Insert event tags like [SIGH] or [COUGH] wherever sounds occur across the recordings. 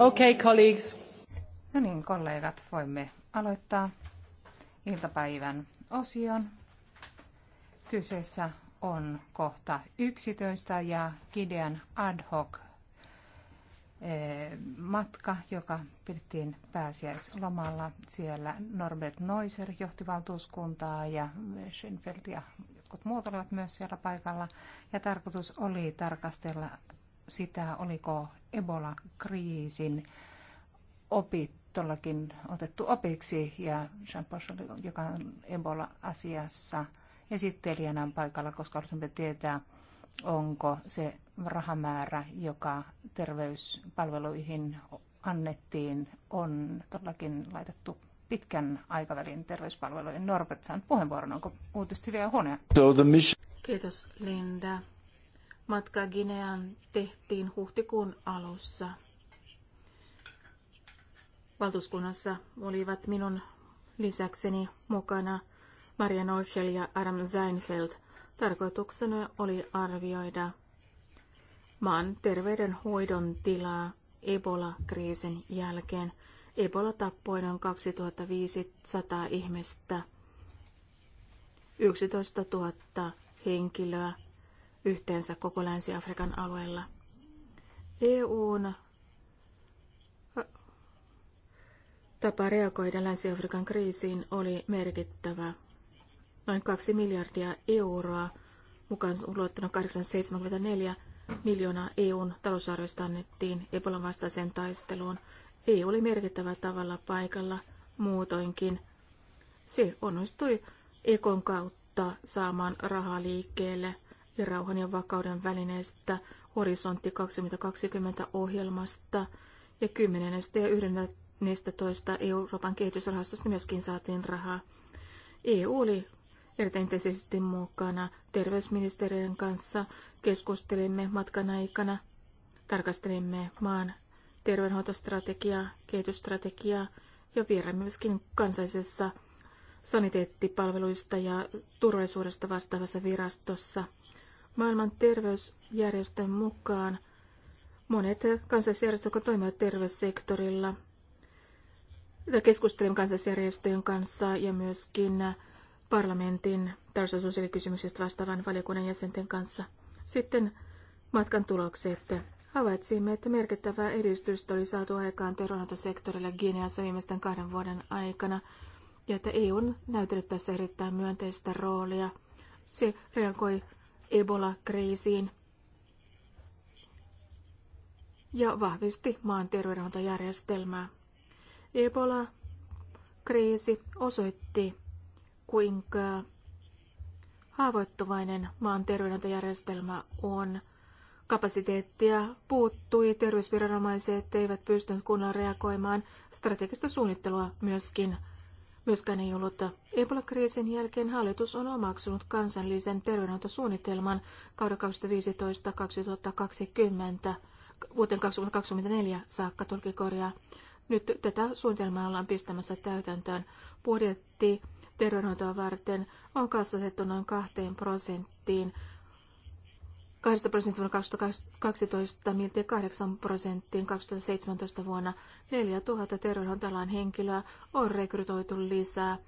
Okay, colleagues. No niin, kollegat, voimme aloittaa iltapäivän osion. Kyseessä on kohta 11 ja Gidean ad hoc Eh, matka, joka pidettiin pääsiäislomalla. Siellä Norbert Noiser johti valtuuskuntaa ja Schenfeld ja jotkut muut olivat myös siellä paikalla. Ja tarkoitus oli tarkastella sitä, oliko Ebola-kriisin opit todellakin otettu opiksi ja Jean Pochel, joka on Ebola-asiassa esittelijänä paikalla, koska olisimme tietää, onko se rahamäärä, joka terveyspalveluihin annettiin, on todellakin laitettu pitkän aikavälin terveyspalvelujen Norbert saanut puheenvuoron, onko uutiset hyviä ja Kiitos Linda. Matka Gineaan tehtiin huhtikuun alussa. Valtuuskunnassa olivat minun lisäkseni mukana Maria Neuchel ja Adam Seinfeld – Tarkoituksena oli arvioida maan terveydenhoidon tilaa Ebola-kriisin jälkeen. Ebola tappoi noin 2500 ihmistä, 11 000 henkilöä yhteensä koko Länsi-Afrikan alueella. EUn tapa reagoida Länsi-Afrikan kriisiin oli merkittävä noin 2 miljardia euroa, mukaan luettuna 874 miljoonaa EUn talousarviosta annettiin Ebolan vastaiseen taisteluun. EU oli merkittävällä tavalla paikalla muutoinkin. Se onnistui Ekon kautta saamaan rahaa liikkeelle ja rauhan ja vakauden välineestä Horisontti 2020 ohjelmasta ja 10. ja 11. Euroopan kehitysrahastosta myöskin saatiin rahaa. EU oli erittäin intensiivisesti mukana. Terveysministeriön kanssa keskustelimme matkan aikana, tarkastelimme maan terveydenhoitostrategiaa, kehitysstrategiaa ja vierailimme myöskin kansallisessa saniteettipalveluista ja turvallisuudesta vastaavassa virastossa. Maailman terveysjärjestön mukaan monet kansallisjärjestöt, jotka toimivat terveyssektorilla, keskustelimme kansallisjärjestöjen kanssa ja myöskin parlamentin sosiaalikysymyksistä vastaavan valiokunnan jäsenten kanssa. Sitten matkan tulokset. Havaitsimme, että merkittävää edistystä oli saatu aikaan terveydenhoitosektorilla Gineassa viimeisten kahden vuoden aikana, ja että EU on näytellyt tässä erittäin myönteistä roolia. Se reagoi Ebola-kriisiin ja vahvisti maan terveydenhoitojärjestelmää. Ebola-kriisi osoitti, kuinka haavoittuvainen maan terveydenhoitojärjestelmä on. Kapasiteettia puuttui, terveysviranomaiset eivät pystyneet kunnolla reagoimaan, strategista suunnittelua myöskin Myöskään ei ollut Ebola-kriisin jälkeen hallitus on omaksunut kansallisen terveydenhoitosuunnitelman kauden 2015-2020 vuoteen 2024 saakka tulkikorjaa. Nyt tätä suunnitelmaa ollaan pistämässä täytäntöön. Budjetti terveydenhoitoa varten on kasvatettu noin 2 prosenttiin. 2 prosenttia vuonna 2012, miltei 8 prosenttiin 2017 vuonna. 4000 terveydenhoitoalan henkilöä on rekrytoitu lisää.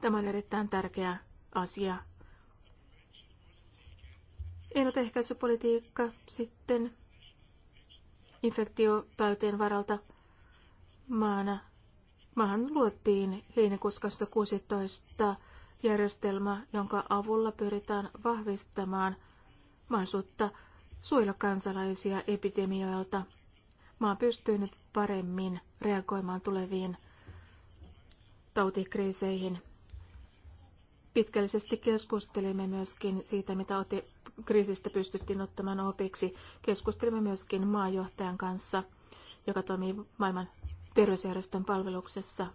Tämä on erittäin tärkeä asia. Ennaltaehkäisypolitiikka sitten infektiotautien varalta maana. Maahan luotiin heinäkuussa 16 järjestelmä, jonka avulla pyritään vahvistamaan mahdollisuutta suojella kansalaisia epidemioilta. Maa pystyy nyt paremmin reagoimaan tuleviin tautikriiseihin. Pitkällisesti keskustelimme myöskin siitä, mitä kriisistä pystyttiin ottamaan opiksi. Keskustelimme myöskin maajohtajan kanssa, joka toimii maailman terveysjärjestön palveluksessa.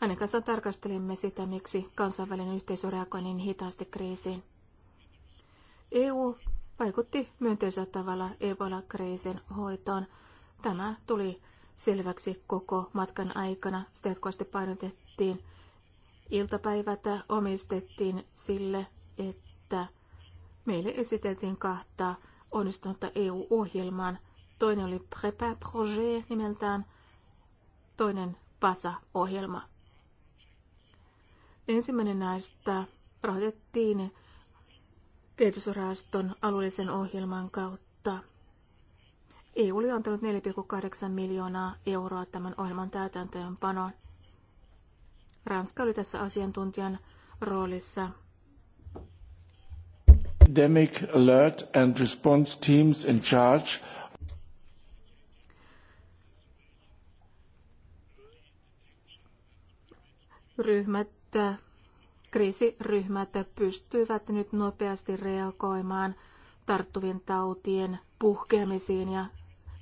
Hänen kanssaan tarkastelimme sitä, miksi kansainvälinen yhteisö reagoi niin hitaasti kriisiin. EU vaikutti myönteisellä tavalla Ebola-kriisin hoitoon. Tämä tuli selväksi koko matkan aikana. Sitä jatkuvasti painotettiin iltapäivätä omistettiin sille, että meille esiteltiin kahta onnistunutta eu ohjelmaa Toinen oli Prepa Projet nimeltään, toinen PASA-ohjelma. Ensimmäinen näistä rahoitettiin kehitysrahaston alueellisen ohjelman kautta. EU oli antanut 4,8 miljoonaa euroa tämän ohjelman täytäntöönpanoon. Ranska oli tässä asiantuntijan roolissa. Pandemic alert and response teams in charge ryhmät, kriisiryhmät pystyvät nyt nopeasti reagoimaan tarttuvien tautien puhkeamisiin ja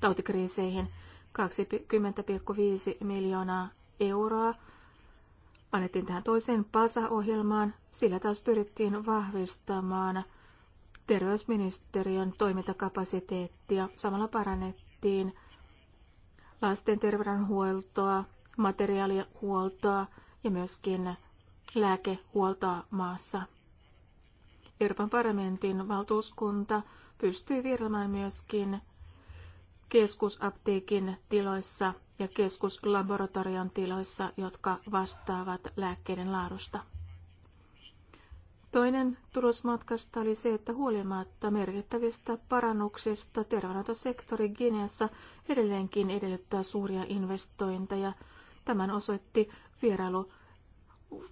tautikriiseihin. 20,5 miljoonaa euroa annettiin tähän toiseen PASA-ohjelmaan. Sillä taas pyrittiin vahvistamaan terveysministeriön toimintakapasiteettia. Samalla parannettiin lasten terveydenhuoltoa, materiaalihuoltoa ja myöskin lääkehuoltoa maassa. Euroopan parlamentin valtuuskunta pystyi virlamaan myöskin keskusapteekin tiloissa ja keskuslaboratorion tiloissa, jotka vastaavat lääkkeiden laadusta. Toinen tulosmatkasta oli se, että huolimatta merkittävistä parannuksista terveydenhoitosektori Gineassa edelleenkin edellyttää suuria investointeja. Tämän osoitti vierailu,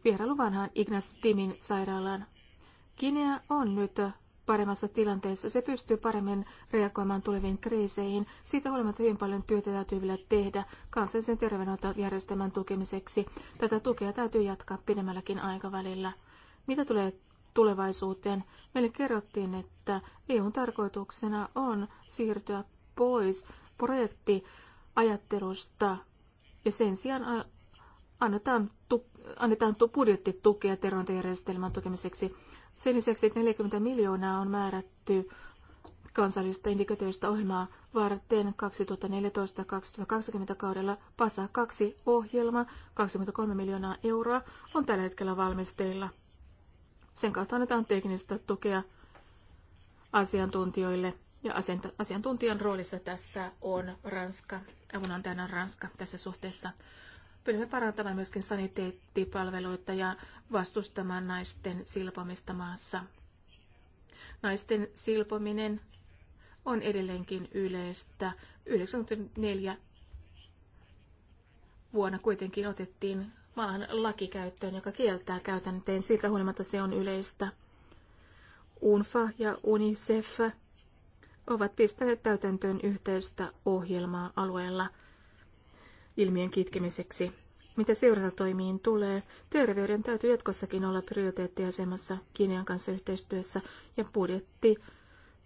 vierailu vanhaan Ignas Dimin sairaalaan. Guinea on nyt paremmassa tilanteessa. Se pystyy paremmin reagoimaan tuleviin kriiseihin. Siitä huolimatta hyvin paljon työtä täytyy vielä tehdä kansallisen terveydenhoitojärjestelmän tukemiseksi. Tätä tukea täytyy jatkaa pidemmälläkin aikavälillä. Mitä tulee tulevaisuuteen? Meille kerrottiin, että EUn tarkoituksena on siirtyä pois projektiajattelusta ja sen sijaan annetaan, tu, annetaan tu, budjettitukea terveydenjärjestelmän tukemiseksi. Sen lisäksi 40 miljoonaa on määrätty kansallista indikatiivista ohjelmaa varten 2014-2020 kaudella PASA 2 ohjelma 23 miljoonaa euroa on tällä hetkellä valmisteilla. Sen kautta annetaan teknistä tukea asiantuntijoille ja asiantuntijan roolissa tässä on Ranska, avunantajana Ranska tässä suhteessa pyrimme parantamaan myöskin saniteettipalveluita ja vastustamaan naisten silpomista maassa. Naisten silpominen on edelleenkin yleistä. 94 vuonna kuitenkin otettiin maahan lakikäyttöön, joka kieltää käytänteen. Siltä huolimatta se on yleistä. UNFA ja UNICEF ovat pistäneet täytäntöön yhteistä ohjelmaa alueella – ilmiön kitkemiseksi. Mitä seurantatoimiin tulee, terveyden täytyy jatkossakin olla prioriteettiasemassa Kiinan kanssa yhteistyössä ja budjetti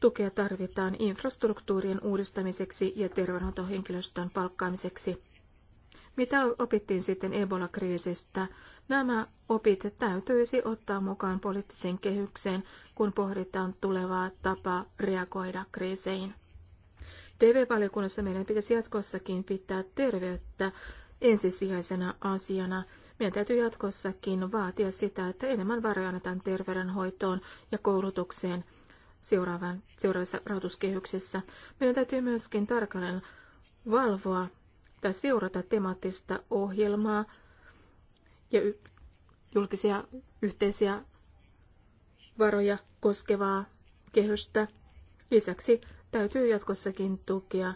Tukea tarvitaan infrastruktuurien uudistamiseksi ja terveydenhoitohenkilöstön palkkaamiseksi. Mitä opittiin sitten Ebola-kriisistä? Nämä opit täytyisi ottaa mukaan poliittiseen kehykseen, kun pohditaan tulevaa tapaa reagoida kriiseihin. TV-valiokunnassa meidän pitäisi jatkossakin pitää terveyttä ensisijaisena asiana. Meidän täytyy jatkossakin vaatia sitä, että enemmän varoja annetaan terveydenhoitoon ja koulutukseen seuraavan, seuraavassa rahoituskehyksessä. Meidän täytyy myöskin tarkalleen valvoa tai seurata temaattista ohjelmaa ja julkisia yhteisiä varoja koskevaa kehystä. Lisäksi täytyy jatkossakin tukea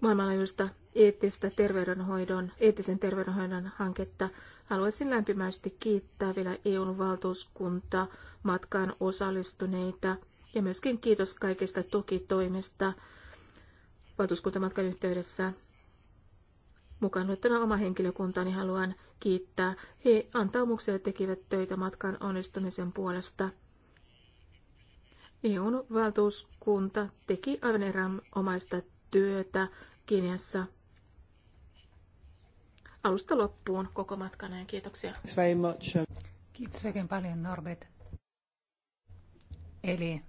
maailmanlaajuista eettistä terveydenhoidon, eettisen terveydenhoidon hanketta. Haluaisin lämpimästi kiittää vielä EUn valtuuskunta matkaan osallistuneita ja myöskin kiitos kaikista tukitoimista valtuuskuntamatkan yhteydessä. Mukaan luettuna oma henkilökuntani haluan kiittää. He antaumuksia tekivät töitä matkan onnistumisen puolesta. EUn valtuuskunta teki aivan omaista työtä Kiinassa alusta loppuun koko matkan ajan. Kiitoksia. Um, Kiitos oikein paljon Norbert. Eli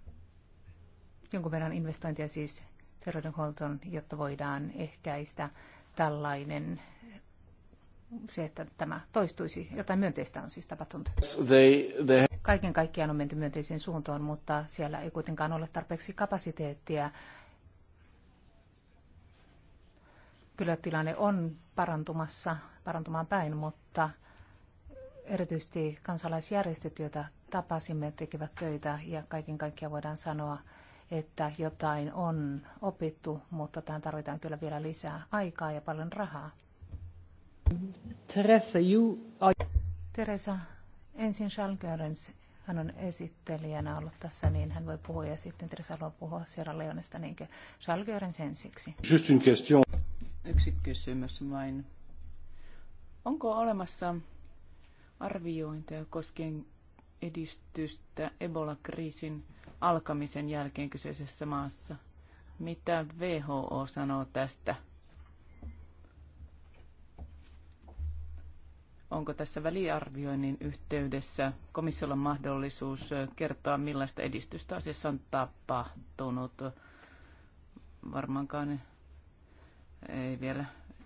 jonkun verran investointia siis terveydenhuoltoon, jotta voidaan ehkäistä tällainen se, että tämä toistuisi. Jotain myönteistä on siis tapahtunut. They, they kaiken kaikkiaan on menty myönteiseen suuntaan, mutta siellä ei kuitenkaan ole tarpeeksi kapasiteettia. Kyllä tilanne on parantumassa, parantumaan päin, mutta erityisesti kansalaisjärjestöt, joita tapasimme, tekevät töitä ja kaiken kaikkiaan voidaan sanoa, että jotain on opittu, mutta tähän tarvitaan kyllä vielä lisää aikaa ja paljon rahaa. Teresa, you are... Teresa, Ensin Charles hän on esittelijänä ollut tässä, niin hän voi puhua ja sitten Teresa haluaa puhua Sierra Leonesta, niin Charles Görens ensiksi. Yksi kysymys vain. Onko olemassa arviointeja koskien edistystä Ebola-kriisin alkamisen jälkeen kyseisessä maassa? Mitä WHO sanoo tästä? Onko tässä väliarvioinnin yhteydessä komissiolla mahdollisuus kertoa, millaista edistystä asiassa on tapahtunut? Varmaankaan ei vielä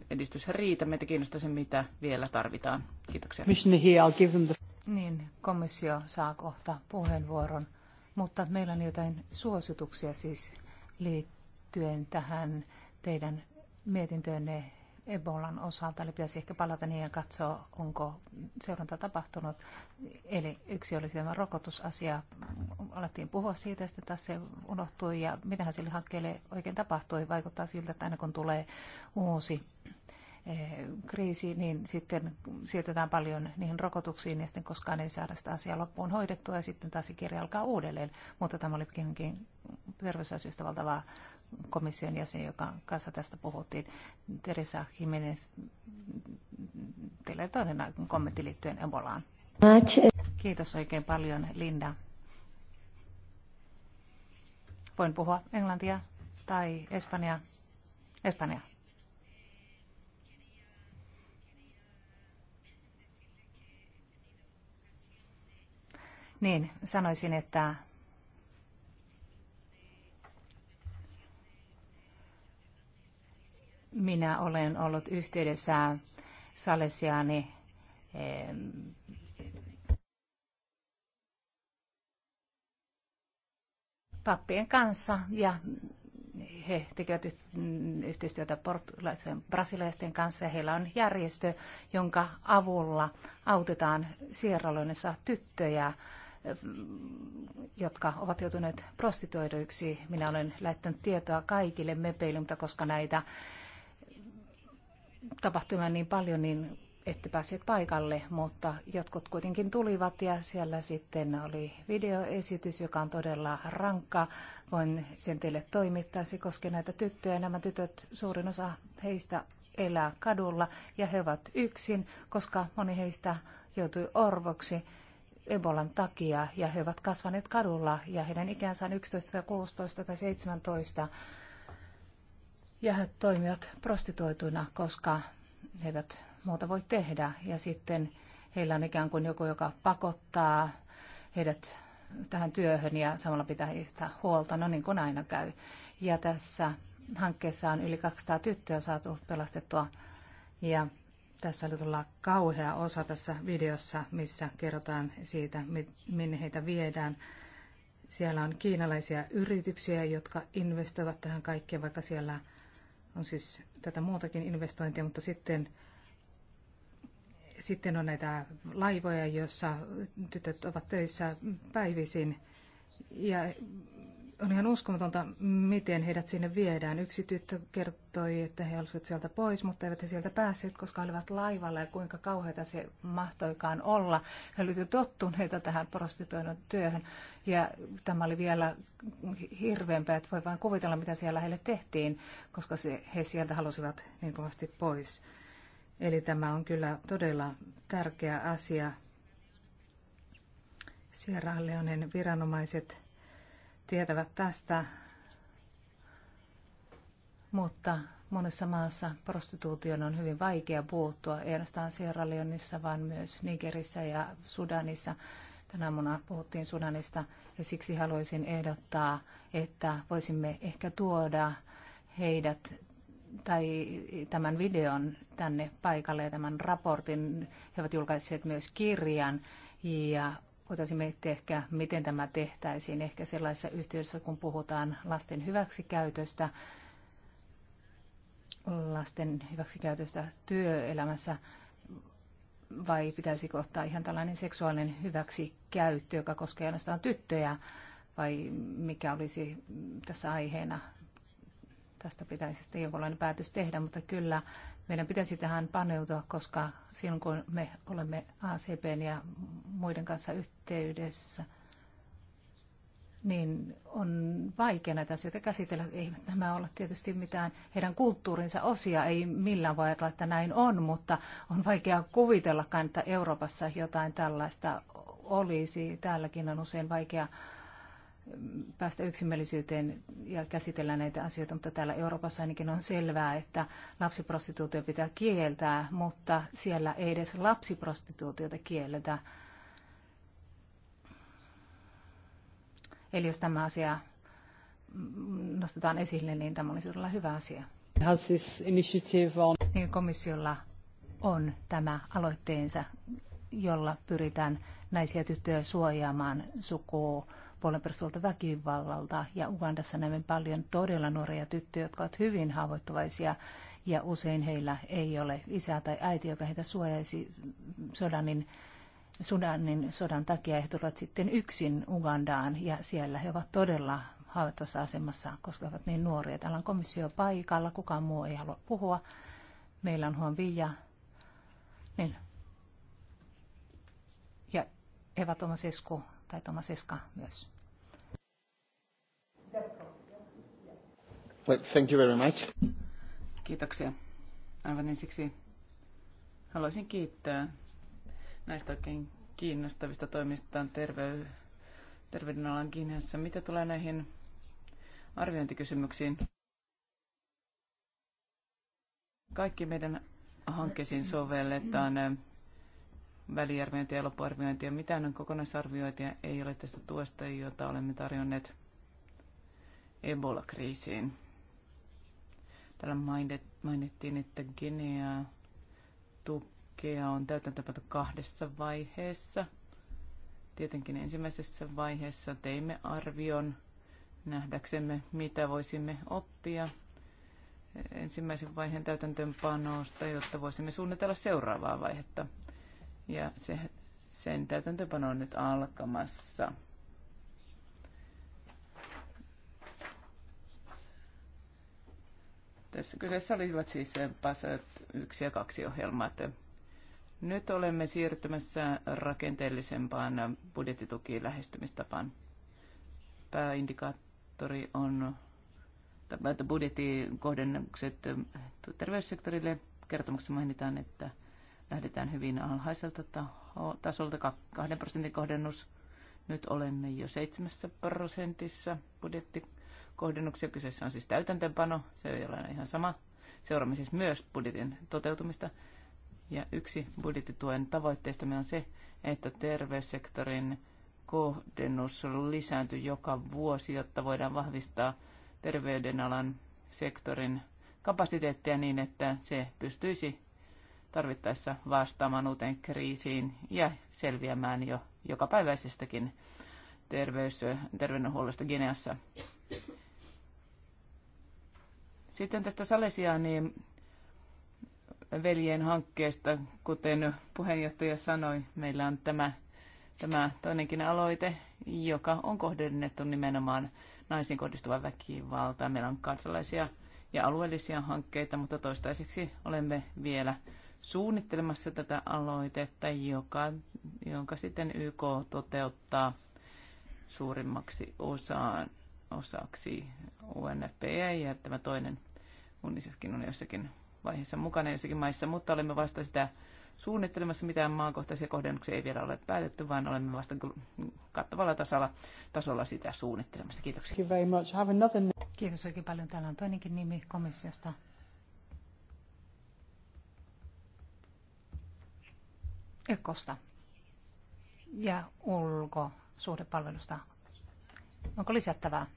edistys riitä. Meitä kiinnostaa se, mitä vielä tarvitaan. Kiitoksia. Niin, komissio saa kohta puheenvuoron, mutta meillä on jotain suosituksia siis liittyen tähän teidän mietintöönne Ebolan osalta, eli pitäisi ehkä palata niihin ja katsoa, onko seuranta tapahtunut. Eli yksi oli tämä rokotusasia, alettiin puhua siitä, sitten taas se unohtui, ja mitähän sille hankkeelle oikein tapahtui. Vaikuttaa siltä, että aina kun tulee uusi eh, kriisi, niin sitten siirtetään paljon niihin rokotuksiin ja sitten koskaan ei saada sitä asiaa loppuun hoidettua ja sitten taas se kirja alkaa uudelleen. Mutta tämä oli pikemminkin terveysasioista valtavaa komission jäsen, joka kanssa tästä puhuttiin, Teresa Jimenez, teillä toinen kommentti liittyen Ebolaan. Kiitos oikein paljon, Linda. Voin puhua englantia tai espanjaa. Espanja. Niin, sanoisin, että minä olen ollut yhteydessä Salesiani pappien kanssa ja he tekevät yhteistyötä portugalaisen brasilaisten kanssa ja heillä on järjestö, jonka avulla autetaan sierraloinnissa tyttöjä, jotka ovat joutuneet prostituoiduiksi. Minä olen lähettänyt tietoa kaikille mepeille, mutta koska näitä tapahtumia niin paljon, niin ette päässeet paikalle, mutta jotkut kuitenkin tulivat ja siellä sitten oli videoesitys, joka on todella rankka. Voin sen teille toimittaa. Se koskee näitä tyttöjä. Nämä tytöt, suurin osa heistä elää kadulla ja he ovat yksin, koska moni heistä joutui orvoksi Ebolan takia ja he ovat kasvaneet kadulla ja heidän ikänsä on 11, 16 tai 17 ja he toimivat prostituoituina, koska he eivät muuta voi tehdä. Ja sitten heillä on ikään kuin joku, joka pakottaa heidät tähän työhön ja samalla pitää heistä huolta, no niin kuin aina käy. Ja tässä hankkeessa on yli 200 tyttöä saatu pelastettua ja tässä oli tulla kauhea osa tässä videossa, missä kerrotaan siitä, minne heitä viedään. Siellä on kiinalaisia yrityksiä, jotka investoivat tähän kaikkeen, vaikka siellä on siis tätä muutakin investointia, mutta sitten, sitten on näitä laivoja, joissa tytöt ovat töissä päivisin ja on ihan uskomatonta, miten heidät sinne viedään. Yksi tyttö kertoi, että he olisivat sieltä pois, mutta eivät he sieltä päässeet, koska olivat laivalla ja kuinka kauheita se mahtoikaan olla. He olivat jo tottuneita tähän prostituoidun työhön ja tämä oli vielä hirveämpää, että voi vain kuvitella, mitä siellä heille tehtiin, koska se, he sieltä halusivat niin kovasti pois. Eli tämä on kyllä todella tärkeä asia. Sierra Leonen viranomaiset tietävät tästä, mutta monessa maassa prostituution on hyvin vaikea puuttua, ei ainoastaan Sierra Leoneissa, vaan myös Nigerissä ja Sudanissa. Tänä aamuna puhuttiin Sudanista ja siksi haluaisin ehdottaa, että voisimme ehkä tuoda heidät tai tämän videon tänne paikalle ja tämän raportin. He ovat julkaisseet myös kirjan ja voitaisiin miettiä ehkä, miten tämä tehtäisiin ehkä sellaisessa yhteydessä, kun puhutaan lasten hyväksikäytöstä, lasten hyväksikäytöstä työelämässä, vai pitäisikö ottaa ihan tällainen seksuaalinen hyväksikäyttö, joka koskee ainoastaan tyttöjä, vai mikä olisi tässä aiheena Tästä pitäisi sitten jonkinlainen päätös tehdä, mutta kyllä meidän pitäisi tähän paneutua, koska silloin kun me olemme ACPn ja muiden kanssa yhteydessä, niin on vaikea näitä asioita käsitellä. Ei nämä ole tietysti mitään heidän kulttuurinsa osia, ei millään voi ajatella, että näin on, mutta on vaikea kuvitellakaan, että Euroopassa jotain tällaista olisi. Täälläkin on usein vaikea päästä yksimielisyyteen ja käsitellä näitä asioita, mutta täällä Euroopassa ainakin on selvää, että lapsiprostituutio pitää kieltää, mutta siellä ei edes lapsiprostituutiota kielletä. Eli jos tämä asia nostetaan esille, niin tämä olisi todella hyvä asia. Niin komissiolla on tämä aloitteensa, jolla pyritään naisia ja tyttöjä suojaamaan sukua sukupuolen väkivallalta. Ja Ugandassa näemme paljon todella nuoria tyttöjä, jotka ovat hyvin haavoittuvaisia ja usein heillä ei ole isää tai äiti, joka heitä suojaisi sodanin, Sudanin sodan takia. He tulevat sitten yksin Ugandaan ja siellä he ovat todella haavoittuvassa asemassa, koska he ovat niin nuoria. Täällä on komissio paikalla, kukaan muu ei halua puhua. Meillä on Huon Vilja. Niin. Ja Eva Tomasesku tai Thomas Iska myös. Well, thank you very much. Kiitoksia. Aivan ensiksi haluaisin kiittää näistä oikein kiinnostavista toimistaan tervey- terveydenalan Kiinassa. Mitä tulee näihin arviointikysymyksiin? Kaikki meidän hankkeisiin sovelletaan väliarviointia ja loppuarviointia. Mitään kokonaisarviointia ei ole tästä tuosta, jota olemme tarjonneet Ebola-kriisiin. Täällä mainittiin, että Guinea tukea on täytäntöönpantu kahdessa vaiheessa. Tietenkin ensimmäisessä vaiheessa teimme arvion nähdäksemme, mitä voisimme oppia ensimmäisen vaiheen täytäntöönpanosta, jotta voisimme suunnitella seuraavaa vaihetta ja se, sen täytäntöpano on nyt alkamassa. Tässä kyseessä olivat siis PASAT 1 ja 2 ohjelmat. Nyt olemme siirtymässä rakenteellisempaan budjettitukiin lähestymistapaan. Pääindikaattori on budjettikohdennukset terveyssektorille. Kertomuksessa mainitaan, että lähdetään hyvin alhaiselta tasolta, kahden prosentin kohdennus. Nyt olemme jo seitsemässä prosentissa budjettikohdennuksia. Kyseessä on siis täytäntöönpano, se ei ole ihan sama. Seuraamme siis myös budjetin toteutumista. Ja yksi budjettituen tavoitteistamme on se, että terveyssektorin kohdennus lisääntyy joka vuosi, jotta voidaan vahvistaa terveydenalan sektorin kapasiteettia niin, että se pystyisi tarvittaessa vastaamaan uuteen kriisiin ja selviämään jo jokapäiväisestäkin terveys, terveydenhuollosta Gineassa. Sitten tästä niin veljen hankkeesta, kuten puheenjohtaja sanoi, meillä on tämä, tämä toinenkin aloite, joka on kohdennettu nimenomaan naisiin kohdistuvan väkivaltaan. Meillä on kansalaisia ja alueellisia hankkeita, mutta toistaiseksi olemme vielä suunnittelemassa tätä aloitetta, joka, jonka sitten YK toteuttaa suurimmaksi osaan, osaksi UNFPA e ja tämä toinen UNICEFkin on jossakin vaiheessa mukana jossakin maissa, mutta olemme vasta sitä suunnittelemassa. Mitään maankohtaisia kohdennuksia ei vielä ole päätetty, vaan olemme vasta kattavalla tasolla, tasolla sitä suunnittelemassa. Kiitoksia. Kiitos oikein paljon. Täällä on toinenkin nimi komissiosta. Ekosta ja ulkosuhdepalvelusta. Onko lisättävää?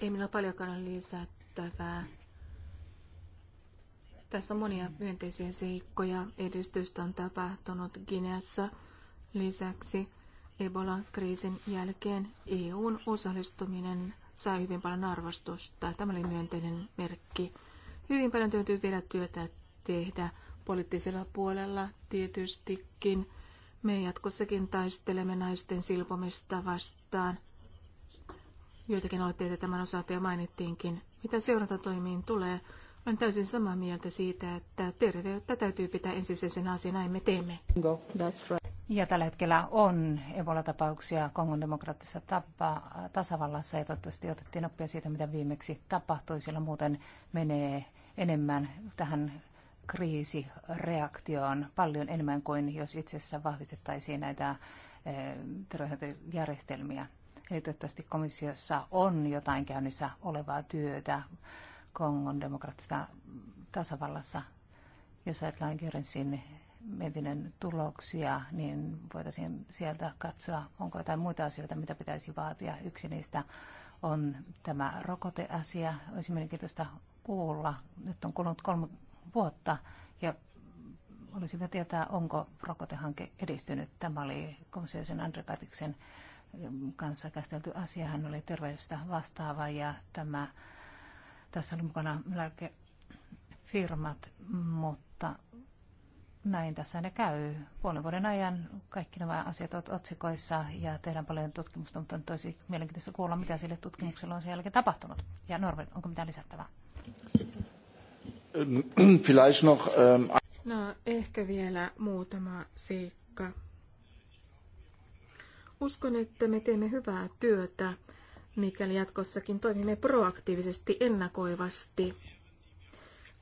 Ei minulla paljonkaan ole lisättävää. Tässä on monia myönteisiä seikkoja. Edistystä on tapahtunut Guineassa Lisäksi Ebola-kriisin jälkeen EUn osallistuminen sai hyvin paljon arvostusta. Tämä oli myönteinen merkki. Hyvin paljon täytyy vielä työtä tehdä poliittisella puolella tietystikin. Me jatkossakin taistelemme naisten silpomista vastaan. Joitakin aloitteita tämän osalta jo mainittiinkin. Mitä seurantatoimiin tulee, olen täysin samaa mieltä siitä, että terveyttä täytyy pitää ensisijaisena asiana, näin me teemme. that's right. Ja tällä hetkellä on Ebola-tapauksia Kongon demokraattisessa tapa, tasavallassa ja toivottavasti otettiin oppia siitä, mitä viimeksi tapahtui, sillä muuten menee enemmän tähän kriisireaktioon paljon enemmän kuin jos itse asiassa vahvistettaisiin näitä eh, terveydenhoitojärjestelmiä. Eli toivottavasti komissiossa on jotain käynnissä olevaa työtä Kongon demokraattisessa tasavallassa. Jos ajatellaan Gerensin mietinnön tuloksia, niin voitaisiin sieltä katsoa, onko jotain muita asioita, mitä pitäisi vaatia. Yksi niistä on tämä rokoteasia. Olisi mielenkiintoista kuulla. Nyt on kulunut kolme vuotta ja olisimme hyvä tietää, onko rokotehanke edistynyt. Tämä oli komissiosen Andrekatiksen kanssa käsitelty asia. Hän oli terveydestä vastaava ja tämä, tässä oli mukana lääkefirmat, mutta näin tässä ne käy. Puolen vuoden ajan kaikki nämä asiat ovat otsikoissa ja tehdään paljon tutkimusta, mutta on tosi mielenkiintoista kuulla, mitä sille tutkimukselle on sen jälkeen tapahtunut. Ja Norve, onko mitään lisättävää? Äh, [CLEARS THROAT] vielleicht noch... Ähm, no, ehkä vielä muutama seikka. Uskon, että me teemme hyvää työtä, mikäli jatkossakin toimimme proaktiivisesti, ennakoivasti.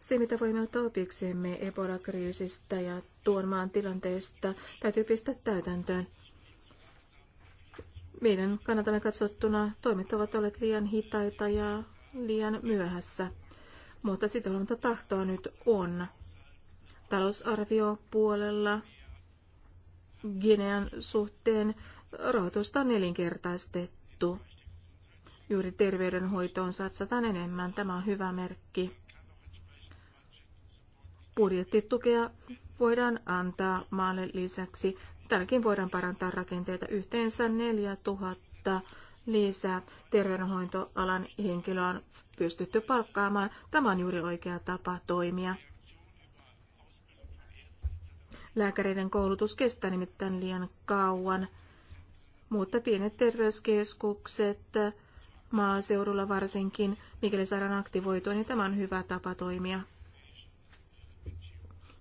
Se, mitä voimme ottaa opiksemme Ebola-kriisistä ja tuon maan tilanteesta, täytyy pistää täytäntöön. Meidän kannatamme katsottuna toimet ovat olleet liian hitaita ja liian myöhässä mutta sitä tahtoa nyt on. Talousarvio puolella Ginean suhteen rahoitusta on nelinkertaistettu. Juuri terveydenhoitoon satsataan enemmän. Tämä on hyvä merkki. Budjettitukea voidaan antaa maalle lisäksi. Tälläkin voidaan parantaa rakenteita yhteensä 4000 lisää terveydenhoitoalan henkilöä on pystytty palkkaamaan. Tämä on juuri oikea tapa toimia. Lääkäreiden koulutus kestää nimittäin liian kauan, mutta pienet terveyskeskukset maaseudulla varsinkin, mikäli saadaan aktivoitua, niin tämä on hyvä tapa toimia.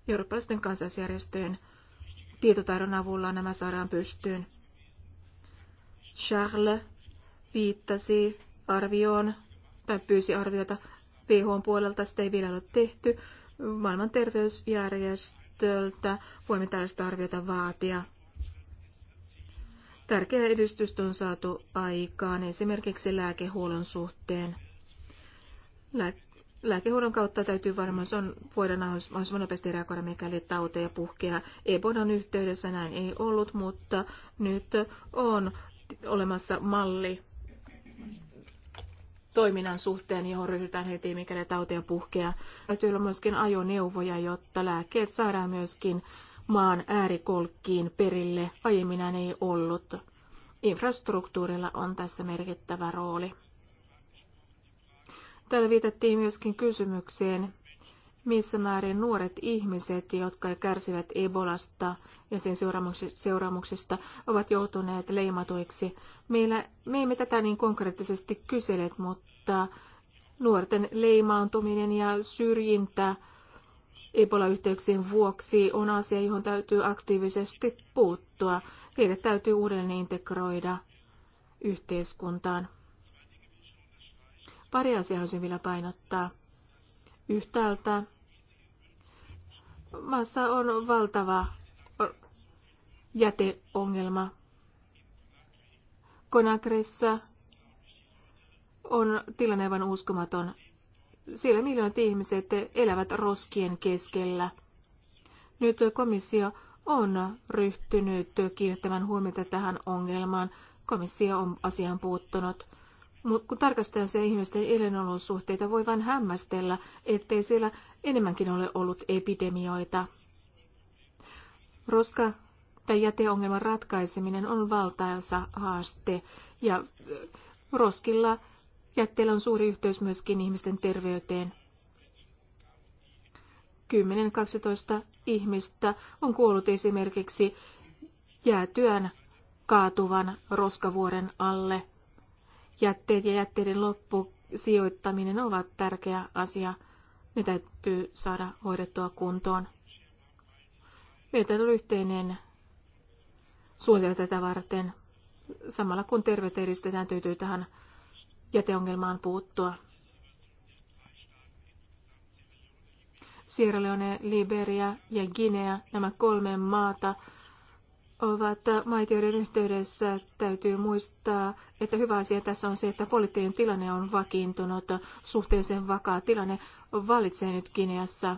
Eurooppalaisten kansalaisjärjestöjen tietotaidon avulla nämä saadaan pystyyn. Charles viittasi arvioon tai pyysi arviota WHOn puolelta, sitä ei vielä ole tehty. Maailman terveysjärjestöltä voimme tällaista arviota vaatia. Tärkeää edistystä on saatu aikaan esimerkiksi lääkehuollon suhteen. Lä- lääkehuollon kautta täytyy varmaan on, voida mahdollisimman nopeasti reagoida, mikäli tauteja puhkeaa. Ebonan yhteydessä näin ei ollut, mutta nyt on olemassa malli toiminnan suhteen, johon ryhdytään heti, mikäli tautia puhkeaa. Täytyy olla myöskin ajoneuvoja, jotta lääkkeet saadaan myöskin maan äärikolkkiin perille. Aiemmin ei ollut. Infrastruktuurilla on tässä merkittävä rooli. Täällä viitattiin myöskin kysymykseen, missä määrin nuoret ihmiset, jotka kärsivät Ebolasta – ja sen seuraamuksista ovat joutuneet leimatuiksi. Meillä, me emme tätä niin konkreettisesti kyselet, mutta nuorten leimaantuminen ja syrjintä Ebola-yhteyksien vuoksi on asia, johon täytyy aktiivisesti puuttua. Heidät täytyy uudelleen integroida yhteiskuntaan. Pari asiaa haluaisin vielä painottaa. Yhtäältä maassa on valtava jäteongelma. Konakressa on tilanne aivan uskomaton. Siellä miljoonat ihmiset elävät roskien keskellä. Nyt komissio on ryhtynyt kiinnittämään huomiota tähän ongelmaan. Komissio on asiaan puuttunut. Mutta kun tarkastellaan se ihmisten elinolosuhteita, voi vain hämmästellä, ettei siellä enemmänkin ole ollut epidemioita. Roska että jäteongelman ratkaiseminen on valtaisa haaste ja äh, roskilla jätteellä on suuri yhteys myöskin ihmisten terveyteen. 10-12 ihmistä on kuollut esimerkiksi jäätyön kaatuvan roskavuoren alle. Jätteet ja jätteiden loppusijoittaminen ovat tärkeä asia. Ne täytyy saada hoidettua kuntoon. Meillä on yhteinen suunnitella tätä varten. Samalla kun terveyttä edistetään, täytyy tähän jäteongelmaan puuttua. Sierra Leone, Liberia ja Guinea, nämä kolme maata, ovat maitioiden yhteydessä täytyy muistaa, että hyvä asia tässä on se, että poliittinen tilanne on vakiintunut, suhteellisen vakaa tilanne vallitsee nyt Guineassa.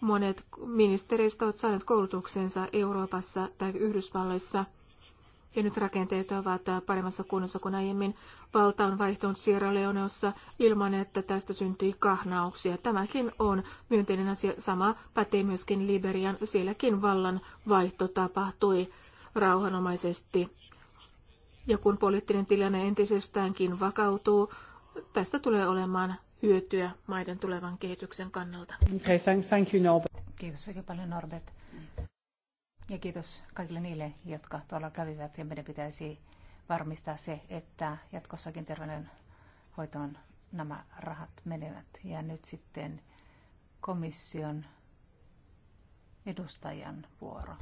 Monet ministereistä ovat saaneet koulutuksensa Euroopassa tai Yhdysvalloissa, ja nyt rakenteet ovat paremmassa kunnossa kuin aiemmin. Valta on vaihtunut Sierra Leoneossa ilman, että tästä syntyi kahnauksia. Tämäkin on myönteinen asia. Sama pätee myöskin Liberian. Sielläkin vallan vaihto tapahtui rauhanomaisesti. Ja kun poliittinen tilanne entisestäänkin vakautuu, tästä tulee olemaan hyötyä maiden tulevan kehityksen kannalta. Okay, thank, thank you, Norbert. Kiitos oikein paljon Norbert. Ja kiitos kaikille niille, jotka tuolla kävivät ja meidän pitäisi varmistaa se, että jatkossakin terveydenhoitoon nämä rahat menevät. Ja nyt sitten komission edustajan vuoro.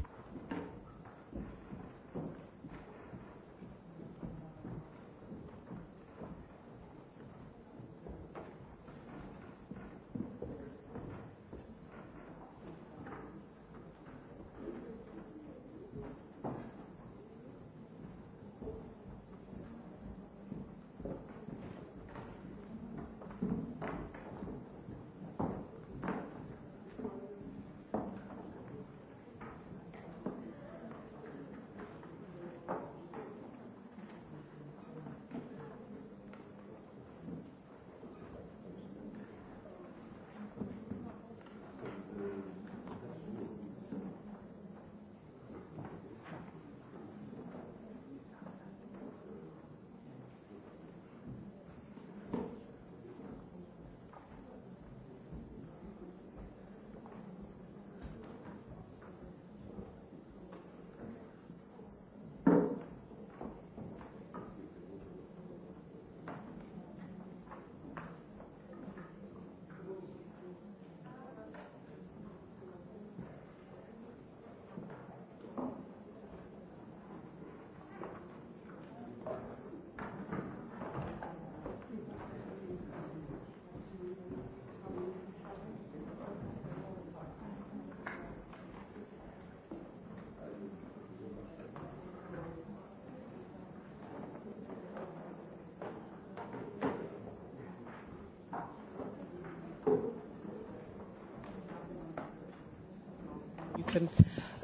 open.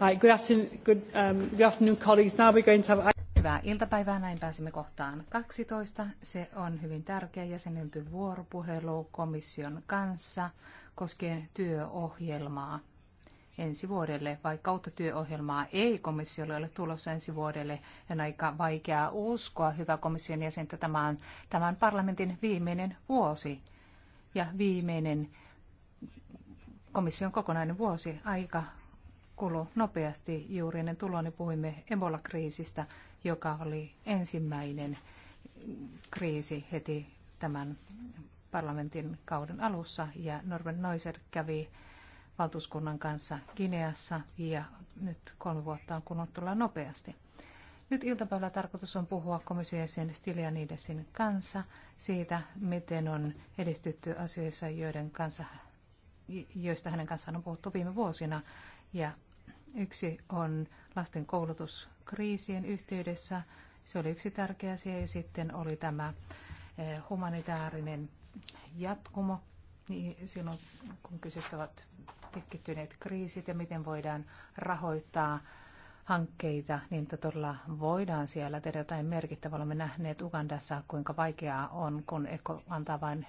Right, good, afternoon, good, um, good afternoon, colleagues. Now we're going to have... Hyvää iltapäivää, näin pääsimme kohtaan 12. Se on hyvin tärkeä jäsenelty vuoropuhelu komission kanssa koskien työohjelmaa ensi vuodelle, vaikka uutta työohjelmaa ei komissiolle ole tulossa ensi vuodelle. On aika vaikeaa uskoa, hyvä komission jäsen, että tämä on tämän parlamentin viimeinen vuosi ja viimeinen komission kokonainen vuosi. Aika kulu nopeasti. Juuri ennen tuloa niin puhuimme Ebola-kriisistä, joka oli ensimmäinen kriisi heti tämän parlamentin kauden alussa. Ja Norman Neuser kävi valtuuskunnan kanssa Gineassa ja nyt kolme vuotta on kulunut tulla nopeasti. Nyt iltapäivällä tarkoitus on puhua komission jäsen kanssa siitä, miten on edistytty asioissa, joiden kanssa, joista hänen kanssaan on puhuttu viime vuosina. Ja Yksi on lasten koulutuskriisien yhteydessä. Se oli yksi tärkeä asia ja sitten oli tämä eh, humanitaarinen jatkumo niin silloin, kun kyseessä ovat pitkittyneet kriisit ja miten voidaan rahoittaa hankkeita, niin että todella voidaan siellä tehdä jotain merkittävää. Olemme nähneet Ugandassa, kuinka vaikeaa on, kun Eko antaa vain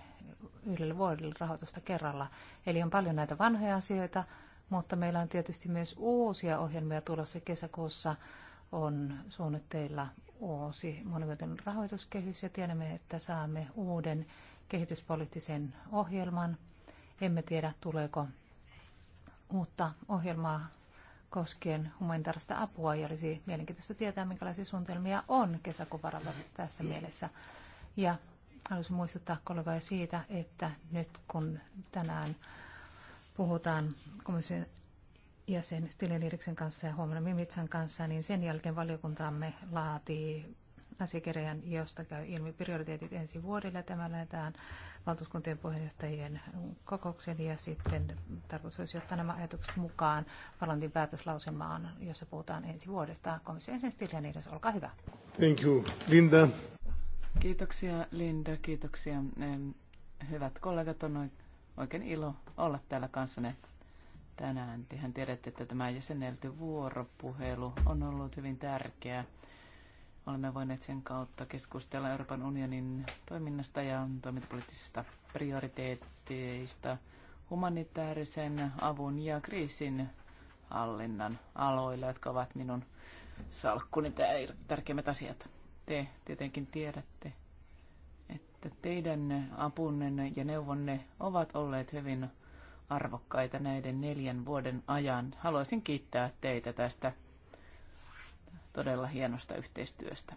yhdelle vuodelle rahoitusta kerralla. Eli on paljon näitä vanhoja asioita, mutta meillä on tietysti myös uusia ohjelmia tulossa. Kesäkuussa on suunnitteilla uusi monivuotinen rahoituskehys ja tiedämme, että saamme uuden kehityspoliittisen ohjelman. Emme tiedä, tuleeko uutta ohjelmaa koskien humanitaarista apua ja olisi mielenkiintoista tietää, minkälaisia suunnitelmia on kesäkuvaralla tässä mielessä. Ja haluaisin muistuttaa kollegoja siitä, että nyt kun tänään puhutaan komission jäsen Stileniriksen kanssa ja huomenna Mimitsan kanssa, niin sen jälkeen valiokuntamme laatii asiakirjan, josta käy ilmi prioriteetit ensi vuodelle. Tämä lähdetään valtuuskuntien puheenjohtajien kokoukseen ja sitten tarkoitus olisi ottaa nämä ajatukset mukaan parlamentin päätöslauselmaan, jossa puhutaan ensi vuodesta. Komission jäsen Liriksen, olkaa hyvä. Thank you, Linda. Kiitoksia Linda, kiitoksia hyvät kollegat. On Oikein ilo olla täällä kanssanne tänään. Tehän tiedätte, että tämä jäsennelty vuoropuhelu on ollut hyvin tärkeä. Olemme voineet sen kautta keskustella Euroopan unionin toiminnasta ja toimintapoliittisista prioriteetteista humanitaarisen avun ja kriisin hallinnan aloilla, jotka ovat minun salkkuni tärkeimmät asiat. Te tietenkin tiedätte, että teidän apunne ja neuvonne ovat olleet hyvin arvokkaita näiden neljän vuoden ajan. Haluaisin kiittää teitä tästä todella hienosta yhteistyöstä.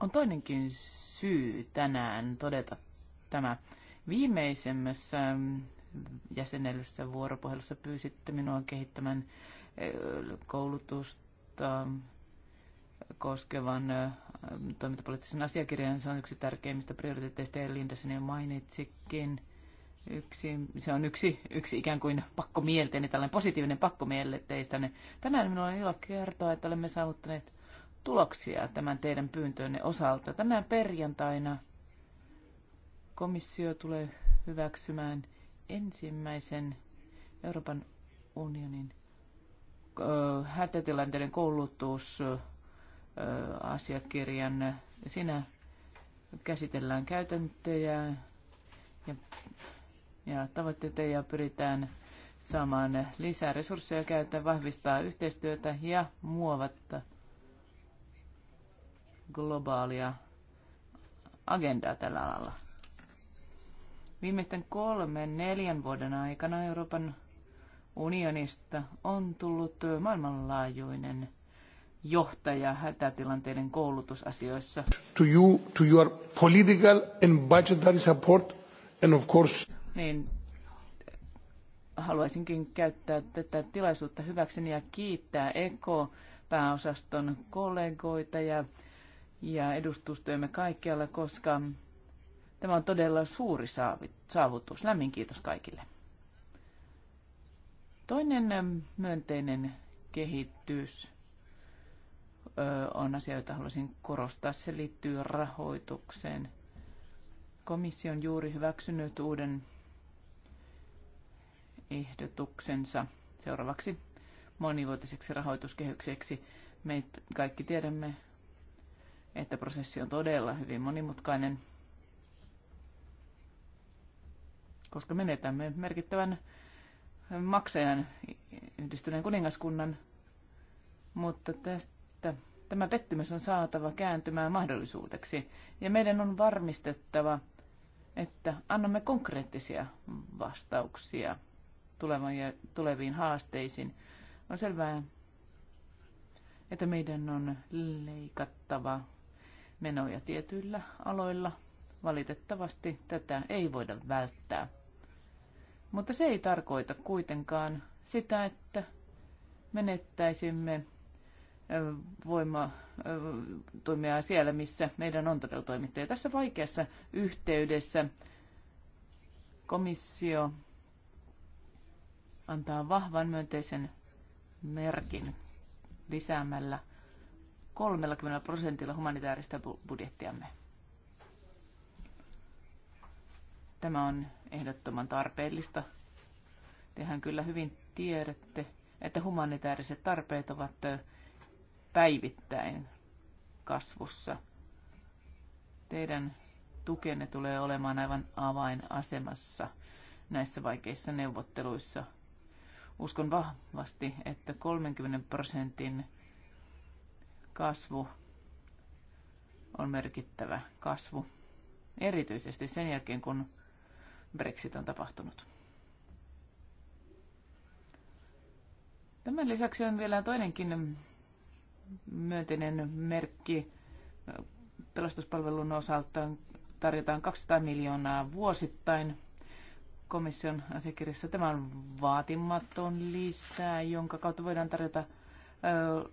On toinenkin syy tänään todeta tämä. Viimeisemmässä jäsenellisessä vuoropuhelussa pyysitte minua kehittämään koulutusta koskevan toimintapoliittisen asiakirjan. Se on yksi tärkeimmistä prioriteetteista ja Linda sen jo mainitsikin. Yksi, se on yksi, yksi ikään kuin pakkomielteinen, niin tällainen positiivinen pakkomielle teistä. Tänään minulla on ilo kertoa, että olemme saavuttaneet tuloksia tämän teidän pyyntöönne osalta. Tänään perjantaina komissio tulee hyväksymään ensimmäisen Euroopan unionin hätätilanteiden koulutusasiakirjan. Siinä käsitellään käytäntöjä ja, ja tavoitteita ja pyritään saamaan lisää resursseja käyttöön, vahvistaa yhteistyötä ja muovatta globaalia agendaa tällä alalla. Viimeisten kolmen, neljän vuoden aikana Euroopan unionista on tullut maailmanlaajuinen johtaja hätätilanteiden koulutusasioissa. To you, to your political and budgetary support and of course... Niin, haluaisinkin käyttää tätä tilaisuutta hyväkseni ja kiittää EKO pääosaston kollegoita ja, ja edustustyömme kaikkialla, koska tämä on todella suuri saavutus. Lämmin kiitos kaikille. Toinen ähm, myönteinen kehitys on asia, jota haluaisin korostaa. Se liittyy rahoitukseen. Komissio on juuri hyväksynyt uuden ehdotuksensa seuraavaksi monivuotiseksi rahoituskehykseksi. Me kaikki tiedämme, että prosessi on todella hyvin monimutkainen, koska menetämme merkittävän maksajan yhdistyneen kuningaskunnan, mutta tästä tämä pettymys on saatava kääntymään mahdollisuudeksi ja meidän on varmistettava, että annamme konkreettisia vastauksia tuleviin haasteisiin. On selvää, että meidän on leikattava menoja tietyillä aloilla. Valitettavasti tätä ei voida välttää. Mutta se ei tarkoita kuitenkaan sitä, että menettäisimme voima toimia siellä, missä meidän on todella toimittaja. Tässä vaikeassa yhteydessä komissio antaa vahvan myönteisen merkin lisäämällä 30 prosentilla humanitaarista budjettiamme. Tämä on ehdottoman tarpeellista. Tehän kyllä hyvin tiedätte, että humanitaariset tarpeet ovat päivittäin kasvussa. Teidän tukenne tulee olemaan aivan avainasemassa näissä vaikeissa neuvotteluissa. Uskon vahvasti, että 30 prosentin kasvu on merkittävä kasvu. Erityisesti sen jälkeen, kun Brexit on tapahtunut. Tämän lisäksi on vielä toinenkin myönteinen merkki pelastuspalvelun osalta. Tarjotaan 200 miljoonaa vuosittain komission asiakirjassa. Tämä on vaatimaton lisää, jonka kautta voidaan tarjota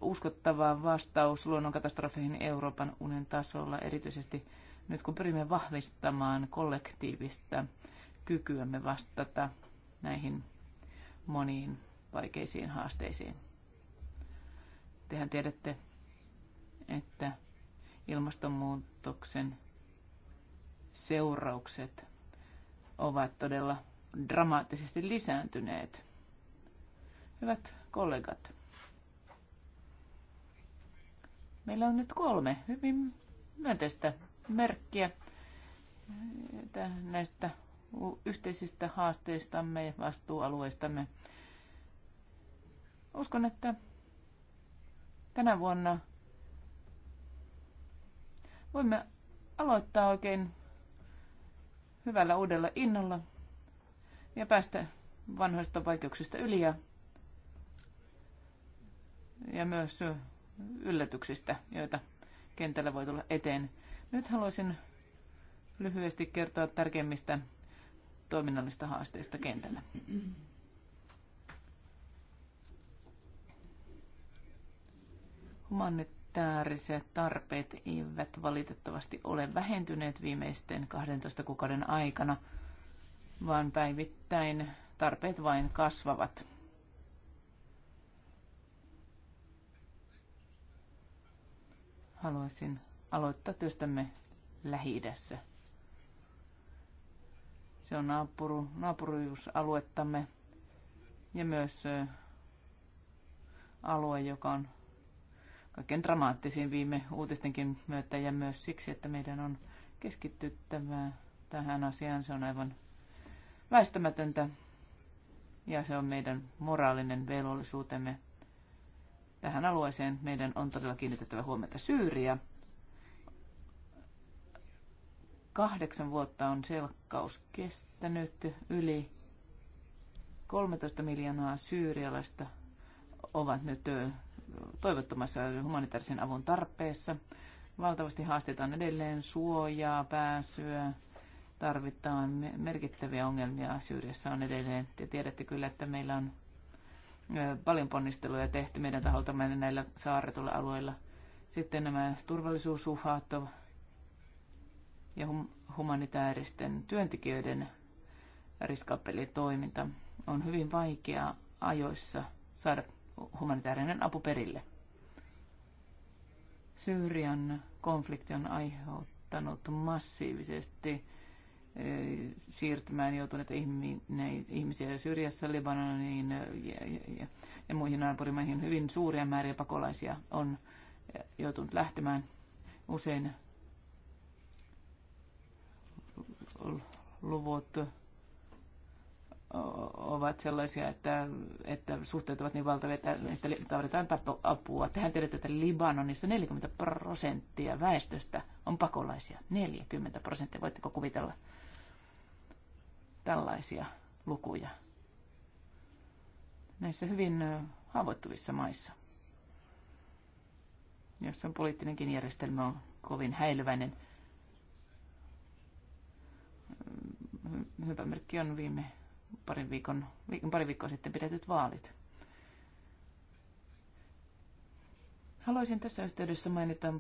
uskottava vastaus luonnonkatastrofeihin Euroopan unen tasolla, erityisesti nyt kun pyrimme vahvistamaan kollektiivista kykyämme vastata näihin moniin vaikeisiin haasteisiin. Tehän tiedätte, että ilmastonmuutoksen seuraukset ovat todella dramaattisesti lisääntyneet. Hyvät kollegat, meillä on nyt kolme hyvin myönteistä merkkiä näistä yhteisistä haasteistamme ja vastuualueistamme. Uskon, että tänä vuonna voimme aloittaa oikein hyvällä uudella innolla ja päästä vanhoista vaikeuksista yli ja, ja myös yllätyksistä, joita kentällä voi tulla eteen. Nyt haluaisin lyhyesti kertoa tärkeimmistä toiminnallista haasteista kentällä. Humanitaariset tarpeet eivät valitettavasti ole vähentyneet viimeisten 12 kuukauden aikana, vaan päivittäin tarpeet vain kasvavat. Haluaisin aloittaa työstämme lähi -idässä. Se on naapuru, naapuruusaluettamme ja myös alue, joka on kaiken dramaattisin viime uutistenkin myötä ja myös siksi, että meidän on keskittyttävä tähän asiaan. Se on aivan väistämätöntä ja se on meidän moraalinen velvollisuutemme. Tähän alueeseen meidän on todella kiinnitettävä huomiota Syyriä. Kahdeksan vuotta on selkkaus kestänyt. Yli 13 miljoonaa syyrialaista ovat nyt toivottomassa humanitaarisen avun tarpeessa. Valtavasti haastetaan edelleen suojaa, pääsyä, tarvitaan merkittäviä ongelmia Syyriassa on edelleen. Te tiedätte kyllä, että meillä on paljon ponnisteluja tehty meidän taholta näillä saarretulla alueilla. Sitten nämä turvallisuusuhat ja hum- humanitaaristen työntekijöiden toiminta On hyvin vaikeaa ajoissa saada humanitaarinen apu perille. Syyrian konflikti on aiheuttanut massiivisesti siirtymään joutuneita ihmisiä Syyriassa, Libanoniin ja, ja, ja, ja muihin naapurimaihin. Hyvin suuria määriä pakolaisia on joutunut lähtemään. Usein luvut ovat sellaisia, että, että suhteet ovat niin valtavia, että, että tarvitaan apua. Tähän tiedetään, että Libanonissa 40 prosenttia väestöstä on pakolaisia. 40 prosenttia, voitteko kuvitella tällaisia lukuja näissä hyvin haavoittuvissa maissa, jossa poliittinenkin järjestelmä on kovin häilyväinen. hyvä merkki on viime parin viikon, pari viikkoa sitten pidetyt vaalit. Haluaisin tässä yhteydessä mainita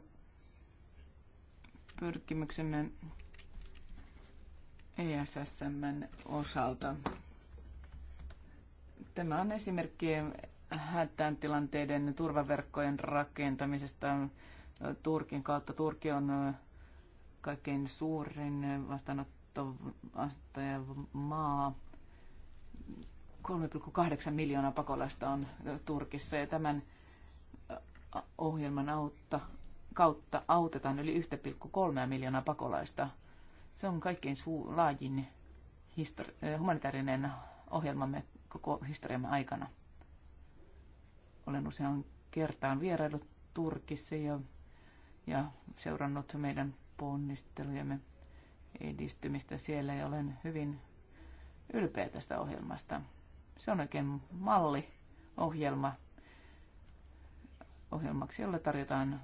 pyrkimyksemme ESSM osalta. Tämä on esimerkki hätään tilanteiden turvaverkkojen rakentamisesta Turkin kautta. Turki on kaikkein suurin vastaanotto vastaanottaja maa. 3,8 miljoonaa pakolaista on Turkissa ja tämän ohjelman autta, kautta autetaan yli 1,3 miljoonaa pakolaista. Se on kaikkein suu, laajin histori- humanitaarinen ohjelmamme koko historiamme aikana. Olen usean kertaan vieraillut Turkissa ja, ja seurannut meidän ponnistelujemme edistymistä siellä ja olen hyvin ylpeä tästä ohjelmasta. Se on oikein malli ohjelma ohjelmaksi, jolla tarjotaan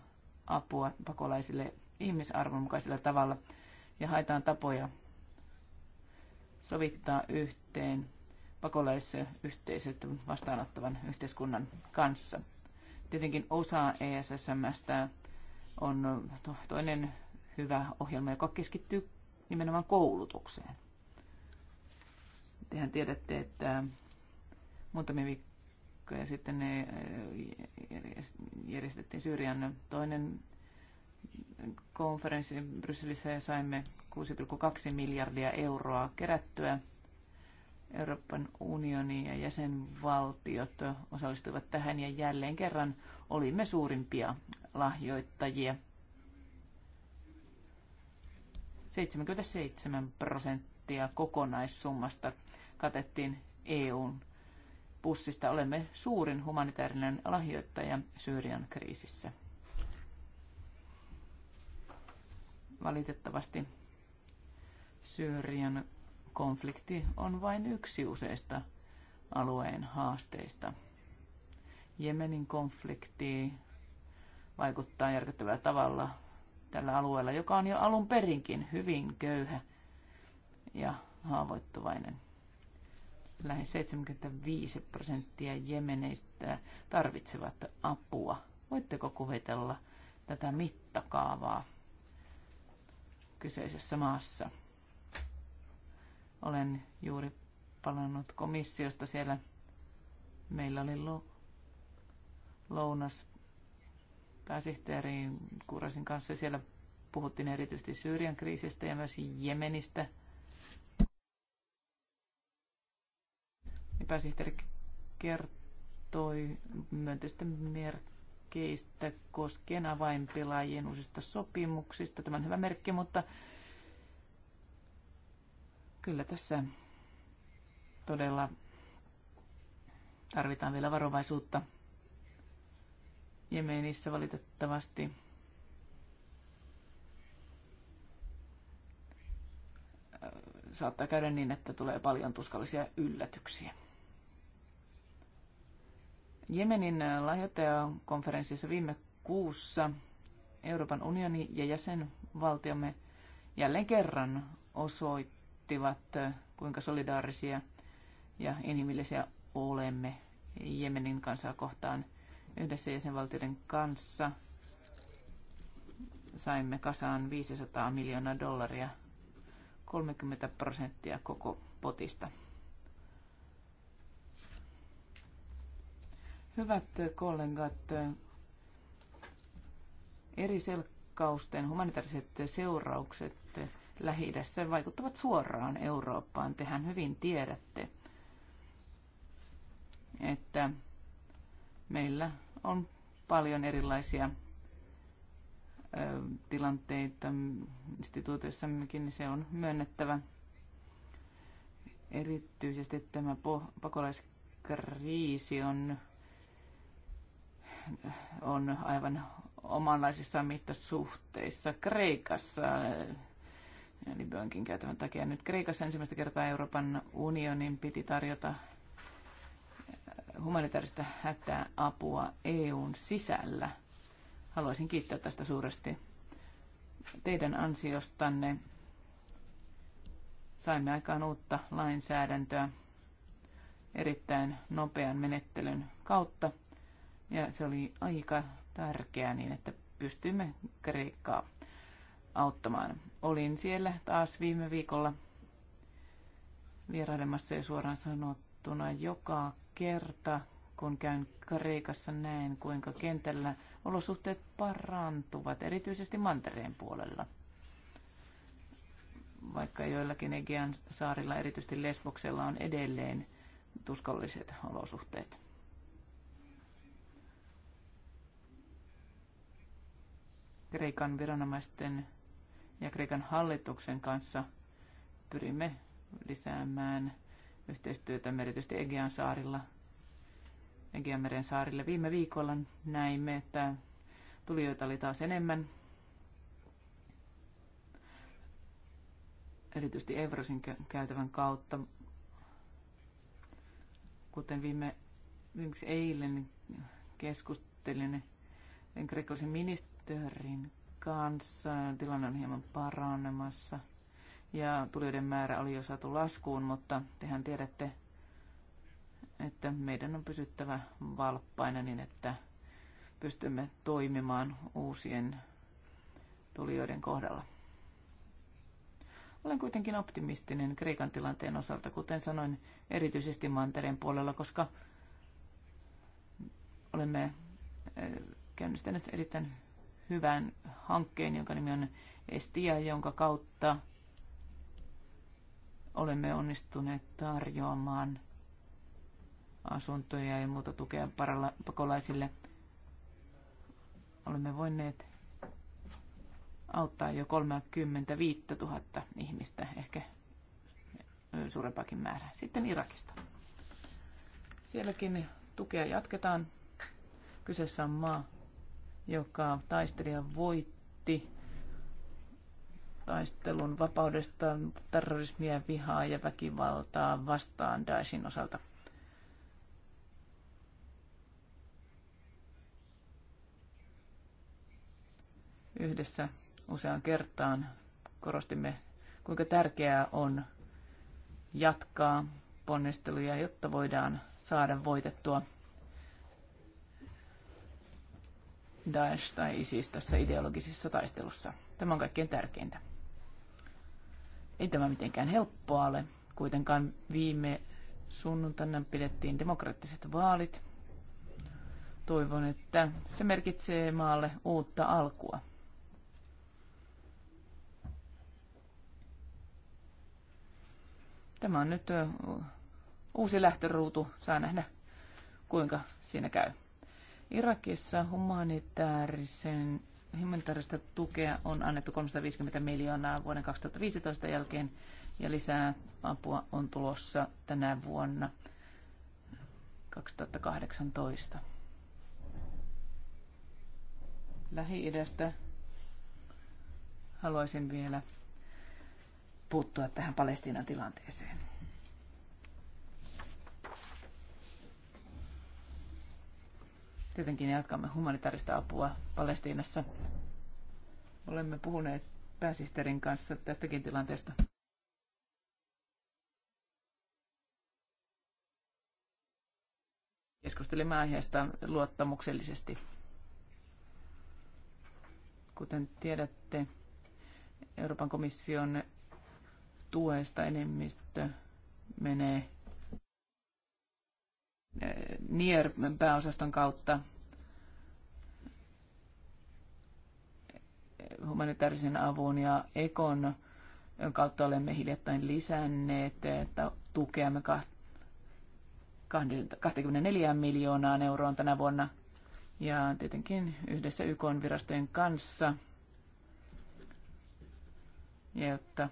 apua pakolaisille ihmisarvon mukaisella tavalla ja haetaan tapoja sovittaa yhteen pakolaisyhteisöt vastaanottavan yhteiskunnan kanssa. Tietenkin osa ESSMstä on toinen hyvä ohjelma, joka keskittyy nimenomaan koulutukseen. Tehän tiedätte, että muutamia viikkoja sitten ne eh, järjestettiin Syyrian toinen konferenssi Brysselissä ja saimme 6,2 miljardia euroa kerättyä. Euroopan unioni ja jäsenvaltiot osallistuivat tähän ja jälleen kerran olimme suurimpia lahjoittajia – 77 prosenttia kokonaissummasta katettiin EUn pussista. Olemme suurin humanitaarinen lahjoittaja Syyrian kriisissä. Valitettavasti Syyrian konflikti on vain yksi useista alueen haasteista. Jemenin konflikti vaikuttaa järkyttävällä tavalla tällä alueella, joka on jo alun perinkin hyvin köyhä ja haavoittuvainen. Lähes 75 prosenttia jemeneistä tarvitsevat apua. Voitteko kuvitella tätä mittakaavaa kyseisessä maassa? Olen juuri palannut komissiosta siellä. Meillä oli lounas pääsihteeriin Kurasin kanssa. Siellä puhuttiin erityisesti Syyrian kriisistä ja myös Jemenistä. Pääsihteeri kertoi myönteistä merkeistä koskien avainpelaajien uusista sopimuksista. Tämä on hyvä merkki, mutta kyllä tässä todella tarvitaan vielä varovaisuutta. Jemenissä valitettavasti. Saattaa käydä niin, että tulee paljon tuskallisia yllätyksiä. Jemenin lahjoittajakonferenssissa viime kuussa Euroopan unioni ja jäsenvaltiomme jälleen kerran osoittivat, kuinka solidaarisia ja inhimillisiä olemme Jemenin kansaa kohtaan – yhdessä jäsenvaltioiden kanssa saimme kasaan 500 miljoonaa dollaria, 30 prosenttia koko potista. Hyvät kollegat, eri selkkausten humanitaariset seuraukset lähi vaikuttavat suoraan Eurooppaan. Tehän hyvin tiedätte, että meillä on paljon erilaisia tilanteita instituutioissammekin, se on myönnettävä. Erityisesti tämä pakolaiskriisi on, on aivan omanlaisissa mittasuhteissa Kreikassa. Libyankin käytävän takia nyt Kreikassa ensimmäistä kertaa Euroopan unionin piti tarjota humanitaarista hätää apua EUn sisällä. Haluaisin kiittää tästä suuresti. Teidän ansiostanne saimme aikaan uutta lainsäädäntöä erittäin nopean menettelyn kautta. Ja se oli aika tärkeää niin, että pystyimme Kreikkaa auttamaan. Olin siellä taas viime viikolla vierailemassa ja suoraan sanottuna joka kerta, kun käyn Kreikassa, näen, kuinka kentällä olosuhteet parantuvat, erityisesti mantereen puolella. Vaikka joillakin Egean saarilla, erityisesti Lesboksella, on edelleen tuskalliset olosuhteet. Kreikan viranomaisten ja Kreikan hallituksen kanssa pyrimme lisäämään yhteistyötä erityisesti Egean saarilla, Egeanmeren saarille. Viime viikolla näimme, että tulijoita oli taas enemmän. Erityisesti Evrosin käytävän kautta. Kuten viime viimeksi eilen keskustelin kreikkalaisen ministerin kanssa. Tilanne on hieman paranemassa ja tulijoiden määrä oli jo saatu laskuun, mutta tehän tiedätte, että meidän on pysyttävä valppaina niin, että pystymme toimimaan uusien tulijoiden kohdalla. Olen kuitenkin optimistinen Kreikan tilanteen osalta, kuten sanoin, erityisesti mantereen puolella, koska olemme eh, käynnistäneet erittäin hyvän hankkeen, jonka nimi on Estia, jonka kautta olemme onnistuneet tarjoamaan asuntoja ja muuta tukea pakolaisille. Olemme voineet auttaa jo 35 000 ihmistä, ehkä suurempakin määrää. Sitten Irakista. Sielläkin tukea jatketaan. Kyseessä on maa, joka taistelija voitti taistelun vapaudesta, terrorismia, vihaa ja väkivaltaa vastaan Daeshin osalta. Yhdessä useaan kertaan korostimme, kuinka tärkeää on jatkaa ponnisteluja, jotta voidaan saada voitettua Daesh tai ISIS tässä ideologisessa taistelussa. Tämä on kaikkein tärkeintä. Ei tämä mitenkään helppoa ole. Kuitenkaan viime sunnuntaina pidettiin demokraattiset vaalit. Toivon, että se merkitsee maalle uutta alkua. Tämä on nyt uusi lähtöruutu. Saa nähdä, kuinka siinä käy. Irakissa humanitaarisen humanitaarista tukea on annettu 350 miljoonaa vuoden 2015 jälkeen ja lisää apua on tulossa tänä vuonna 2018. Lähi-idästä haluaisin vielä puuttua tähän Palestiinan tilanteeseen. Tietenkin jatkamme humanitaarista apua Palestiinassa. Olemme puhuneet pääsihteerin kanssa tästäkin tilanteesta. Keskustelimme aiheesta luottamuksellisesti. Kuten tiedätte, Euroopan komission tuesta enemmistö menee NIER-pääosaston kautta humanitaarisen avun ja ekon kautta olemme hiljattain lisänneet, että tukeamme 24 miljoonaa euroa tänä vuonna ja tietenkin yhdessä YK-virastojen kanssa, ja jotta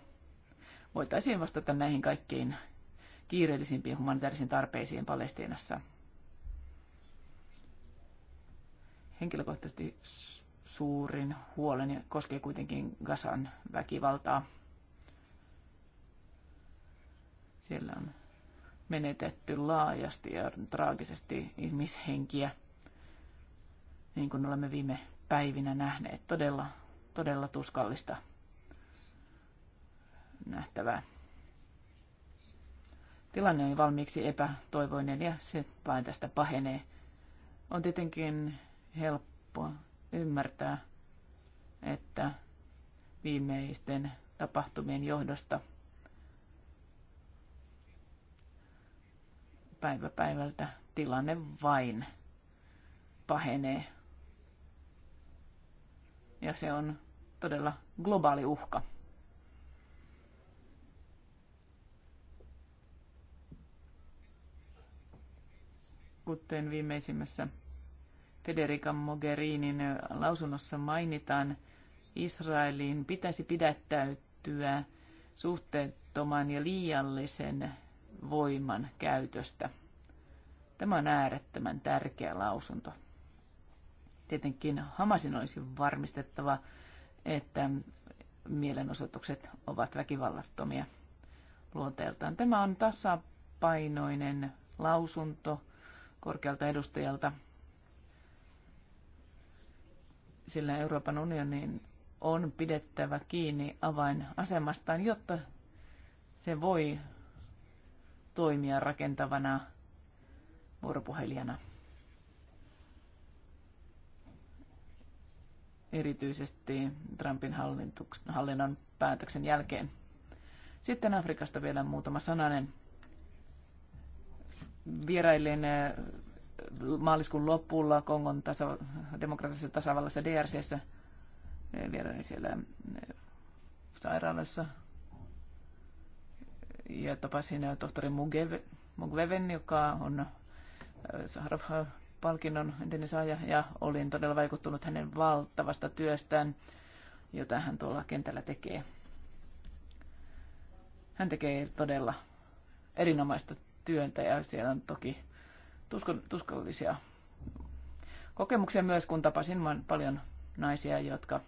voitaisiin vastata näihin kaikkiin kiireellisimpiin humanitaarisiin tarpeisiin Palestiinassa. Henkilökohtaisesti suurin huoleni koskee kuitenkin Gasan väkivaltaa. Siellä on menetetty laajasti ja traagisesti ihmishenkiä, niin kuin olemme viime päivinä nähneet. Todella, todella tuskallista nähtävää. Tilanne on jo valmiiksi epätoivoinen ja se vain tästä pahenee. On tietenkin helppoa ymmärtää, että viimeisten tapahtumien johdosta päivä päivältä tilanne vain pahenee. Ja se on todella globaali uhka. kuten viimeisimmässä Federica Mogherinin lausunnossa mainitaan, Israelin pitäisi pidättäytyä suhteettoman ja liiallisen voiman käytöstä. Tämä on äärettömän tärkeä lausunto. Tietenkin Hamasin olisi varmistettava, että mielenosoitukset ovat väkivallattomia luonteeltaan. Tämä on tasapainoinen lausunto, korkealta edustajalta, sillä Euroopan unionin on pidettävä kiinni avainasemastaan, jotta se voi toimia rakentavana vuoropuhelijana. Erityisesti Trumpin hallinnon päätöksen jälkeen. Sitten Afrikasta vielä muutama sananen vierailin eh, maaliskuun lopulla Kongon taso, demokraattisessa tasavallassa DRCssä. Eh, vierailin siellä eh, sairaalassa ja tapasin tohtori Mugeve, joka on Saharov-palkinnon entinen saaja, ja olin todella vaikuttunut hänen valtavasta työstään, jota hän tuolla kentällä tekee. Hän tekee todella erinomaista työntä ja siellä on toki tuskallisia kokemuksia myös, kun tapasin paljon naisia, jotka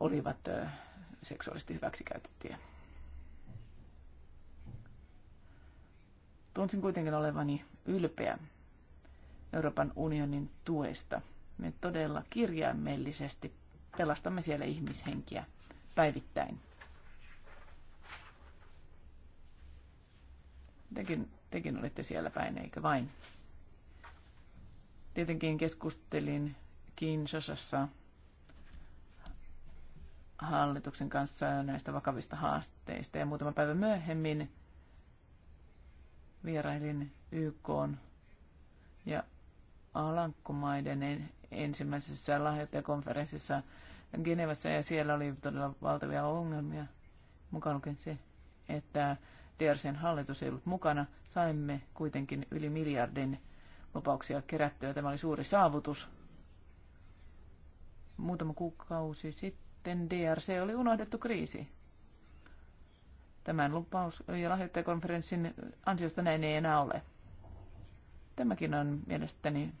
olivat seksuaalisesti hyväksikäytettyjä. Tunsin kuitenkin olevani ylpeä Euroopan unionin tuesta. Me todella kirjaimellisesti pelastamme siellä ihmishenkiä päivittäin. Tekin, tekin olitte siellä päin, eikö vain? Tietenkin keskustelin Kinshasassa hallituksen kanssa näistä vakavista haasteista ja muutama päivä myöhemmin vierailin YK ja Alankomaiden ensimmäisessä lahjoittajakonferenssissa Genevassa ja siellä oli todella valtavia ongelmia, mukaan lukien se, että DRCn hallitus ei ollut mukana. Saimme kuitenkin yli miljardin lupauksia kerättyä. Tämä oli suuri saavutus. Muutama kuukausi sitten DRC oli unohdettu kriisi. Tämän lupaus- ja lahjoittajakonferenssin ansiosta näin ei enää ole. Tämäkin on mielestäni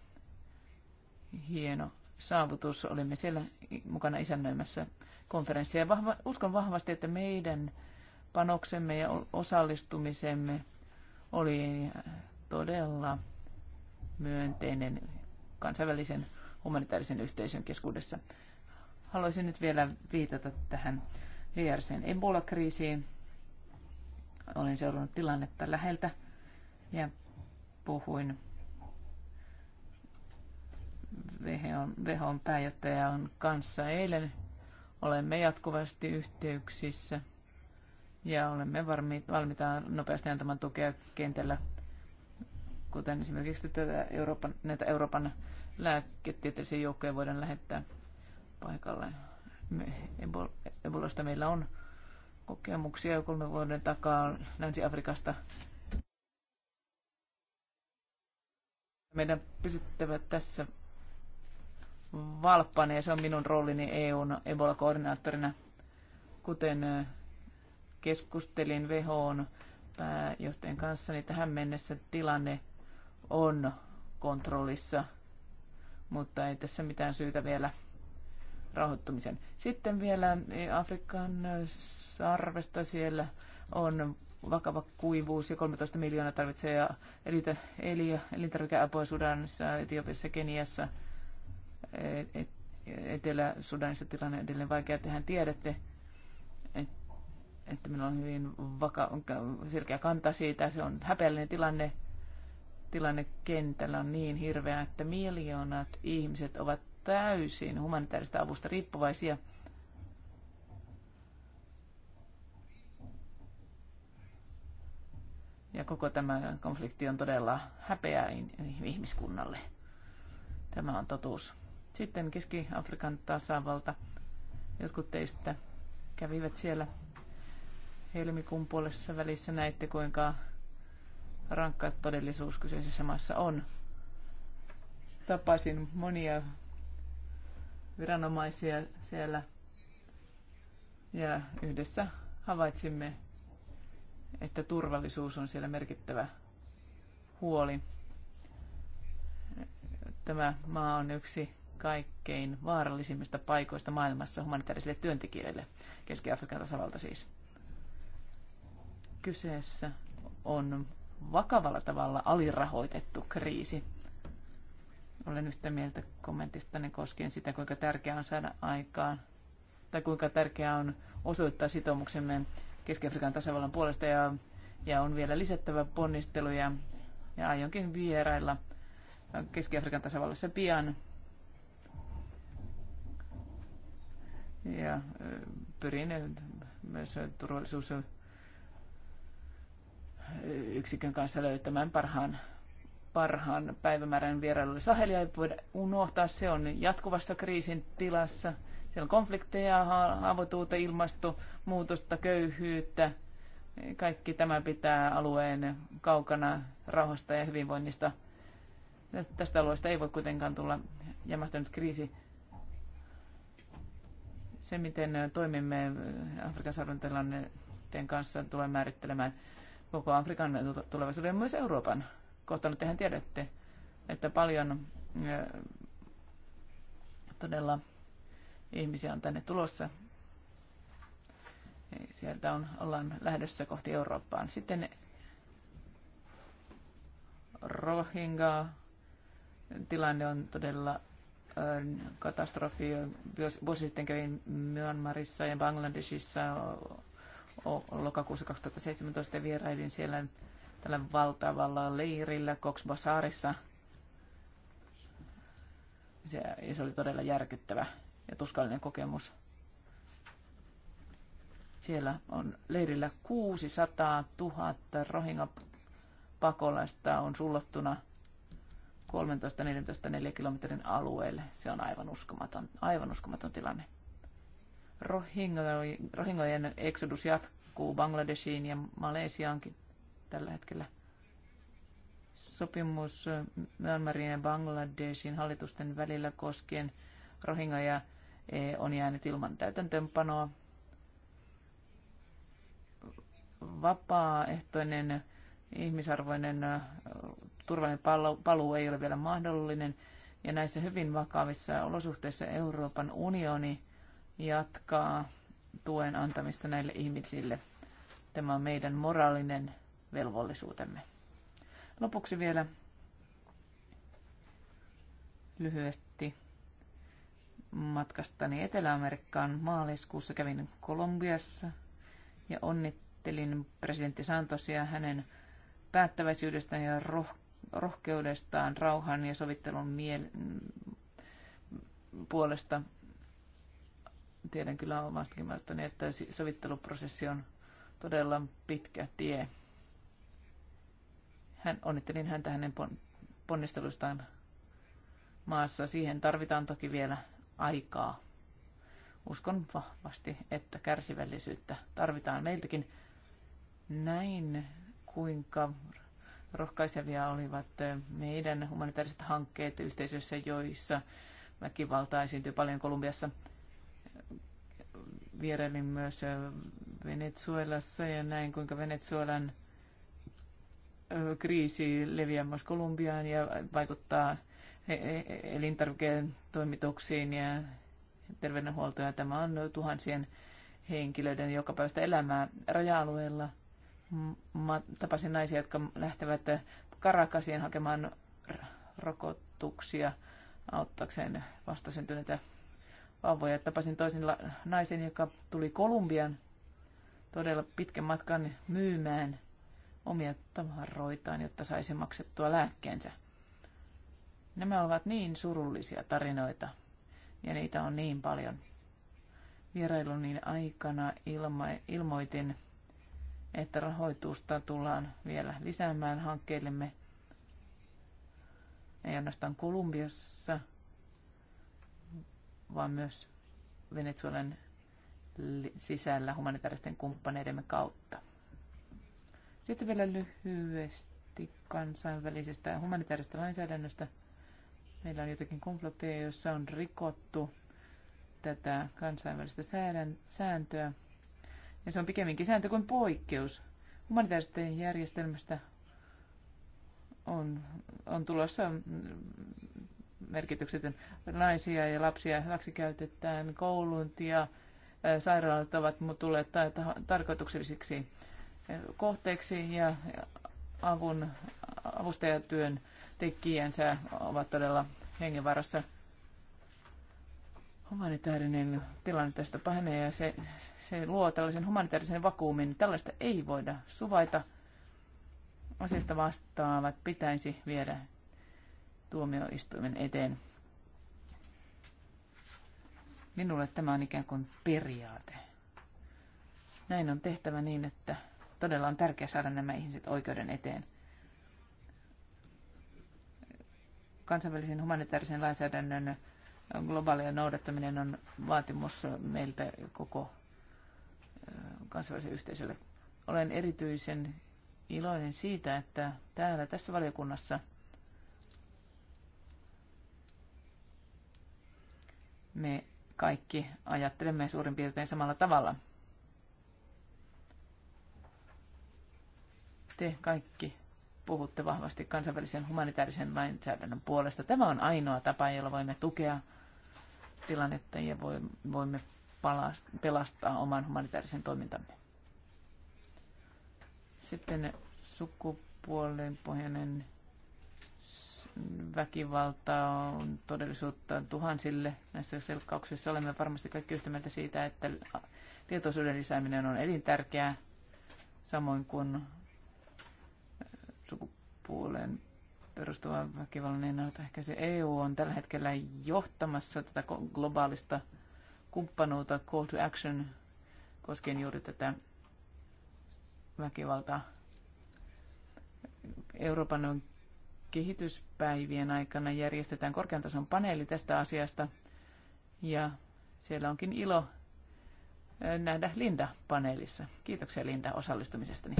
hieno saavutus. Olimme siellä mukana isännöimässä konferenssia. Vahva, uskon vahvasti, että meidän panoksemme ja osallistumisemme oli todella myönteinen kansainvälisen humanitaarisen yhteisön keskuudessa. Haluaisin nyt vielä viitata tähän VRCn Ebola-kriisiin. Olen seurannut tilannetta läheltä ja puhuin VHOn, VHOn pääjohtajan kanssa eilen. Olemme jatkuvasti yhteyksissä – ja olemme valmiita nopeasti antamaan tukea kentällä, kuten esimerkiksi tätä Euroopan, näitä Euroopan lääketieteellisiä joukkoja voidaan lähettää paikalle. Me, Ebolasta meillä on kokemuksia jo kolme vuoden takaa Länsi-Afrikasta. Meidän pysyttävä tässä valppana ja se on minun roolini EUn Ebola-koordinaattorina, kuten keskustelin WHOn pääjohtajan kanssa, niin tähän mennessä tilanne on kontrollissa, mutta ei tässä mitään syytä vielä rahoittumisen. Sitten vielä eh, Afrikan sarvesta siellä on vakava kuivuus ja 13 miljoonaa tarvitsee elintä, elintarvikeapua Sudanissa, Etiopiassa, Keniassa, eh, Etelä-Sudanissa tilanne edelleen vaikea, tehän tiedätte että minulla on hyvin vaka, selkeä kanta siitä. Se on häpeällinen tilanne. Tilanne kentällä on niin hirveä, että miljoonat ihmiset ovat täysin humanitaarista avusta riippuvaisia. Ja koko tämä konflikti on todella häpeä ihmiskunnalle. Tämä on totuus. Sitten Keski-Afrikan tasavalta. Jotkut teistä kävivät siellä helmikuun puolessa välissä näitte, kuinka rankka todellisuus kyseisessä maassa on. Tapasin monia viranomaisia siellä ja yhdessä havaitsimme, että turvallisuus on siellä merkittävä huoli. Tämä maa on yksi kaikkein vaarallisimmista paikoista maailmassa humanitaarisille työntekijöille, Keski-Afrikan tasavalta siis. Kyseessä on vakavalla tavalla alirahoitettu kriisi. Olen yhtä mieltä kommentistani koskien sitä, kuinka tärkeää on saada aikaan tai kuinka tärkeää on osoittaa sitoumuksemme Keski-Afrikan tasavallan puolesta ja, ja on vielä lisättävä ponnisteluja ja aionkin vierailla Keski-Afrikan tasavallassa pian. Ja pyrin myös turvallisuus- yksikön kanssa löytämään parhaan, parhaan päivämäärän vierailulle. Sahelia ei voida unohtaa, se on jatkuvassa kriisin tilassa. Siellä on konflikteja, haavoituutta, ilmastonmuutosta, köyhyyttä. Kaikki tämä pitää alueen kaukana rauhasta ja hyvinvoinnista. Tästä alueesta ei voi kuitenkaan tulla jämähtänyt kriisi se, miten toimimme Afrikan sarvintilanteen kanssa, tulee määrittelemään koko Afrikan tulevaisuuden myös Euroopan kohtalon. Tehän tiedätte, että paljon todella ihmisiä on tänne tulossa. Sieltä on, ollaan lähdössä kohti Eurooppaan. Sitten Rohingya tilanne on todella katastrofi. Vuosi sitten kävin Myanmarissa ja Bangladesissa lokakuussa 2017 vierailin siellä tällä valtavalla leirillä Koksbasaarissa. Se, se oli todella järkyttävä ja tuskallinen kokemus. Siellä on leirillä 600 000 rohinga pakolaista on sullottuna 13, 14, 4 kilometrin alueelle. Se on aivan uskomaton, aivan uskomaton tilanne. Rohingojen eksodus jatkuu Bangladeshiin ja Malesiaankin tällä hetkellä. Sopimus Myanmarin ja Bangladeshin hallitusten välillä koskien Rohingoja eh, on jäänyt ilman täytäntöönpanoa. Vapaaehtoinen, ihmisarvoinen, eh, turvallinen paluu ei ole vielä mahdollinen. Ja näissä hyvin vakavissa olosuhteissa Euroopan unioni jatkaa tuen antamista näille ihmisille. Tämä on meidän moraalinen velvollisuutemme. Lopuksi vielä lyhyesti matkastani Etelä-Amerikkaan maaliskuussa kävin Kolumbiassa ja onnittelin presidentti Santosia hänen päättäväisyydestään ja roh- rohkeudestaan rauhan ja sovittelun miel- puolesta Tiedän kyllä omastakin maastani, että sovitteluprosessi on todella pitkä tie. Hän onnittelin häntä hänen ponnistelustaan maassa. Siihen tarvitaan toki vielä aikaa. Uskon vahvasti, että kärsivällisyyttä tarvitaan meiltäkin. Näin kuinka rohkaisevia olivat eh, meidän humanitaariset hankkeet yhteisössä joissa väkivaltaa esiintyy paljon Kolumbiassa – vierailin myös Venezuelassa ja näin, kuinka Venezuelan kriisi leviää myös Kolumbiaan ja vaikuttaa e-, e-, elintarvikeen toimituksiin ja terveydenhuoltoon. Tämä on tuhansien henkilöiden päivästä elämää raja-alueella. Mä tapasin naisia, jotka lähtevät Karakasiin hakemaan rokotuksia auttaakseen vastasyntyneitä vauvoja. Tapasin toisen naisen, joka tuli Kolumbian todella pitkän matkan myymään omia tavaroitaan, jotta saisi maksettua lääkkeensä. Nämä ovat niin surullisia tarinoita, ja niitä on niin paljon. Vierailuni aikana ilma- ilmoitin, että rahoitusta tullaan vielä lisäämään hankkeillemme, ei ainoastaan Kolumbiassa – vaan myös Venezuelan sisällä humanitaaristen kumppaneidemme kautta. Sitten vielä lyhyesti kansainvälisestä humanitaarista lainsäädännöstä. Meillä on jotakin komplotteja, joissa on rikottu tätä kansainvälistä sääntöä. Ja se on pikemminkin sääntö kuin poikkeus. Humanitaarisesta järjestelmästä on, on tulossa merkityksetön. Naisia ja lapsia hyväksikäytetään, koulun ja sairaalat ovat tulleet tarkoituksellisiksi kohteeksi ja avun, avustajatyön tekijänsä ovat todella hengenvarassa. Humanitaarinen tilanne tästä pahenee ja se, se luo tällaisen humanitaarisen vakuumin. Tällaista ei voida suvaita. Asiasta vastaavat pitäisi viedä tuomioistuimen eteen. Minulle tämä on ikään kuin periaate. Näin on tehtävä niin, että todella on tärkeää saada nämä ihmiset oikeuden eteen. Kansainvälisen humanitaarisen lainsäädännön globaalia noudattaminen on vaatimus meiltä koko kansainväliselle yhteisölle. Olen erityisen iloinen siitä, että täällä tässä valiokunnassa – me kaikki ajattelemme suurin piirtein samalla tavalla. Te kaikki puhutte vahvasti kansainvälisen humanitaarisen lainsäädännön puolesta. Tämä on ainoa tapa, jolla voimme tukea tilannetta ja voimme pelastaa oman humanitaarisen toimintamme. Sitten sukupuolen pohjainen väkivalta on todellisuutta tuhansille näissä selkkauksissa. Olemme varmasti kaikki yhtä mieltä siitä, että tietoisuuden lisääminen on elintärkeää, samoin kuin äh, sukupuolen perustuva väkivallan ennaltaehkäisy. EU on tällä hetkellä johtamassa tätä globaalista kumppanuutta Call to Action koskien juuri tätä väkivaltaa. Euroopan on kehityspäivien aikana järjestetään korkean tason paneeli tästä asiasta. Ja siellä onkin ilo nähdä Linda paneelissa. Kiitoksia Linda osallistumisestani.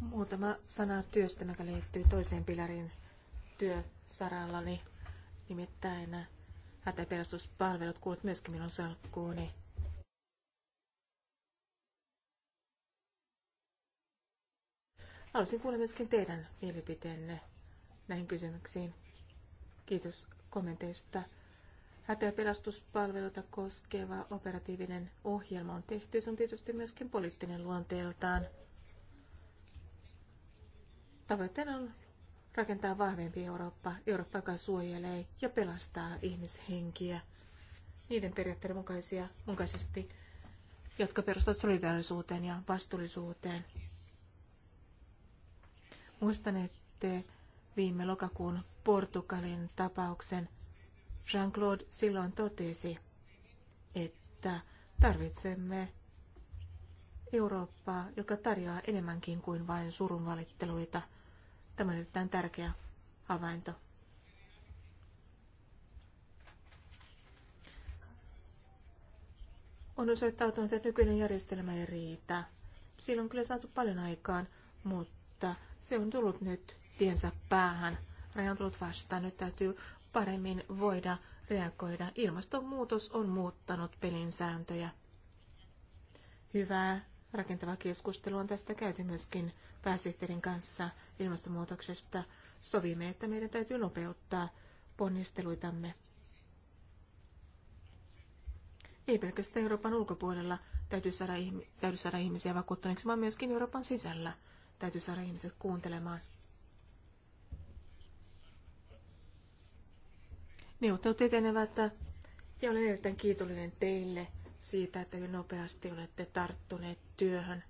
Muutama sana työstä, joka liittyy toiseen pilarin työsarallani, nimittäin hätäpelastuspalvelut kuulut myöskin minun salkkuuni. Haluaisin kuulla myöskin teidän mielipiteenne näihin kysymyksiin. Kiitos kommenteista. Hätä- ja pelastuspalveluita koskeva operatiivinen ohjelma on tehty. Se on tietysti myöskin poliittinen luonteeltaan. Tavoitteena on rakentaa vahvempi Eurooppa, Eurooppa, joka suojelee ja pelastaa ihmishenkiä niiden periaatteiden mukaisia, mukaisesti, jotka perustuvat solidaarisuuteen ja vastuullisuuteen. Muistanette viime lokakuun Portugalin tapauksen Jean-Claude silloin totesi, että tarvitsemme Eurooppaa, joka tarjoaa enemmänkin kuin vain surunvalitteluita. Tämä on erittäin tärkeä havainto. On osoittautunut, että nykyinen järjestelmä ei riitä. Silloin on kyllä saatu paljon aikaan, mutta mutta se on tullut nyt tiensä päähän. Raja on tullut vastaan. Nyt täytyy paremmin voida reagoida. Ilmastonmuutos on muuttanut pelin sääntöjä. Hyvää rakentava keskustelu on tästä käyty myöskin pääsihteerin kanssa ilmastonmuutoksesta. Sovimme, että meidän täytyy nopeuttaa ponnisteluitamme. Ei pelkästään Euroopan ulkopuolella täytyy saada, täytyy saada ihmisiä vakuuttuneeksi, vaan myöskin Euroopan sisällä – Täytyy saada ihmiset kuuntelemaan. Neuvottelut etenevät ja olen erittäin kiitollinen teille siitä, että nopeasti olette tarttuneet työhön.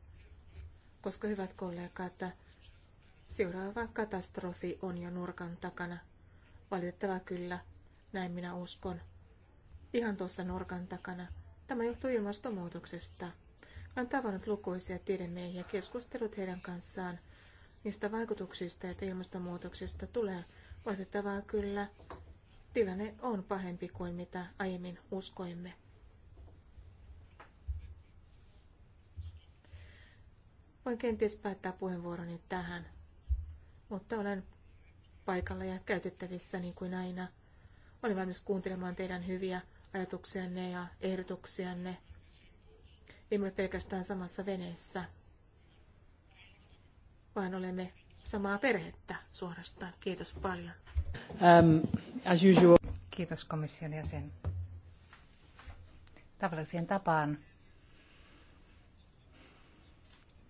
Koska hyvät kollegat, seuraava katastrofi on jo nurkan takana. Valitettava kyllä, näin minä uskon. Ihan tuossa nurkan takana. Tämä johtuu ilmastonmuutoksesta. Olen tavannut lukuisia tiedemiehiä keskustelut heidän kanssaan niistä vaikutuksista, että ilmastonmuutoksesta tulee. Valitettavaa kyllä, tilanne on pahempi kuin mitä aiemmin uskoimme. Voin kenties päättää puheenvuoroni tähän, mutta olen paikalla ja käytettävissä niin kuin aina. Olen valmis kuuntelemaan teidän hyviä ajatuksianne ja ehdotuksianne emme ole pelkästään samassa veneessä, vaan olemme samaa perhettä suorastaan. Kiitos paljon. Um, as usual. Kiitos komission jäsen. Tavalliseen tapaan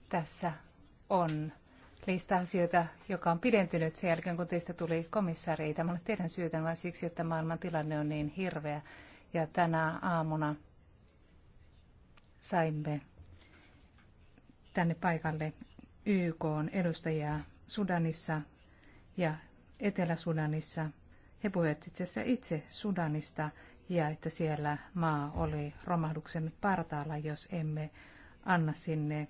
tässä on lista asioita, joka on pidentynyt sen jälkeen, kun teistä tuli komissaari. Ei tämä ole teidän syytä, vaan siksi, että maailman tilanne on niin hirveä. Ja tänä aamuna saimme tänne paikalle YK edustajia Sudanissa ja Etelä-Sudanissa. He puhuivat itse asiassa itse Sudanista ja että siellä maa oli romahduksen partaalla, jos emme anna sinne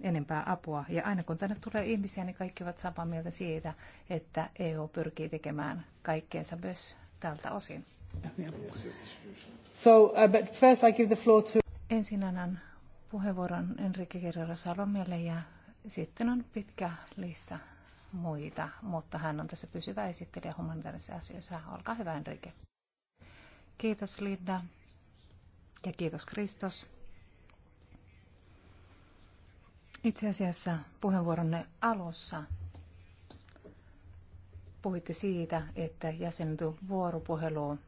enempää apua. Ja aina kun tänne tulee ihmisiä, niin kaikki ovat samaa mieltä siitä, että EU pyrkii tekemään kaikkeensa myös tältä osin. So, uh, but first I give the floor to... Ensin annan puheenvuoron Enrique Guerrero Salomelle ja sitten on pitkä lista muita, mutta hän on tässä pysyvä esittelijä humanitaarisissa asioissa. Olkaa hyvä Enrique. Kiitos Linda ja kiitos Kristos. Itse asiassa puheenvuoronne alussa puhuitte siitä, että jäsenty vuoropuheluun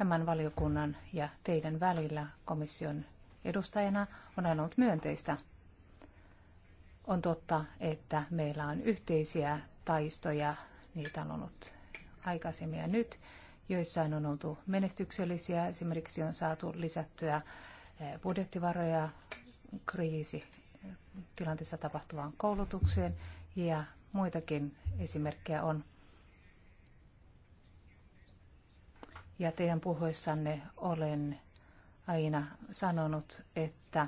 tämän valiokunnan ja teidän välillä komission edustajana on aina ollut myönteistä. On totta, että meillä on yhteisiä taistoja, niitä on ollut aikaisemmin ja nyt, joissain on oltu menestyksellisiä. Esimerkiksi on saatu lisättyä eh, budjettivaroja kriisi eh, tilanteessa tapahtuvaan koulutukseen ja muitakin esimerkkejä on. Ja teidän puhuessanne olen aina sanonut, että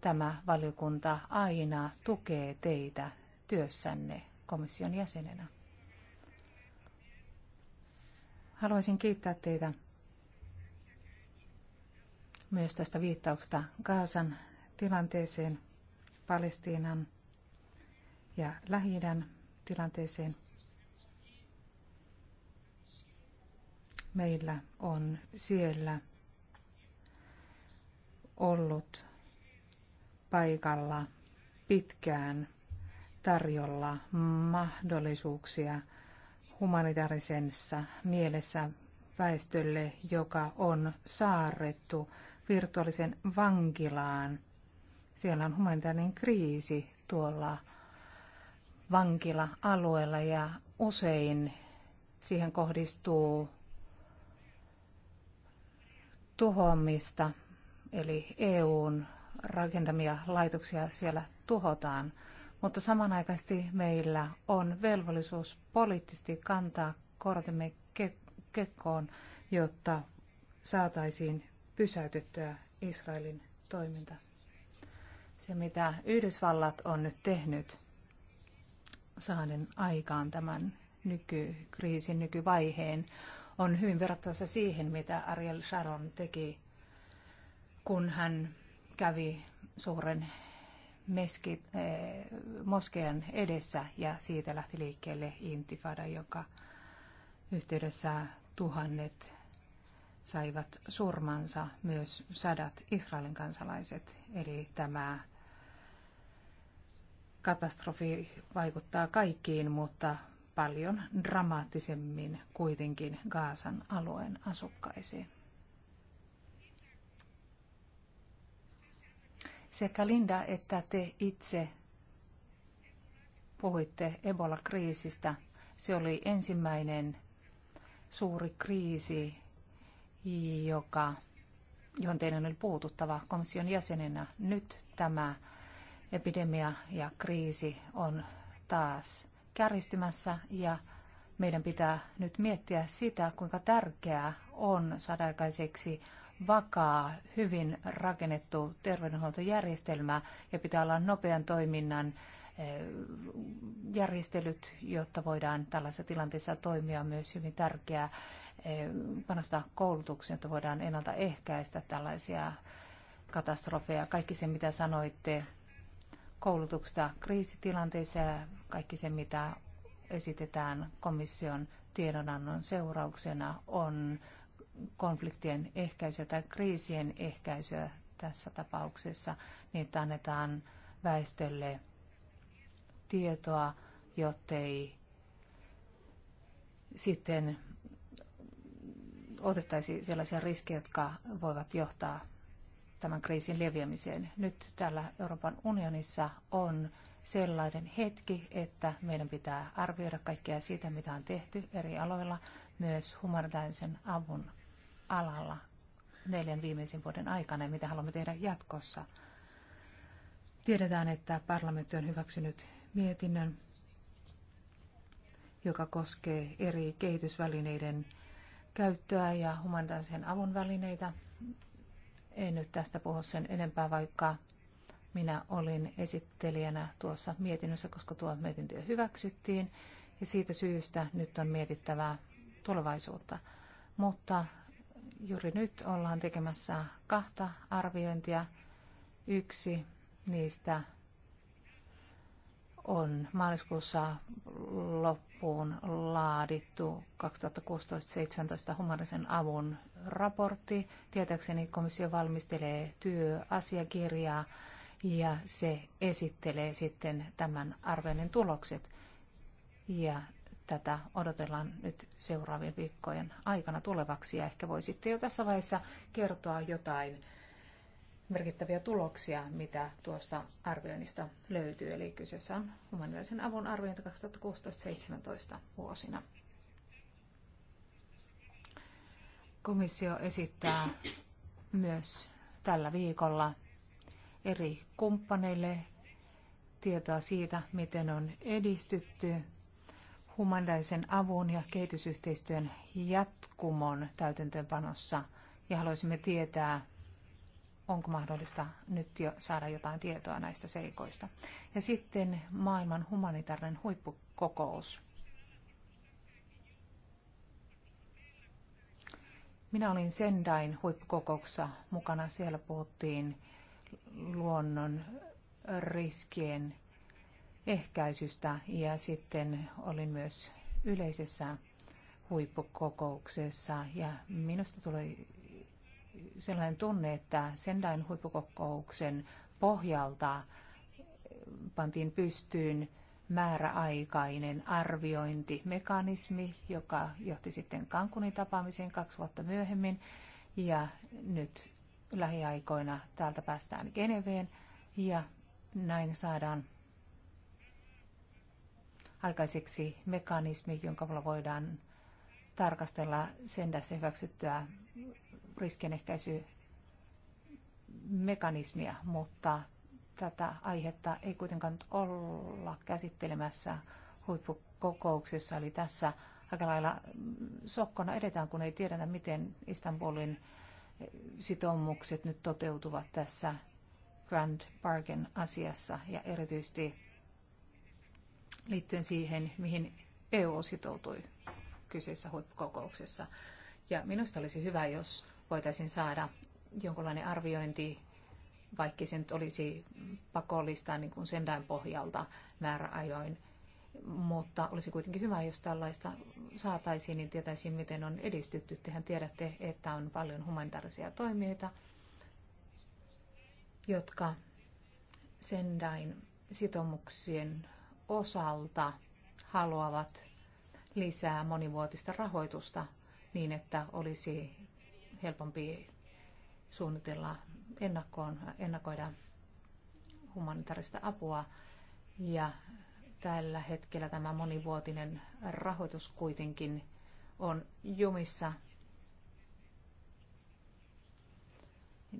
tämä valiokunta aina tukee teitä työssänne komission jäsenenä. Haluaisin kiittää teitä myös tästä viittauksesta Gaasan tilanteeseen, Palestiinan ja lähi tilanteeseen. meillä on siellä ollut paikalla pitkään tarjolla mahdollisuuksia humanitaarisessa mielessä väestölle, joka on saarrettu virtuaalisen vankilaan. Siellä on humanitaarinen kriisi tuolla vankila-alueella ja usein siihen kohdistuu tuhoamista, eli EUn rakentamia laitoksia siellä tuhotaan. Mutta samanaikaisesti meillä on velvollisuus poliittisesti kantaa kortemme kekkoon, jotta saataisiin pysäytettyä Israelin toiminta. Se, mitä Yhdysvallat on nyt tehnyt saaden aikaan tämän nykykriisin nykyvaiheen, on hyvin verrattavissa siihen, mitä Ariel Sharon teki, kun hän kävi suuren meskit, eh, edessä ja siitä lähti liikkeelle intifada, joka yhteydessä tuhannet saivat surmansa myös sadat Israelin kansalaiset. Eli tämä katastrofi vaikuttaa kaikkiin, mutta paljon dramaattisemmin kuitenkin Gaasan alueen asukkaisiin. Sekä Linda että te itse puhuitte Ebola-kriisistä. Se oli ensimmäinen suuri kriisi, joka, johon teidän oli puututtava komission jäsenenä. Nyt tämä epidemia ja kriisi on taas kärjistymässä ja meidän pitää nyt miettiä sitä, kuinka tärkeää on saada vakaa, hyvin rakennettu terveydenhuoltojärjestelmä ja pitää olla nopean toiminnan eh, järjestelyt, jotta voidaan tällaisessa tilanteessa toimia myös hyvin tärkeää eh, panostaa koulutukseen, jotta voidaan ennaltaehkäistä tällaisia katastrofeja. Kaikki se, mitä sanoitte koulutuksesta kriisitilanteissa ja kaikki se, mitä esitetään komission tiedonannon seurauksena, on konfliktien ehkäisyä tai kriisien ehkäisyä tässä tapauksessa, niin että annetaan väestölle tietoa, jottei sitten otettaisiin sellaisia riskejä, jotka voivat johtaa tämän kriisin leviämiseen. Nyt täällä Euroopan unionissa on sellainen hetki, että meidän pitää arvioida kaikkea siitä, mitä on tehty eri aloilla, myös humanitaarisen avun alalla neljän viimeisen vuoden aikana ja mitä haluamme tehdä jatkossa. Tiedetään, että parlamentti on hyväksynyt mietinnön, joka koskee eri kehitysvälineiden käyttöä ja humanitaarisen avun välineitä – en nyt tästä puhu sen enempää, vaikka minä olin esittelijänä tuossa mietinnössä, koska tuo mietintö hyväksyttiin. Ja siitä syystä nyt on mietittävää tulevaisuutta. Mutta juuri nyt ollaan tekemässä kahta arviointia. Yksi niistä on maaliskuussa loppuun laadittu 2016 2017 humanisen avun raportti. Tietääkseni komissio valmistelee työasiakirjaa ja se esittelee sitten tämän arvioinnin tulokset. Ja tätä odotellaan nyt seuraavien viikkojen aikana tulevaksi ja ehkä voisitte jo tässä vaiheessa kertoa jotain merkittäviä tuloksia, mitä tuosta arvioinnista löytyy. Eli kyseessä on humanitaarisen avun arviointi 2016-2017 vuosina. Komissio esittää myös tällä viikolla eri kumppaneille tietoa siitä, miten on edistytty humanitaarisen avun ja kehitysyhteistyön jatkumon täytäntöönpanossa. Ja haluaisimme tietää, onko mahdollista nyt jo saada jotain tietoa näistä seikoista. Ja sitten maailman humanitaarinen huippukokous. Minä olin Sendain huippukokouksessa mukana. Siellä puhuttiin luonnon riskien ehkäisystä ja sitten olin myös yleisessä huippukokouksessa ja minusta tuli sellainen tunne, että Sendain huippukokouksen pohjalta pantiin pystyyn määräaikainen arviointimekanismi, joka johti sitten Kankunin tapaamiseen kaksi vuotta myöhemmin. Ja nyt lähiaikoina täältä päästään Geneveen ja näin saadaan aikaiseksi mekanismi, jonka voidaan tarkastella tässä hyväksyttyä riskienehkäisymekanismia, mutta tätä aihetta ei kuitenkaan nyt olla käsittelemässä huippukokouksessa. Eli tässä aika lailla mm, sokkona edetään, kun ei tiedetä, miten Istanbulin eh, sitoumukset nyt toteutuvat tässä Grand Bargain asiassa ja erityisesti liittyen siihen, mihin EU sitoutui kyseisessä huippukokouksessa. Ja minusta olisi hyvä, jos voitaisiin saada jonkinlainen arviointi, vaikka se nyt olisi pakollista niin kuin sendään pohjalta määräajoin. Mutta olisi kuitenkin hyvä, jos tällaista saataisiin, niin tietäisiin, miten on edistytty. Tehän tiedätte, että on paljon humanitaarisia toimijoita, jotka Sendain sitoumuksien osalta haluavat lisää monivuotista rahoitusta niin, että olisi helpompi suunnitella ennakkoon, ennakoida humanitaarista apua. Ja tällä hetkellä tämä monivuotinen rahoitus kuitenkin on jumissa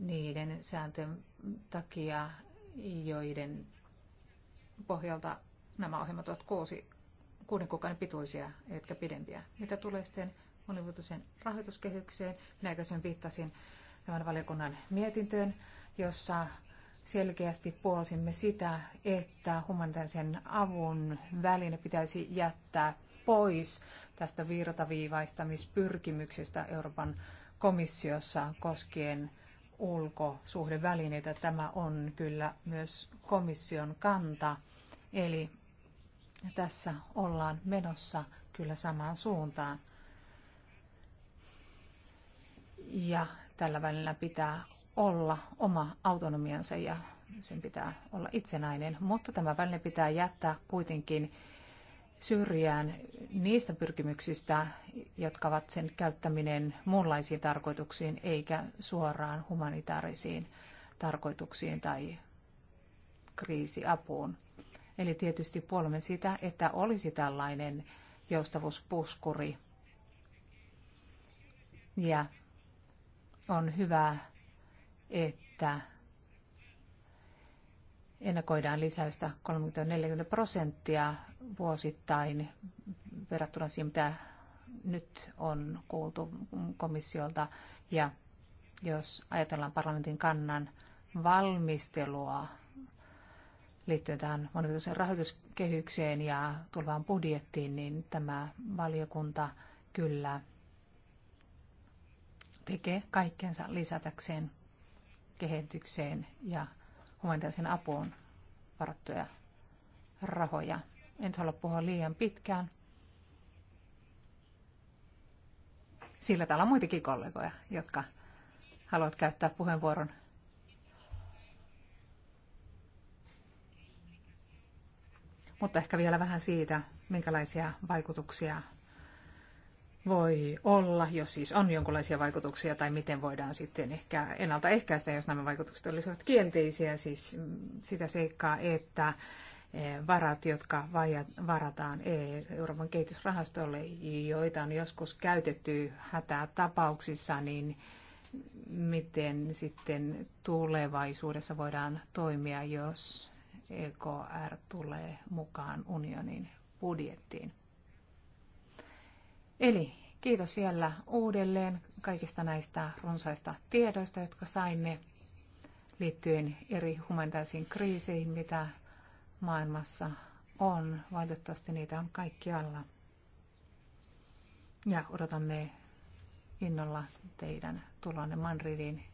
niiden sääntöjen takia, joiden pohjalta nämä ohjelmat ovat kuusi, kuuden kuukauden pituisia, eivätkä pidempiä. Mitä tulee sitten monivuotiseen rahoituskehykseen. Minä aikaisemmin viittasin tämän valiokunnan mietintöön, jossa selkeästi puolsimme sitä, että humanitaarisen avun väline pitäisi jättää pois tästä virtaviivaistamispyrkimyksestä Euroopan komissiossa koskien ulkosuhdevälineitä. Tämä on kyllä myös komission kanta. Eli tässä ollaan menossa kyllä samaan suuntaan ja tällä välillä pitää olla oma autonomiansa ja sen pitää olla itsenäinen, mutta tämä väline pitää jättää kuitenkin syrjään niistä pyrkimyksistä, jotka ovat sen käyttäminen muunlaisiin tarkoituksiin eikä suoraan humanitaarisiin tarkoituksiin tai kriisiapuun. Eli tietysti puolemme sitä, että olisi tällainen joustavuuspuskuri. Ja on hyvä, että ennakoidaan lisäystä 30-40 prosenttia vuosittain verrattuna siihen, mitä nyt on kuultu komissiolta. Ja jos ajatellaan parlamentin kannan valmistelua liittyen tähän monivuotiseen rahoituskehykseen ja tulevaan budjettiin, niin tämä valiokunta kyllä tekee kaikkensa lisätäkseen kehitykseen ja humanitaarisen apuun varattuja rahoja. En halua puhua liian pitkään, sillä täällä on muitakin kollegoja, jotka haluat käyttää puheenvuoron. Mutta ehkä vielä vähän siitä, minkälaisia vaikutuksia voi olla, jos siis on jonkinlaisia vaikutuksia, tai miten voidaan sitten ehkä ennaltaehkäistä, jos nämä vaikutukset olisivat kielteisiä, siis mm, sitä seikkaa, että e, varat, jotka varataan e, Euroopan kehitysrahastolle, joita on joskus käytetty hätätapauksissa, niin miten sitten tulevaisuudessa voidaan toimia, jos EKR tulee mukaan unionin budjettiin. Eli kiitos vielä uudelleen kaikista näistä runsaista tiedoista, jotka saimme liittyen eri humanitaarisiin kriiseihin, mitä maailmassa on. Valitettavasti niitä on kaikkialla. Ja odotamme innolla teidän tulonne Manridiin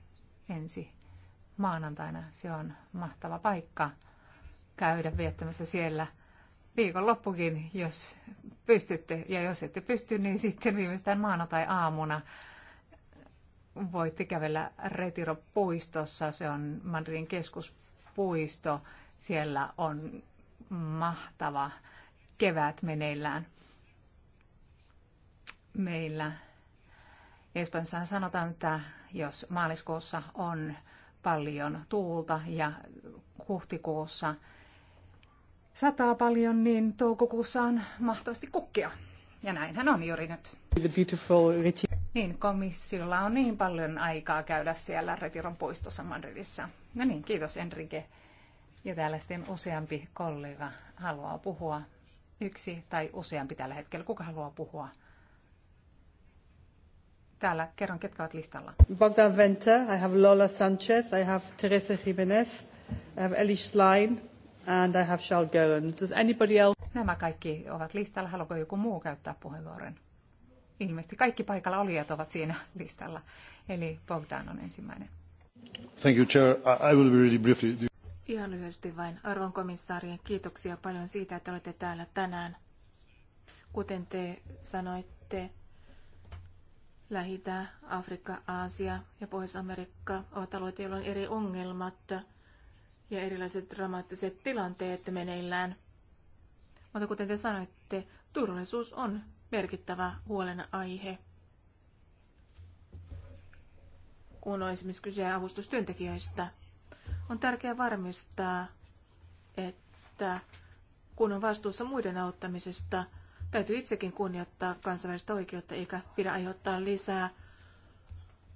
ensi maanantaina. Se on mahtava paikka käydä viettämässä siellä viikonloppukin, jos pystytte. Ja jos ette pysty, niin sitten viimeistään maanantai-aamuna voitte kävellä Retiro-puistossa. Se on Madridin keskuspuisto. Siellä on mahtava kevät meneillään. Meillä Espanjassa sanotaan, että jos maaliskuussa on paljon tuulta ja huhtikuussa – sataa paljon, niin toukokuussa on mahtavasti kukkia. Ja näinhän on juuri nyt. Niin, komissiolla on niin paljon aikaa käydä siellä Retiron puistossa Madridissa. No niin, kiitos Enrique. Ja täällä sitten useampi kollega haluaa puhua. Yksi tai useampi tällä hetkellä. Kuka haluaa puhua? Täällä kerron, ketkä ovat listalla. Bogdan Venter, I have Lola Sanchez, I have Teresa Jimenez, I have Elish Line, And I have Charles Goins. Does anybody else? Nämä kaikki ovat listalla. Haluaako joku muu käyttää puheenvuoron? Ilmeisesti kaikki paikalla olijat ovat siinä [LAUGHS] listalla. Eli Bogdan on ensimmäinen. Thank you, Chair. I will be really briefly. Ihan lyhyesti vain. Arvon komissaarien kiitoksia paljon siitä, että olette täällä tänään. Kuten te sanoitte, lähi Afrikka, Aasia ja Pohjois-Amerikka ovat alueita, joilla on eri ongelmat ja erilaiset dramaattiset tilanteet meneillään. Mutta kuten te sanoitte, turvallisuus on merkittävä huolenaihe. Kun on esimerkiksi kyse avustustyöntekijöistä, on tärkeää varmistaa, että kun on vastuussa muiden auttamisesta, täytyy itsekin kunnioittaa kansainvälistä oikeutta eikä pidä aiheuttaa lisää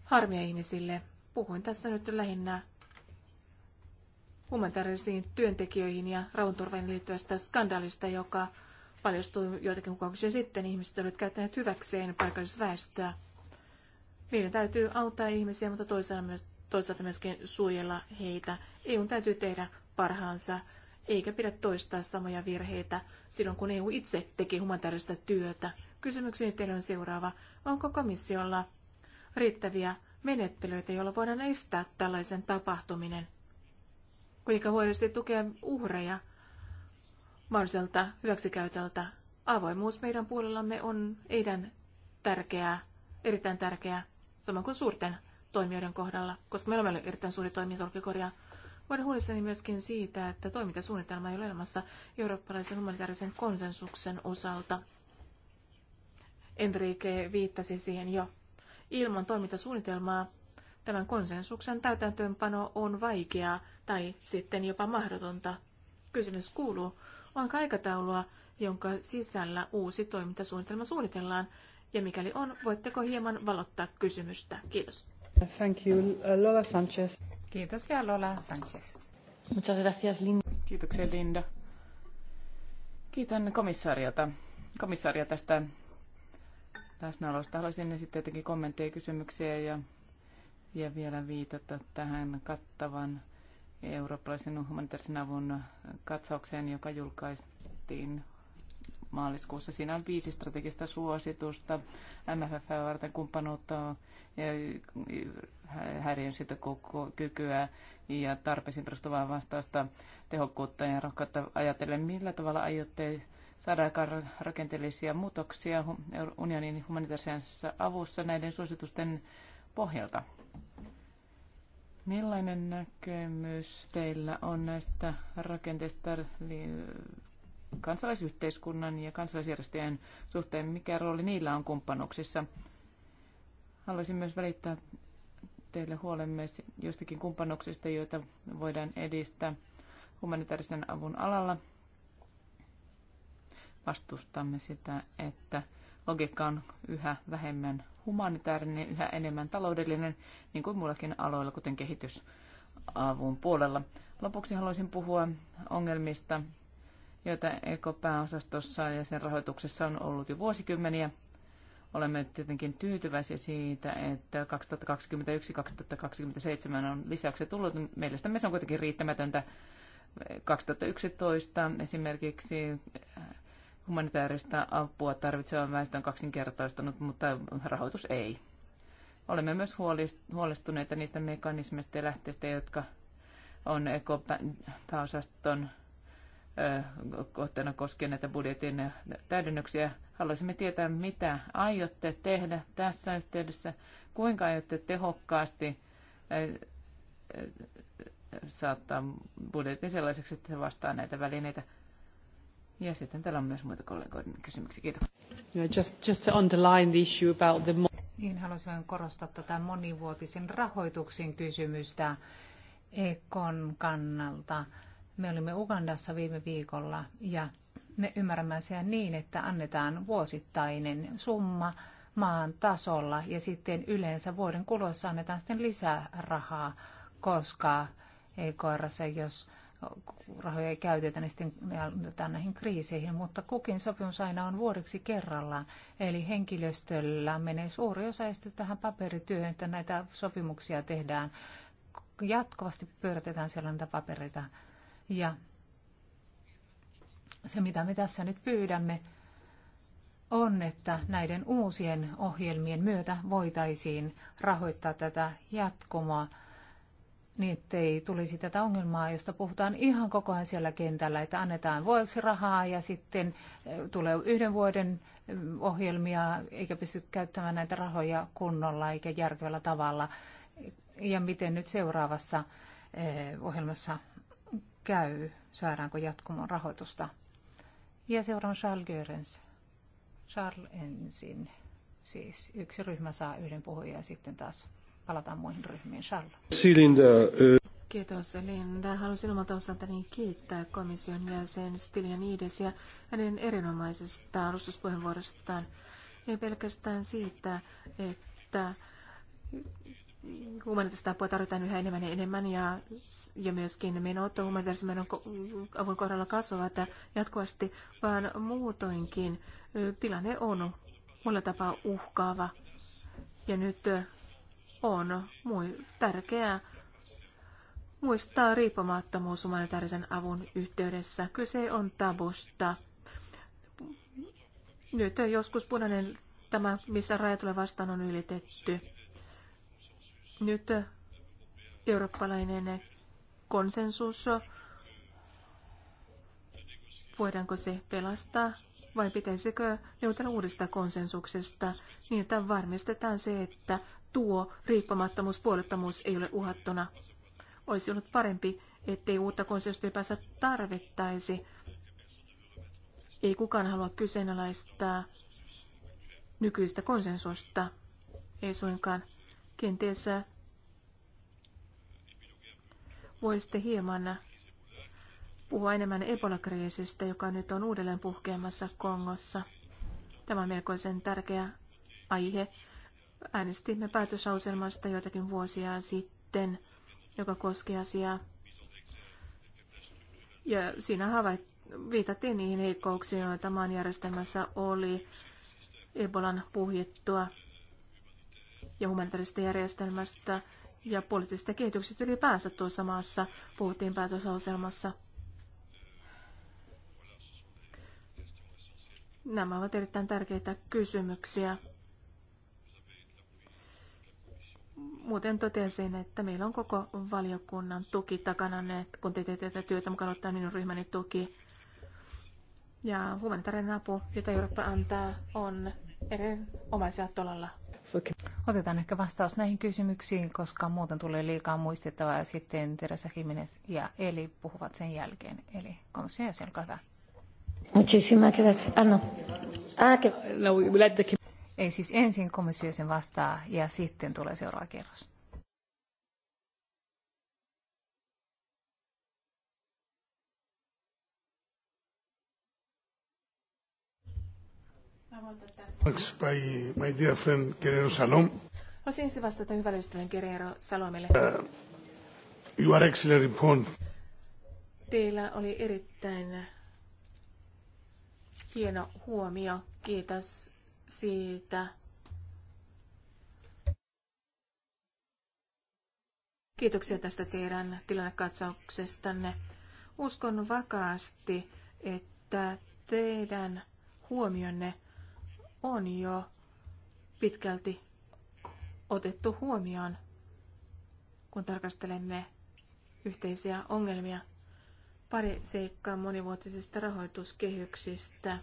harmia ihmisille. Puhuin tässä nyt lähinnä humanitaarisiin työntekijöihin ja rauhanturvaan liittyvästä skandaalista, joka paljastui joitakin kuukausia sitten. Ihmiset olivat käyttäneet hyväkseen paikallisväestöä. Meidän täytyy auttaa ihmisiä, mutta toisaalta, myös, toisaalta myöskin suojella heitä. EUn täytyy tehdä parhaansa, eikä pidä toistaa samoja virheitä silloin, kun EU itse teki humanitaarista työtä. Kysymykseni teille on seuraava. Onko komissiolla riittäviä menettelyitä, joilla voidaan estää tällaisen tapahtuminen? kuinka voidaan tukea uhreja mahdolliselta hyväksikäytöltä. Avoimuus meidän puolellamme on eidän tärkeää, erittäin tärkeää, samoin kuin suurten toimijoiden kohdalla, koska meillä on erittäin suuri toimintorkikorja. Olen huolissani myöskin siitä, että toimintasuunnitelma ei ole olemassa eurooppalaisen humanitaarisen konsensuksen osalta. Enrique viittasi siihen jo. Ilman toimintasuunnitelmaa Tämän konsensuksen täytäntöönpano on vaikeaa tai sitten jopa mahdotonta. Kysymys kuuluu, onko aikataulua, jonka sisällä uusi toimintasuunnitelma suunnitellaan, ja mikäli on, voitteko hieman valottaa kysymystä? Kiitos. Thank you, uh, Lola Sanchez. Kiitos ja Lola Sanchez. Muchas gracias, Linda. Kiitoksia, Linda. Kiitän komissariota. Komissaaria tästä läsnäolosta. Haluaisin esittää jotenkin kommentteja ja kysymyksiä ja ja vielä viitata tähän kattavan eurooppalaisen humanitaarisen avun katsaukseen, joka julkaistiin maaliskuussa. Siinä on viisi strategista suositusta, MFF varten kumppanuutta, häiriön kykyä ja tarpeisiin perustuvaa vastausta, tehokkuutta ja rohkautta ajatellen, millä tavalla aiotte saada rakenteellisia muutoksia unionin humanitaarisessa avussa näiden suositusten pohjalta. Millainen näkemys teillä on näistä rakenteista kansalaisyhteiskunnan ja kansalaisjärjestöjen suhteen? Mikä rooli niillä on kumppanuuksissa? Haluaisin myös välittää teille huolemme joistakin kumppanuuksista, joita voidaan edistää humanitaarisen avun alalla. Vastustamme sitä, että logiikka on yhä vähemmän humanitaarinen, yhä enemmän taloudellinen, niin kuin muillakin aloilla, kuten kehitysavun puolella. Lopuksi haluaisin puhua ongelmista, joita ekopääosastossa ja sen rahoituksessa on ollut jo vuosikymmeniä. Olemme tietenkin tyytyväisiä siitä, että 2021-2027 on lisäksi tullut. Mielestämme se on kuitenkin riittämätöntä. 2011 esimerkiksi Humanitaarista apua tarvitsevan väestön kaksinkertaistunut, mutta rahoitus ei. Olemme myös huolestuneita niistä mekanismeista ja lähteistä, jotka on ekopääosaston kohteena koskien näitä budjetin täydennyksiä. Haluaisimme tietää, mitä aiotte tehdä tässä yhteydessä, kuinka aiotte tehokkaasti saattaa budjetin sellaiseksi, että se vastaa näitä välineitä. Ja sitten täällä on myös muita kollegoiden kysymyksiä. Kiitos. Just, just to underline the issue about the... Niin, haluaisin korostaa tätä monivuotisen rahoituksen kysymystä Ekon kannalta. Me olimme Ugandassa viime viikolla ja me ymmärrämme sen niin, että annetaan vuosittainen summa maan tasolla ja sitten yleensä vuoden kuluessa annetaan sitten lisää rahaa, koska EKRssä, jos rahoja ei käytetä, niin sitten ne annetaan näihin kriiseihin. Mutta kukin sopimus aina on vuodeksi kerrallaan. Eli henkilöstöllä menee suuri osa tähän paperityöhön, että näitä sopimuksia tehdään. Jatkuvasti pyöritetään siellä näitä papereita. Ja se, mitä me tässä nyt pyydämme, on, että näiden uusien ohjelmien myötä voitaisiin rahoittaa tätä jatkumoa niin ettei tulisi tätä ongelmaa, josta puhutaan ihan koko ajan siellä kentällä, että annetaan vuodeksi rahaa ja sitten eh, tulee yhden vuoden mm, ohjelmia, eikä pysty käyttämään näitä rahoja kunnolla eikä järkevällä tavalla. Ja miten nyt seuraavassa eh, ohjelmassa käy, saadaanko jatkumon rahoitusta. Ja seuraan Charles Görens. Charles ensin. Siis yksi ryhmä saa yhden puhujan ja sitten taas palataan muihin ryhmiin. Charles. Kiitos Linda. Halusin omalta osaltani kiittää komission jäsen ja hänen erinomaisesta alustuspuheenvuorostaan. Ei pelkästään siitä, että humanitaarista apua tarvitaan yhä enemmän ja enemmän ja, ja myöskin menot humanitaarisen menon avun kohdalla kasvavat jatkuvasti, vaan muutoinkin tilanne on monella tapaa uhkaava. Ja nyt on tärkeää muistaa riippumattomuus humanitaarisen avun yhteydessä. Kyse on tabusta. Nyt joskus punainen tämä, missä raja tulee vastaan, on ylitetty. Nyt eurooppalainen konsensus, voidaanko se pelastaa vai pitäisikö neuvotella uudesta konsensuksesta niin, että varmistetaan se, että tuo riippumattomuus, puolettomuus ei ole uhattuna. Olisi ollut parempi, ettei uutta konsensusta päästä tarvittaisi. Ei kukaan halua kyseenalaistaa nykyistä konsensusta. Ei suinkaan. Kenties äh, voisitte hieman äh, puhua enemmän Ebola-kriisistä, joka nyt on uudelleen puhkeamassa Kongossa. Tämä on melkoisen tärkeä aihe. Äänestimme päätösauselmasta joitakin vuosia sitten, joka koski asiaa. Ja siinä havait, viitattiin niihin heikkouksiin, joita maan järjestelmässä oli Ebolan puhjettua ja humanitaarisesta järjestelmästä ja poliittisesta kehityksestä ylipäänsä tuossa maassa puhuttiin päätösauselmassa. Nämä ovat erittäin tärkeitä kysymyksiä. Muuten totesin, että meillä on koko valiokunnan tuki takana, että kun te teette tätä työtä, mukaan ottaa minun ryhmäni tuki. Ja humanitaarinen apu, jota Eurooppa antaa, on erinomaisella tolalla. Otetaan ehkä vastaus näihin kysymyksiin, koska muuten tulee liikaa muistettavaa ja sitten Teresa Jiménez ja Eli puhuvat sen jälkeen. Eli komission jäsen, olkaa hyvä. Muchísimas gracias. Ah, no. Ah, que... No, we ei siis ensin komissio sen vastaa ja sitten tulee seuraava kerros. Thanks, my, my dear friend Guerrero Salom. Osin se vastata hyvälle ystävälle Guerrero Salomelle. Uh, you are excellent point. Teillä oli erittäin hieno huomio. Kiitos siitä. Kiitoksia tästä teidän tilannekatsauksestanne. Uskon vakaasti, että teidän huomionne on jo pitkälti otettu huomioon, kun tarkastelemme yhteisiä ongelmia. Pari seikkaa monivuotisista rahoituskehyksistä.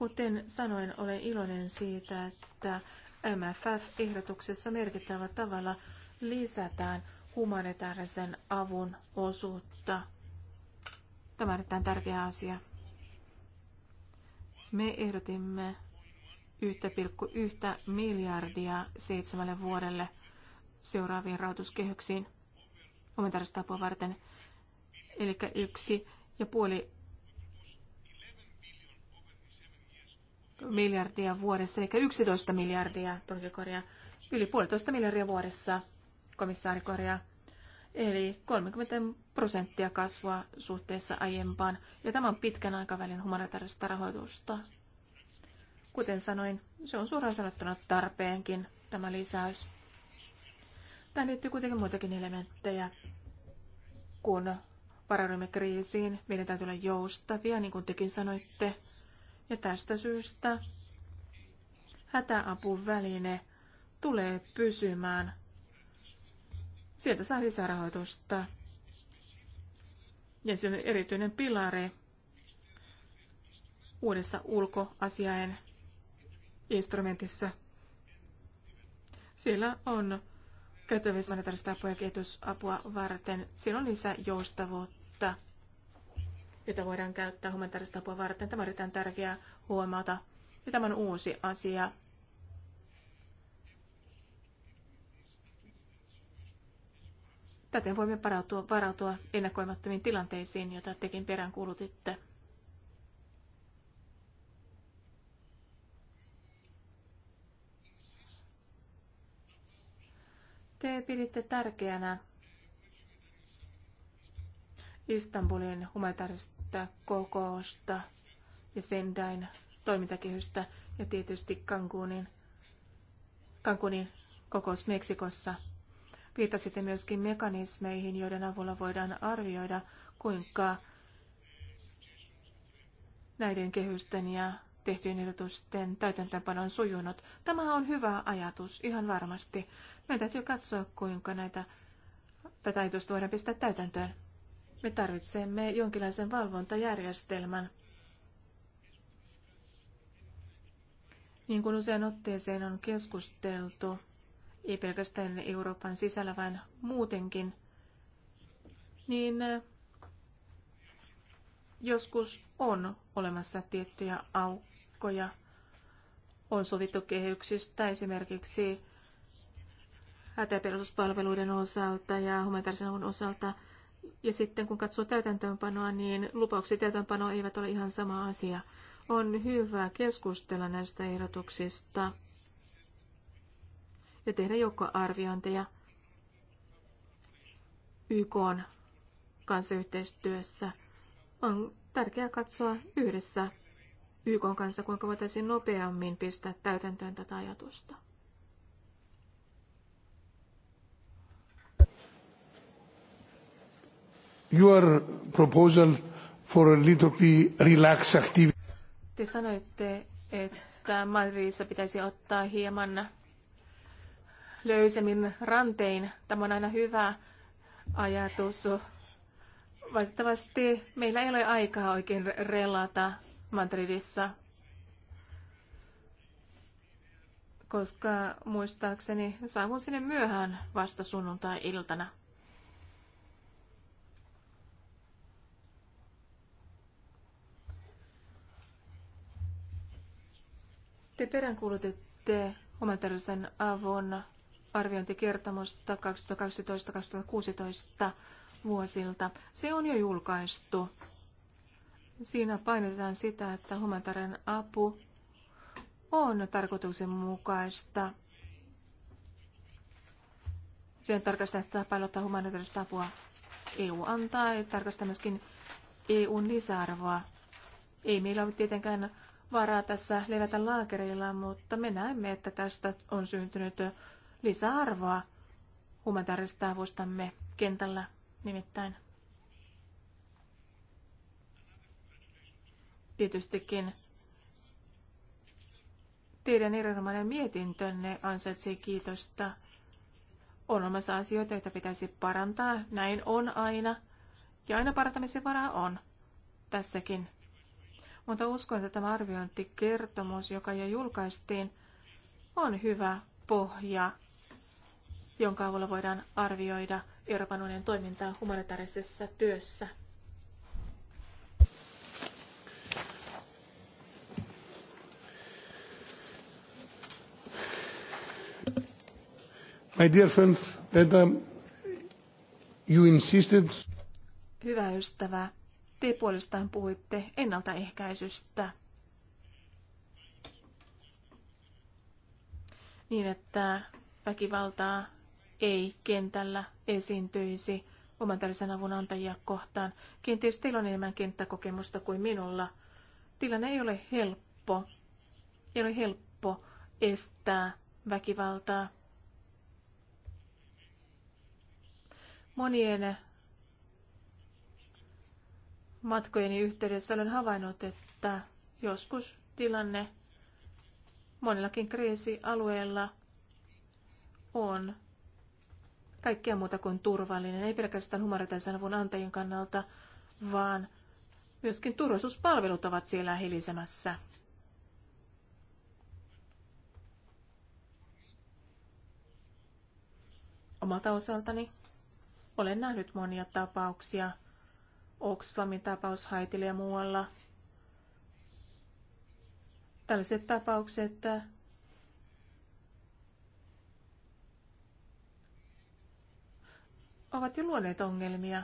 Kuten sanoin, olen iloinen siitä, että MFF-ehdotuksessa merkittävällä tavalla lisätään humanitaarisen avun osuutta. Tämä on erittäin tärkeä asia. Me ehdotimme 1,1 miljardia seitsemälle vuodelle seuraaviin rahoituskehyksiin humanitaarista apua varten. Eli yksi ja puoli miljardia vuodessa, eli 11 miljardia tulkikorjaa, yli puolitoista miljardia vuodessa komissaarikorjaa, eli 30 prosenttia kasvua suhteessa aiempaan, ja tämä on pitkän aikavälin humanitaarista rahoitusta. Kuten sanoin, se on suoraan sanottuna tarpeenkin, tämä lisäys. Tähän liittyy kuitenkin muitakin elementtejä, kun varaudumme kriisiin, meidän täytyy olla joustavia, niin kuin tekin sanoitte, ja tästä syystä hätäapun väline tulee pysymään. Sieltä saa lisärahoitusta. Ja se on erityinen pilari uudessa ulkoasiain instrumentissa. Siellä on käytävissä monetaarista apua ja kehitysapua varten. Siellä on lisää joustavuutta jota voidaan käyttää humanitaarista apua varten. Tämä on erittäin tärkeää huomata. Ja tämä on uusi asia. Täten voimme parautua, varautua ennakoimattomiin tilanteisiin, joita tekin peräänkuulutitte. Te piditte tärkeänä Istanbulin humanitaarista kokousta ja Sendain toimintakehystä ja tietysti Cancunin, Cancunin kokous Meksikossa. Viittasitte myöskin mekanismeihin, joiden avulla voidaan arvioida, kuinka näiden kehysten ja tehtyjen ehdotusten täytäntöönpano on sujunut. Tämä on hyvä ajatus, ihan varmasti. Meidän täytyy katsoa, kuinka näitä, tätä ajatusta voidaan pistää täytäntöön. Me tarvitsemme jonkinlaisen valvontajärjestelmän. Niin kuin usein otteeseen on keskusteltu, ei pelkästään Euroopan sisällä, vaan muutenkin, niin äh, joskus on olemassa tiettyjä aukkoja. On sovittu kehyksistä esimerkiksi hätäperustuspalveluiden osalta ja humanitaarisen avun osalta – ja sitten kun katsoo täytäntöönpanoa, niin lupaukset täytäntöönpanoa eivät ole ihan sama asia. On hyvä keskustella näistä ehdotuksista ja tehdä joukkoarviointeja YK kanssa yhteistyössä. On tärkeää katsoa yhdessä YK kanssa, kuinka voitaisiin nopeammin pistää täytäntöön tätä ajatusta. your proposal for a little bit relaxed activity. Te sanoitte, että Madridissa pitäisi ottaa hieman löysemmin rantein. Tämä on aina hyvä ajatus. Valitettavasti meillä ei ole aikaa oikein relata Madridissa, koska muistaakseni saavun sinne myöhään vasta sunnuntai-iltana. Te peräänkuulutitte humanitaarisen avun arviointikertomusta 2012-2016 vuosilta. Se on jo julkaistu. Siinä painotetaan sitä, että humanitaarinen apu on tarkoituksenmukaista. Sen tarkastetaan sitä painottaa humanitaarista apua EU antaa ja tarkastaa myöskin EUn lisäarvoa. Ei meillä ole tietenkään varaa tässä levätä laakereilla, mutta me näemme, että tästä on syntynyt lisäarvoa humanitaarista avustamme kentällä nimittäin. Tietystikin teidän erinomainen mietintönne ansaitsee kiitosta. On olemassa asioita, joita pitäisi parantaa. Näin on aina. Ja aina parantamisen varaa on. Tässäkin mutta uskon, että tämä arviointikertomus, joka jo julkaistiin, on hyvä pohja, jonka avulla voidaan arvioida Euroopan unionin toimintaa humanitaarisessa työssä. My dear friends, Adam, you insisted. Hyvä ystävä, te puolestaan puhuitte ennaltaehkäisystä. Niin, että väkivaltaa ei kentällä esiintyisi humanitaarisen avun antajia kohtaan. Kenties teillä on enemmän kenttäkokemusta kuin minulla. Tilanne ei ole helppo. Ei ole helppo estää väkivaltaa. Monien matkojeni yhteydessä olen havainnut, että joskus tilanne monillakin kriisialueilla on kaikkea muuta kuin turvallinen, ei pelkästään humanitaarisen avun antajien kannalta, vaan myöskin turvallisuuspalvelut ovat siellä hilisemässä. Omalta osaltani olen nähnyt monia tapauksia, Oxfamin tapaus Haitilla ja muualla. Tällaiset tapaukset ovat jo luoneet ongelmia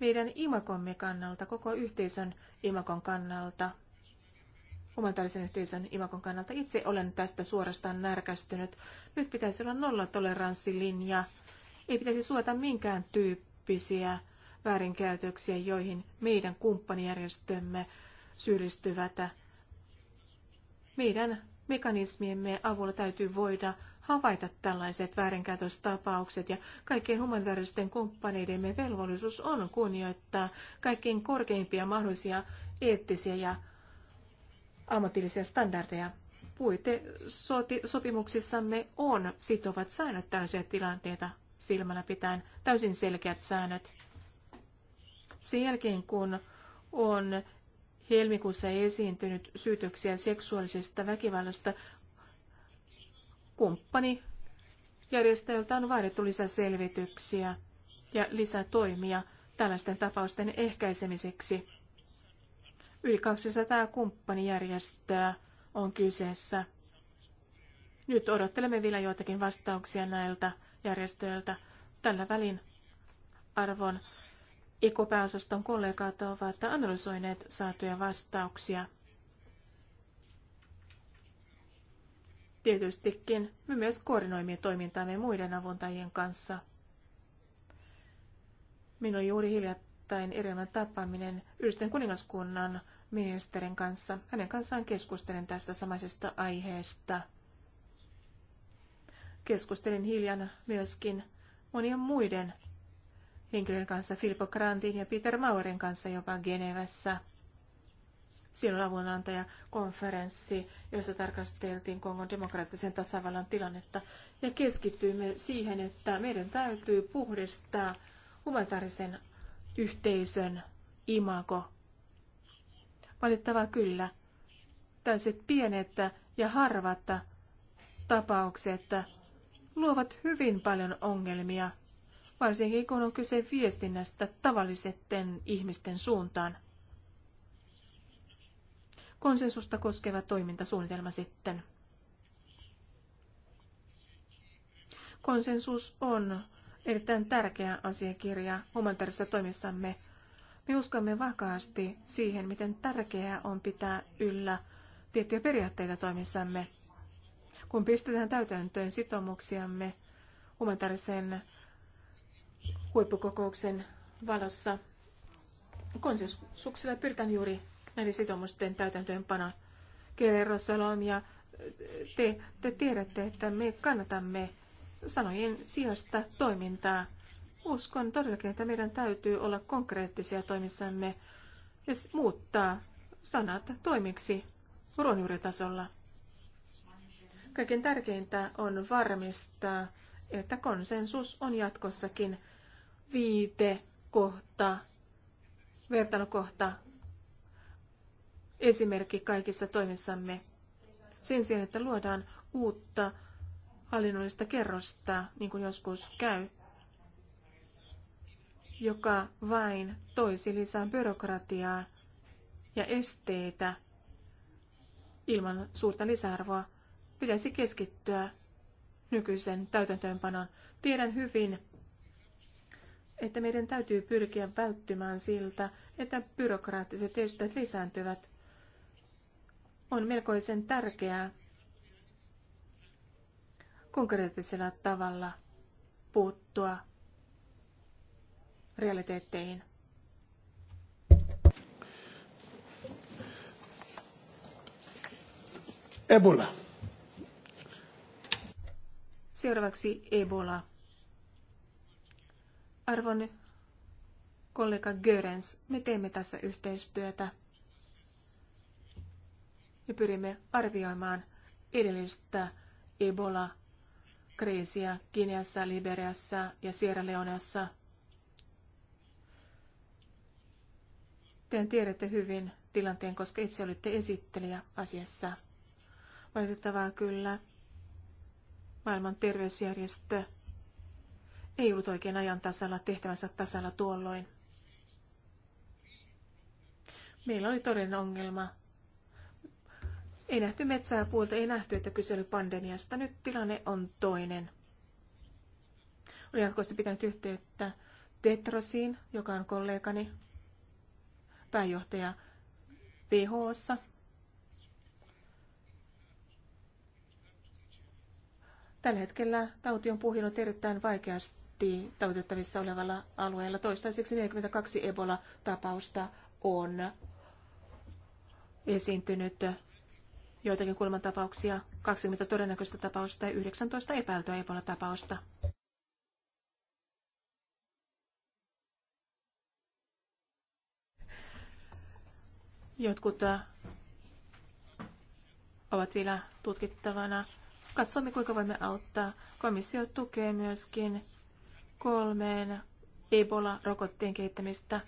meidän imakomme kannalta, koko yhteisön imakon kannalta, humanitaarisen yhteisön imakon kannalta. Itse olen tästä suorastaan närkästynyt. Nyt pitäisi olla nollatoleranssilinja. Ei pitäisi suota minkään tyyppisiä väärinkäytöksiä, joihin meidän kumppanijärjestömme syyllistyvät. Meidän mekanismiemme avulla täytyy voida havaita tällaiset väärinkäytöstapaukset ja kaikkien humanitaaristen kumppaneidemme velvollisuus on kunnioittaa kaikkein korkeimpia mahdollisia eettisiä ja ammatillisia standardeja. Puite sopimuksissamme on sitovat säännöt tällaisia tilanteita silmällä pitäen, täysin selkeät säännöt. Sen jälkeen, kun on helmikuussa esiintynyt syytöksiä seksuaalisesta väkivallasta, kumppani järjestäjältä on vaadittu lisäselvityksiä ja lisätoimia tällaisten tapausten ehkäisemiseksi. Yli 200 kumppanijärjestöä on kyseessä. Nyt odottelemme vielä joitakin vastauksia näiltä järjestöiltä. Tällä välin arvon Ekopääosaston kollegat ovat analysoineet saatuja vastauksia. Tietystikin me myös koordinoimme toimintaamme muiden avuntajien kanssa. Minun juuri hiljattain erilainen tapaaminen Yhdistön kuningaskunnan ministerin kanssa. Hänen kanssaan keskustelen tästä samaisesta aiheesta. Keskustelin hiljan myöskin monien muiden henkilön kanssa, Filippo Grandin ja Peter Maurin kanssa jopa Genevessä. Silloin avunantajakonferenssi, jossa tarkasteltiin Kongon demokraattisen tasavallan tilannetta. Ja keskittyimme siihen, että meidän täytyy puhdistaa humanitaarisen yhteisön imago. Valitettavaa kyllä, tällaiset pienet ja harvat tapaukset luovat hyvin paljon ongelmia – varsinkin kun on kyse viestinnästä tavallisten ihmisten suuntaan. Konsensusta koskeva toimintasuunnitelma sitten. Konsensus on erittäin tärkeä asiakirja humanitaarisessa toimissamme. Me uskomme vakaasti siihen, miten tärkeää on pitää yllä tiettyjä periaatteita toimissamme. Kun pistetään täytäntöön sitoumuksiamme humanitaarisen huippukokouksen valossa konsensuksella pyritään juuri näiden sitoumusten täytäntöönpanoon. Guerrero Salom ja te, te tiedätte, että me kannatamme sanojen sijasta toimintaa. Uskon todellakin, että meidän täytyy olla konkreettisia toimissamme ja muuttaa sanat toimiksi ruonjuuritasolla. Kaiken tärkeintä on varmistaa, että konsensus on jatkossakin viite kohta, vertailukohta, esimerkki kaikissa toimissamme. Sen sijaan, että luodaan uutta hallinnollista kerrosta, niin kuin joskus käy, joka vain toisi lisää byrokratiaa ja esteitä ilman suurta lisäarvoa, pitäisi keskittyä nykyisen täytäntöönpanon. Tiedän hyvin, että meidän täytyy pyrkiä välttymään siltä, että byrokraattiset esteet lisääntyvät. On melkoisen tärkeää konkreettisella tavalla puuttua realiteetteihin. Ebola. Seuraavaksi Ebola. Arvon kollega Görens, me teemme tässä yhteistyötä ja pyrimme arvioimaan edellistä Ebola-kriisiä Kineassa, Liberiassa ja Sierra Leoneassa. Te tiedätte hyvin tilanteen, koska itse olitte esittelijä asiassa. Valitettavaa kyllä. Maailman terveysjärjestö ei ollut oikein ajan tasalla, tehtävänsä tasalla tuolloin. Meillä oli todellinen ongelma. Ei nähty metsää puolta, ei nähty, että kysely pandemiasta. Nyt tilanne on toinen. Oli jatkoista pitänyt yhteyttä Tetrosiin, joka on kollegani, pääjohtaja WHOssa. Tällä hetkellä tauti on puhinut erittäin vaikeasti tavoitti, tavoitettavissa olevalla alueella. Toistaiseksi 42 Ebola-tapausta on esiintynyt joitakin kuolemantapauksia, 20 todennäköistä tapausta ja 19 epäiltyä Ebola-tapausta. Jotkut äh, ovat vielä tutkittavana. Katsomme, kuinka voimme auttaa. Komissio tukee myöskin kolmeen Ebola-rokotteen kehittämistä.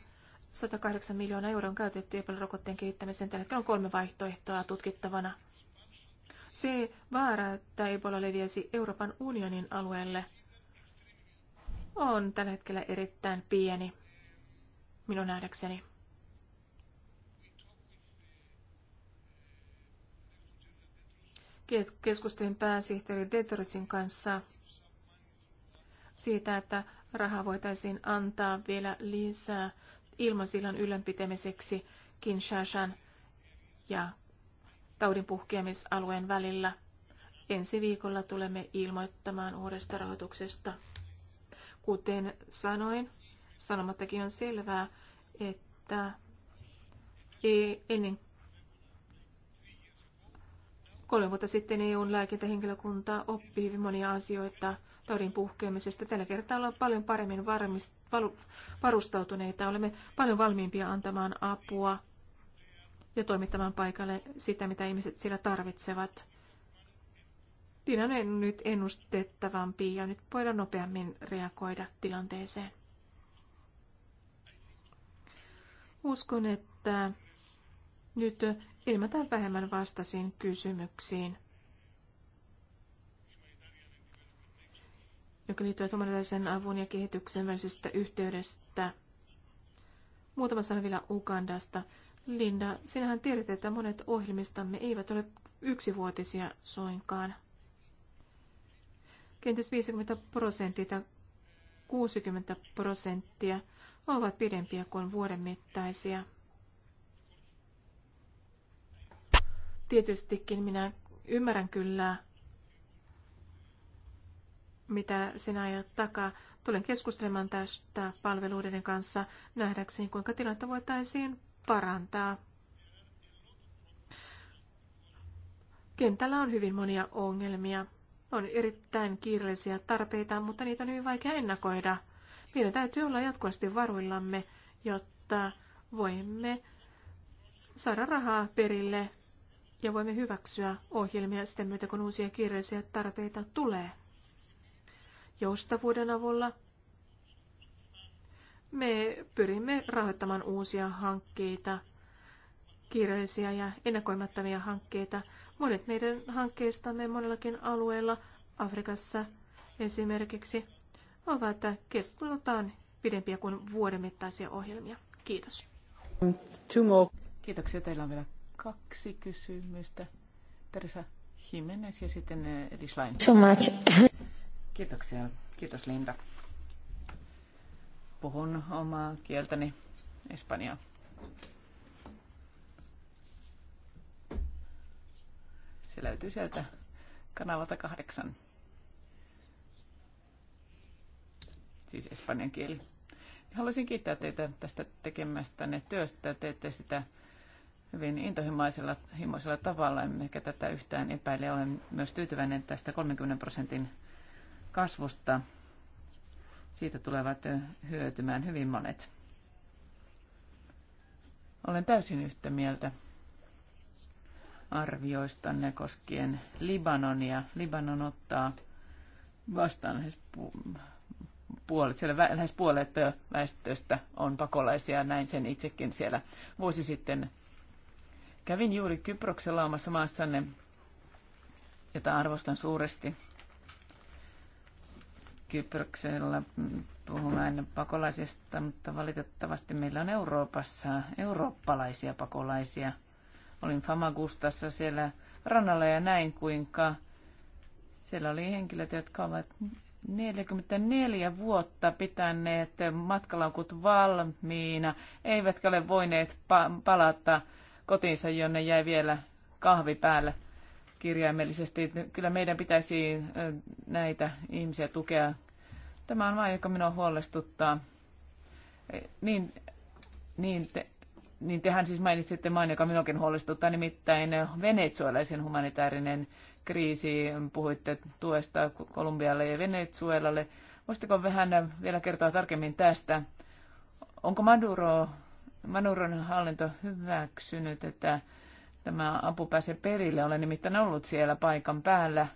108 miljoonaa euroa on käytetty Ebola-rokotteen kehittämiseen. Tällä hetkellä on kolme vaihtoehtoa tutkittavana. Se vaara, että Ebola leviäisi Euroopan unionin alueelle, on tällä hetkellä erittäin pieni, minun nähdäkseni. Keskustelin pääsihteeri Detroitin kanssa siitä, että rahaa voitaisiin antaa vielä lisää ilmasillan ylläpitämiseksi Kinshasan ja taudin puhkeamisalueen välillä. Ensi viikolla tulemme ilmoittamaan uudesta rahoituksesta. Kuten sanoin, sanomattakin on selvää, että e- ennen kolme vuotta sitten EUn lääkintähenkilökunta oppi hyvin monia asioita taudin puhkeamisesta. Tällä kertaa ollaan paljon paremmin varmist, valu, varustautuneita. Olemme paljon valmiimpia antamaan apua ja toimittamaan paikalle sitä, mitä ihmiset siellä tarvitsevat. Tilanne on nyt ennustettavampi ja nyt voidaan nopeammin reagoida tilanteeseen. Uskon, että nyt enemmän tai vähemmän vastasin kysymyksiin. joka liittyy humanitaarisen avun ja kehityksen välisestä yhteydestä. Muutama sana vielä Ugandasta. Linda, sinähän tiedät, että monet ohjelmistamme eivät ole yksivuotisia suinkaan. Kenties 50 prosenttia tai 60 prosenttia ovat pidempiä kuin vuoden mittaisia. Tietystikin minä ymmärrän kyllä mitä sinä ajat takaa. Tulen keskustelemaan tästä palveluiden kanssa nähdäkseni, kuinka tilannetta voitaisiin parantaa. Kentällä on hyvin monia ongelmia. On erittäin kiireellisiä tarpeita, mutta niitä on hyvin vaikea ennakoida. Meidän täytyy olla jatkuvasti varuillamme, jotta voimme saada rahaa perille ja voimme hyväksyä ohjelmia sitä myötä, kun uusia kiireisiä tarpeita tulee joustavuuden avulla me pyrimme rahoittamaan uusia hankkeita, kiireellisiä ja ennakoimattomia hankkeita. Monet meidän hankkeistamme monellakin alueella, Afrikassa esimerkiksi, ovat keskusteltaan pidempiä kuin vuoden mittaisia ohjelmia. Kiitos. Kiitoksia. Teillä on vielä kaksi kysymystä. Teresa Jimenez ja sitten eh, Eli So much. Kiitoksia. Kiitos Linda. Puhun omaa kieltäni espanjaa. Se löytyy sieltä kanavalta kahdeksan. Siis espanjan kieli. Haluaisin kiittää teitä tästä tekemästänne työstä. Teette sitä hyvin intohimoisella himoisella tavalla, emmekä tätä yhtään epäile. Olen myös tyytyväinen tästä 30 prosentin kasvusta. Siitä tulevat hyötymään hyvin monet. Olen täysin yhtä mieltä arvioistanne koskien Libanonia. Libanon ottaa vastaan lähes puolet, siellä lähes puolet väestöstä on pakolaisia, näin sen itsekin siellä vuosi sitten. Kävin juuri Kyproksella omassa maassanne, jota arvostan suuresti. Kyproksella puhumme aina pakolaisista, mutta valitettavasti meillä on Euroopassa eurooppalaisia pakolaisia. Olin Famagustassa siellä rannalla ja näin kuinka siellä oli henkilöt, jotka ovat 44 vuotta pitäneet matkalaukut valmiina, eivätkä ole voineet pa- palata kotiinsa, jonne jäi vielä kahvi päälle kirjaimellisesti. Kyllä meidän pitäisi näitä ihmisiä tukea. Tämä on vain, joka minua huolestuttaa. E, niin, niin, te, niin tehän siis mainitsitte maan, joka minunkin huolestuttaa, nimittäin venezuelaisen humanitaarinen kriisi. Puhuitte tuesta Kolumbialle ja Venezuelalle. Voisitteko vähän vielä kertoa tarkemmin tästä? Onko Maduro, Maduron hallinto hyväksynyt, että tämä apu pääsee perille. Olen nimittäin ollut siellä paikan päällä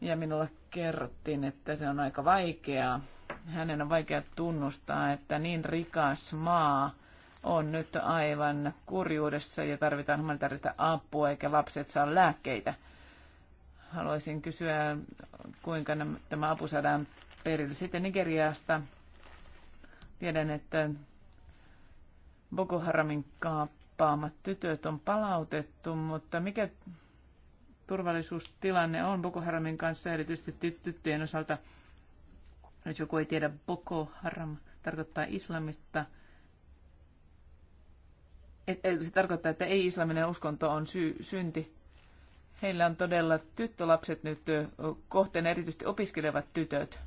ja minulle kerrottiin, että se on aika vaikeaa. Hänen on vaikea tunnustaa, että niin rikas maa on nyt aivan kurjuudessa ja tarvitaan humanitaarista apua eikä lapset saa lääkkeitä. Haluaisin kysyä, kuinka tämä apu saadaan perille. Sitten Nigeriasta tiedän, että Boko Haramin kaap tappaamat tytöt on palautettu, mutta mikä turvallisuustilanne on Boko Haramin kanssa, erityisesti tyttöjen osalta? Jos joku ei tiedä, Boko Haram tarkoittaa islamista. Se tarkoittaa, että ei-islaminen uskonto on sy- synti. Heillä on todella tyttölapset nyt kohteen erityisesti opiskelevat tytöt.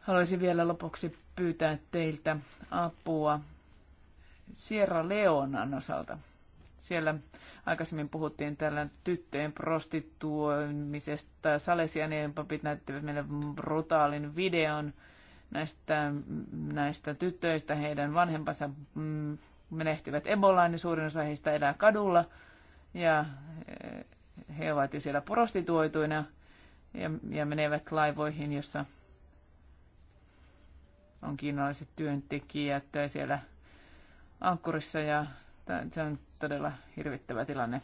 Haluaisin vielä lopuksi pyytää teiltä apua Sierra Leonan osalta. Siellä aikaisemmin puhuttiin tällä tyttöjen prostituoimisesta. Salesianien papit näyttivät meille brutaalin videon näistä, näistä tyttöistä. Heidän vanhempansa mm, menehtyvät ebolaan ja suurin osa heistä elää kadulla. Ja eh, he ovat jo siellä prostituoituina ja, ja menevät laivoihin, jossa on kiinalaiset työntekijät ja siellä – ankkurissa ja se on todella hirvittävä tilanne.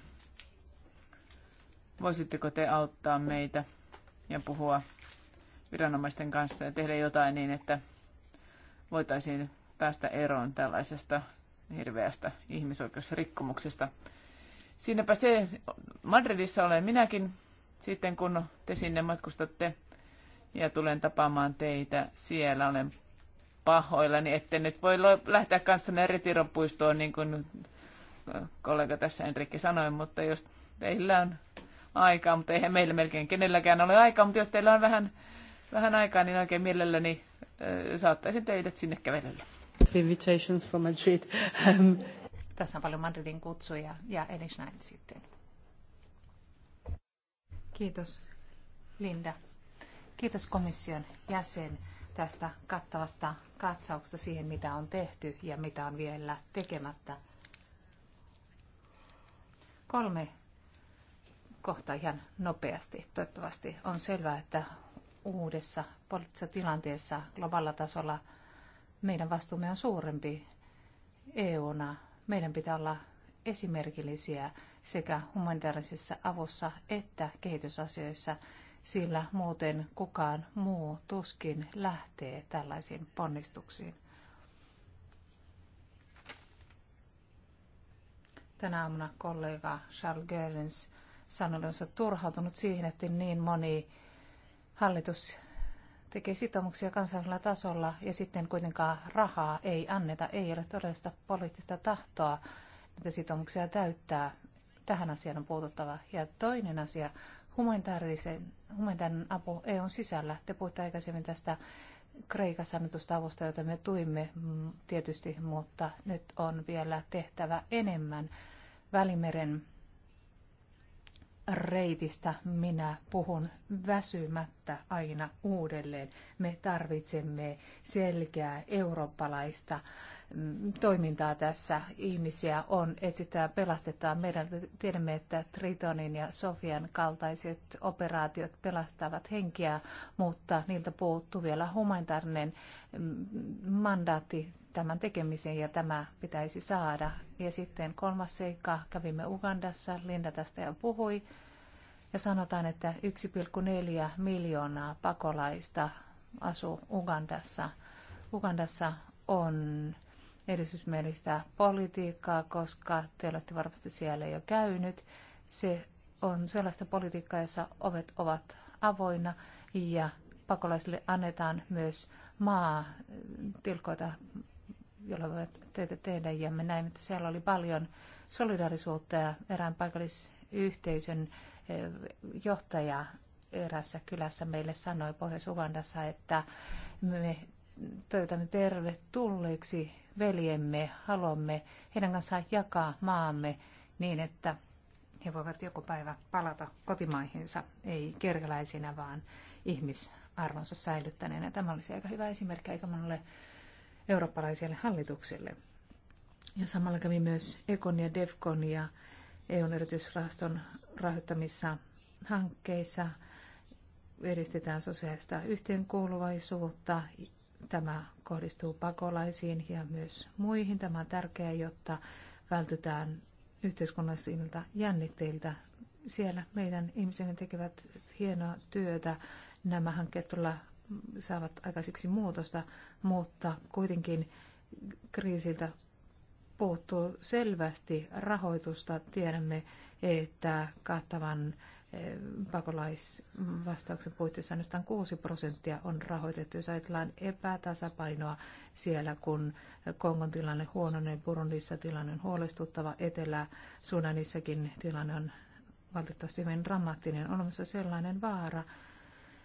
Voisitteko te auttaa meitä ja puhua viranomaisten kanssa ja tehdä jotain niin, että voitaisiin päästä eroon tällaisesta hirveästä ihmisoikeusrikkomuksesta. Siinäpä se, Madridissa olen minäkin sitten kun te sinne matkustatte ja tulen tapaamaan teitä siellä. Olen pahoillani, että nyt voi lähteä kanssanne retiropuistoon, niin kuin kollega tässä Enrikki sanoi, mutta jos teillä on aikaa, mutta eihän meillä melkein kenelläkään ole aikaa, mutta jos teillä on vähän, vähän aikaa, niin oikein mielelläni äh, saattaisin teidät sinne kävelylle. Invitations from Madrid. Um, tässä on paljon Madridin kutsuja ja Eli Night sitten. Kiitos Linda. Kiitos komission jäsen tästä kattavasta katsauksesta siihen, mitä on tehty ja mitä on vielä tekemättä. Kolme kohta ihan nopeasti. Toivottavasti on selvää, että uudessa poliittisessa tilanteessa globaalilla tasolla meidän vastuumme on suurempi EUna. Meidän pitää olla esimerkillisiä sekä humanitaarisessa avussa että kehitysasioissa sillä muuten kukaan muu tuskin lähtee tällaisiin ponnistuksiin. Tänä aamuna kollega Charles Görens sanoi että turhautunut siihen, että niin moni hallitus tekee sitoumuksia kansallisella tasolla ja sitten kuitenkaan rahaa ei anneta, ei ole todellista poliittista tahtoa näitä sitoumuksia täyttää. Tähän asiaan on puututtava. Ja toinen asia humanitaarisen, humanitaarinen apu EUn sisällä. Te puhutte aikaisemmin tästä Kreikassa annetusta avusta, jota me tuimme mm, tietysti, mutta nyt on vielä tehtävä enemmän Välimeren reitistä minä puhun väsymättä aina uudelleen. Me tarvitsemme selkeää eurooppalaista mm, toimintaa tässä. Ihmisiä on etsitään pelastetaan. Meidän tiedämme, että Tritonin ja Sofian kaltaiset operaatiot pelastavat henkiä, mutta niiltä puuttuu vielä humanitaarinen mm, mandaatti tämän tekemiseen ja tämä pitäisi saada. Ja sitten kolmas seikka, kävimme Ugandassa, Linda tästä jo puhui, ja sanotaan, että 1,4 miljoonaa pakolaista asuu Ugandassa. Ugandassa on edistysmielistä politiikkaa, koska te olette varmasti siellä jo käynyt. Se on sellaista politiikkaa, jossa ovet ovat avoinna ja pakolaisille annetaan myös maa tilkoita jolla voivat töitä tehdä. Ja me näimme, että siellä oli paljon solidarisuutta ja erään paikallisyhteisön eh, johtaja erässä kylässä meille sanoi Pohjois-Ugandassa, että me toivotamme tervetulleeksi veljemme, haluamme heidän kanssaan jakaa maamme niin, että he voivat joku päivä palata kotimaihinsa, ei kerkäläisinä, vaan ihmisarvonsa säilyttäneenä. Tämä olisi aika hyvä esimerkki aika monelle eurooppalaisille hallituksille. Ja samalla kävi myös Ekon ja Defcon ja EUn erityisrahaston rahoittamissa hankkeissa edistetään sosiaalista yhteenkuuluvaisuutta. Tämä kohdistuu pakolaisiin ja myös muihin. Tämä on tärkeää, jotta vältytään yhteiskunnallisilta jännitteiltä. Siellä meidän ihmisemme tekevät hienoa työtä. Nämä hankkeet saavat aikaiseksi muutosta, mutta kuitenkin kriisiltä puuttuu selvästi rahoitusta. Tiedämme, että kattavan eh, pakolaisvastauksen puitteissa ainoastaan 6 prosenttia on rahoitettu. Jos ajatellaan epätasapainoa siellä, kun Kongon tilanne huononee, Burundissa tilanne on huolestuttava, etelä sunanissakin tilanne on valitettavasti hyvin dramaattinen, on olemassa sellainen vaara,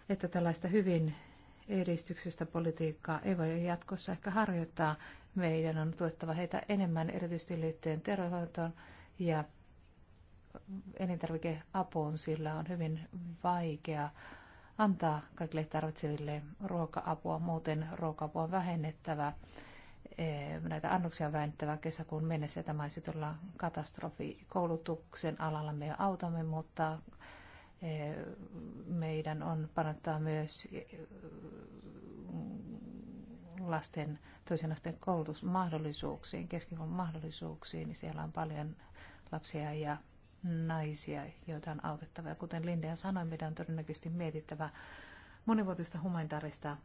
että tällaista hyvin edistyksestä politiikkaa ei voi jatkossa ehkä harjoittaa. Meidän on tuettava heitä enemmän, erityisesti liittyen terveydenhoitoon ja elintarvikeapuun, sillä on hyvin vaikea antaa kaikille tarvitseville ruoka-apua, muuten ruoka-apua on vähennettävä näitä annoksia on vähennettävä kesäkuun mennessä. Tämä olisi katastrofi. Koulutuksen alalla me autamme, mutta Eh, meidän on parantaa myös eh, lasten toisen asteen koulutusmahdollisuuksiin, keskikoulun mahdollisuuksiin. Niin siellä on paljon lapsia ja naisia, joita on autettava. Ja kuten Lindea sanoi, meidän on todennäköisesti mietittävä monivuotista humanitaarista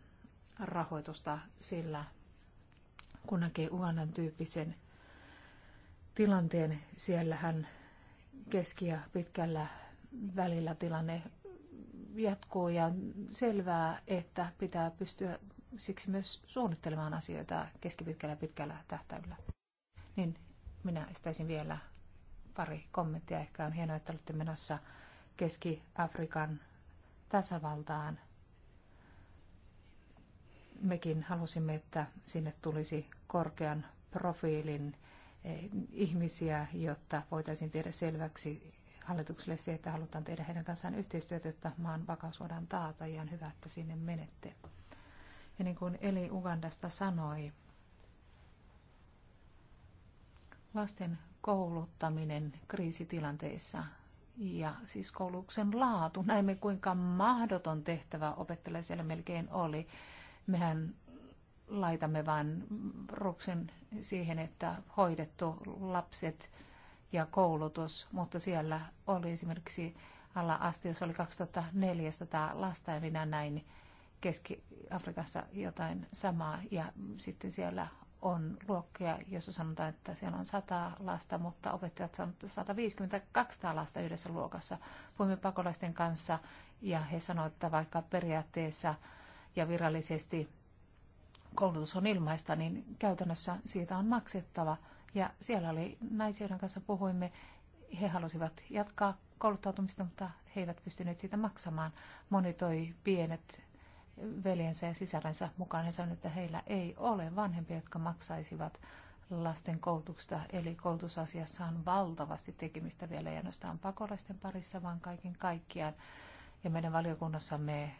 rahoitusta, sillä kun näkee Ugandan tyyppisen tilanteen, siellähän keski- ja pitkällä välillä tilanne jatkuu ja on selvää, että pitää pystyä siksi myös suunnittelemaan asioita keskipitkällä ja pitkällä tähtäyllä. Niin minä estäisin vielä pari kommenttia. Ehkä on hienoa, että olette menossa Keski-Afrikan tasavaltaan. Mekin halusimme, että sinne tulisi korkean profiilin eh, ihmisiä, jotta voitaisiin tehdä selväksi, hallitukselle se, että halutaan tehdä heidän kanssaan yhteistyötä, jotta maan vakaus voidaan taata ja on hyvä, että sinne menette. Ja niin kuin Eli Ugandasta sanoi, lasten kouluttaminen kriisitilanteissa ja siis koulutuksen laatu. Näimme kuinka mahdoton tehtävä opettajalle siellä melkein oli. Mehän laitamme vain ruksen siihen, että hoidettu lapset ja koulutus, mutta siellä oli esimerkiksi alla asti, jos oli 2400 lasta ja minä näin Keski-Afrikassa jotain samaa ja sitten siellä on luokkia, jossa sanotaan, että siellä on 100 lasta, mutta opettajat sanovat, että 150 lasta yhdessä luokassa. Puhumme pakolaisten kanssa ja he sanoivat, että vaikka periaatteessa ja virallisesti koulutus on ilmaista, niin käytännössä siitä on maksettava – ja siellä oli naisia, joiden kanssa puhuimme. He halusivat jatkaa kouluttautumista, mutta he eivät pystyneet siitä maksamaan. Moni toi pienet veljensä ja sisarensa mukaan. He sanoivat, että heillä ei ole vanhempia, jotka maksaisivat lasten koulutuksesta. Eli koulutusasiassa on valtavasti tekemistä vielä ei ainoastaan pakolaisten parissa, vaan kaiken kaikkiaan. Ja meidän valiokunnassamme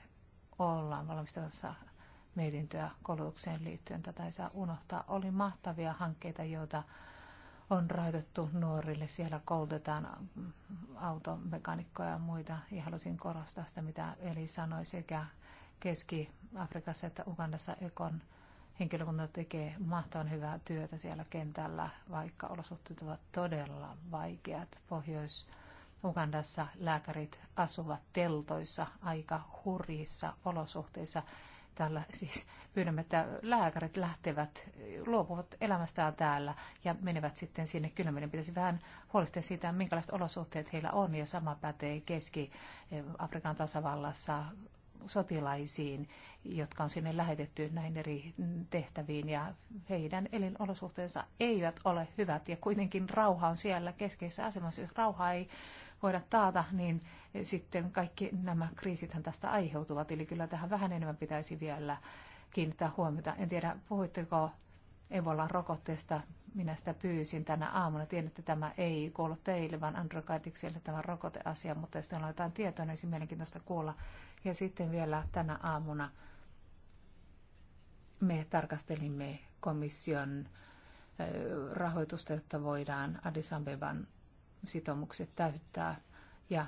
ollaan valmistelussa mietintöä koulutukseen liittyen. Tätä ei saa unohtaa. Oli mahtavia hankkeita, joita on rahoitettu nuorille. Siellä koulutetaan automekanikkoja ja muita. Ja halusin korostaa sitä, mitä Eli sanoi sekä Keski-Afrikassa että Ugandassa Ekon henkilökunta tekee mahtavan hyvää työtä siellä kentällä, vaikka olosuhteet ovat todella vaikeat. Pohjois Ugandassa lääkärit asuvat teltoissa aika hurjissa olosuhteissa Tällä siis pyydämme, että lääkärit lähtevät, luopuvat elämästään täällä ja menevät sitten sinne. Kyllä meidän pitäisi vähän huolehtia siitä, minkälaiset olosuhteet heillä on ja sama pätee Keski-Afrikan tasavallassa sotilaisiin, jotka on sinne lähetetty näihin eri tehtäviin ja heidän elinolosuhteensa eivät ole hyvät ja kuitenkin rauha on siellä keskeisessä asemassa. Rauha ei voida taata, niin sitten kaikki nämä kriisithän tästä aiheutuvat. Eli kyllä tähän vähän enemmän pitäisi vielä kiinnittää huomiota. En tiedä, puhuitteko Evolan rokotteesta. Minä sitä pyysin tänä aamuna. Tiedän, että tämä ei kuulu teille, vaan Androkaitikselle tämä rokoteasia, mutta jos teillä on jotain tietoa, niin olisi mielenkiintoista kuulla. Ja sitten vielä tänä aamuna me tarkastelimme komission rahoitusta, jotta voidaan Addis Abeban sitoumukset täyttää. Ja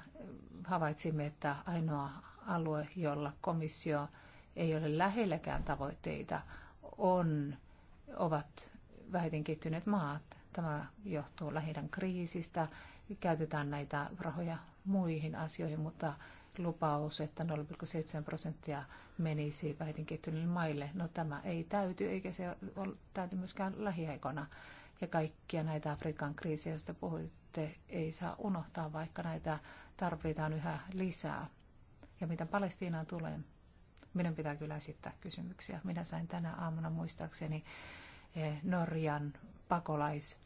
havaitsimme, että ainoa alue, jolla komissio ei ole lähelläkään tavoitteita, on, ovat vähiten kehittyneet maat. Tämä johtuu lähinnän kriisistä. Käytetään näitä rahoja muihin asioihin, mutta lupaus, että 0,7 prosenttia menisi vähiten kehittyneille maille. No tämä ei täyty, eikä se ole täyty myöskään lähiaikona. Ja kaikkia näitä Afrikan kriisejä, joista puhuit, tavoite ei saa unohtaa, vaikka näitä tarvitaan yhä lisää. Ja mitä Palestiinaan tulee, minun pitää kyllä esittää kysymyksiä. Minä sain tänä aamuna muistaakseni eh, Norjan pakolais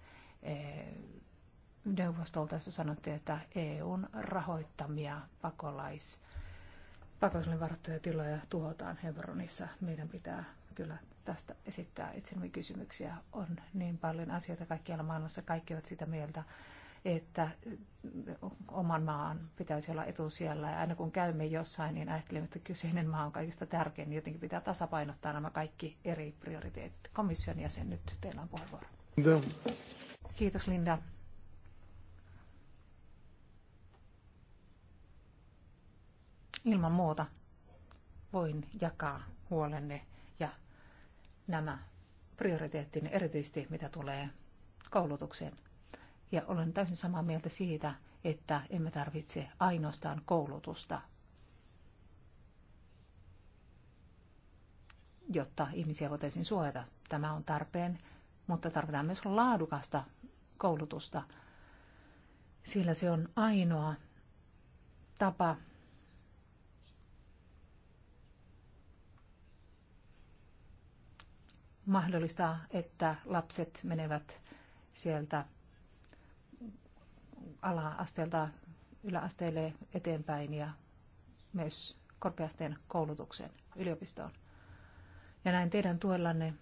eh, neuvostolta, jossa sanottiin, että EUn rahoittamia pakolais, pakolaisille varattuja tiloja tuhotaan Hebronissa. Meidän pitää kyllä tästä esittää itsemme kysymyksiä. On niin paljon asioita kaikkialla maailmassa, kaikki ovat sitä mieltä, että oman maan pitäisi olla etusijalla. Ja aina kun käymme jossain, niin ajattelemme, että kyseinen maa on kaikista tärkein. Niin jotenkin pitää tasapainottaa nämä kaikki eri prioriteetit. Komission jäsen, nyt teillä on puheenvuoro. Linda. Kiitos Linda. Ilman muuta voin jakaa huolenne ja nämä prioriteettin erityisesti mitä tulee koulutukseen ja olen täysin samaa mieltä siitä, että emme tarvitse ainoastaan koulutusta, jotta ihmisiä voitaisiin suojata. Tämä on tarpeen, mutta tarvitaan myös laadukasta koulutusta, sillä se on ainoa tapa mahdollistaa, että lapset menevät sieltä ala-asteelta yläasteelle eteenpäin ja myös korkeasteen koulutukseen yliopistoon. Ja näin teidän tuellanne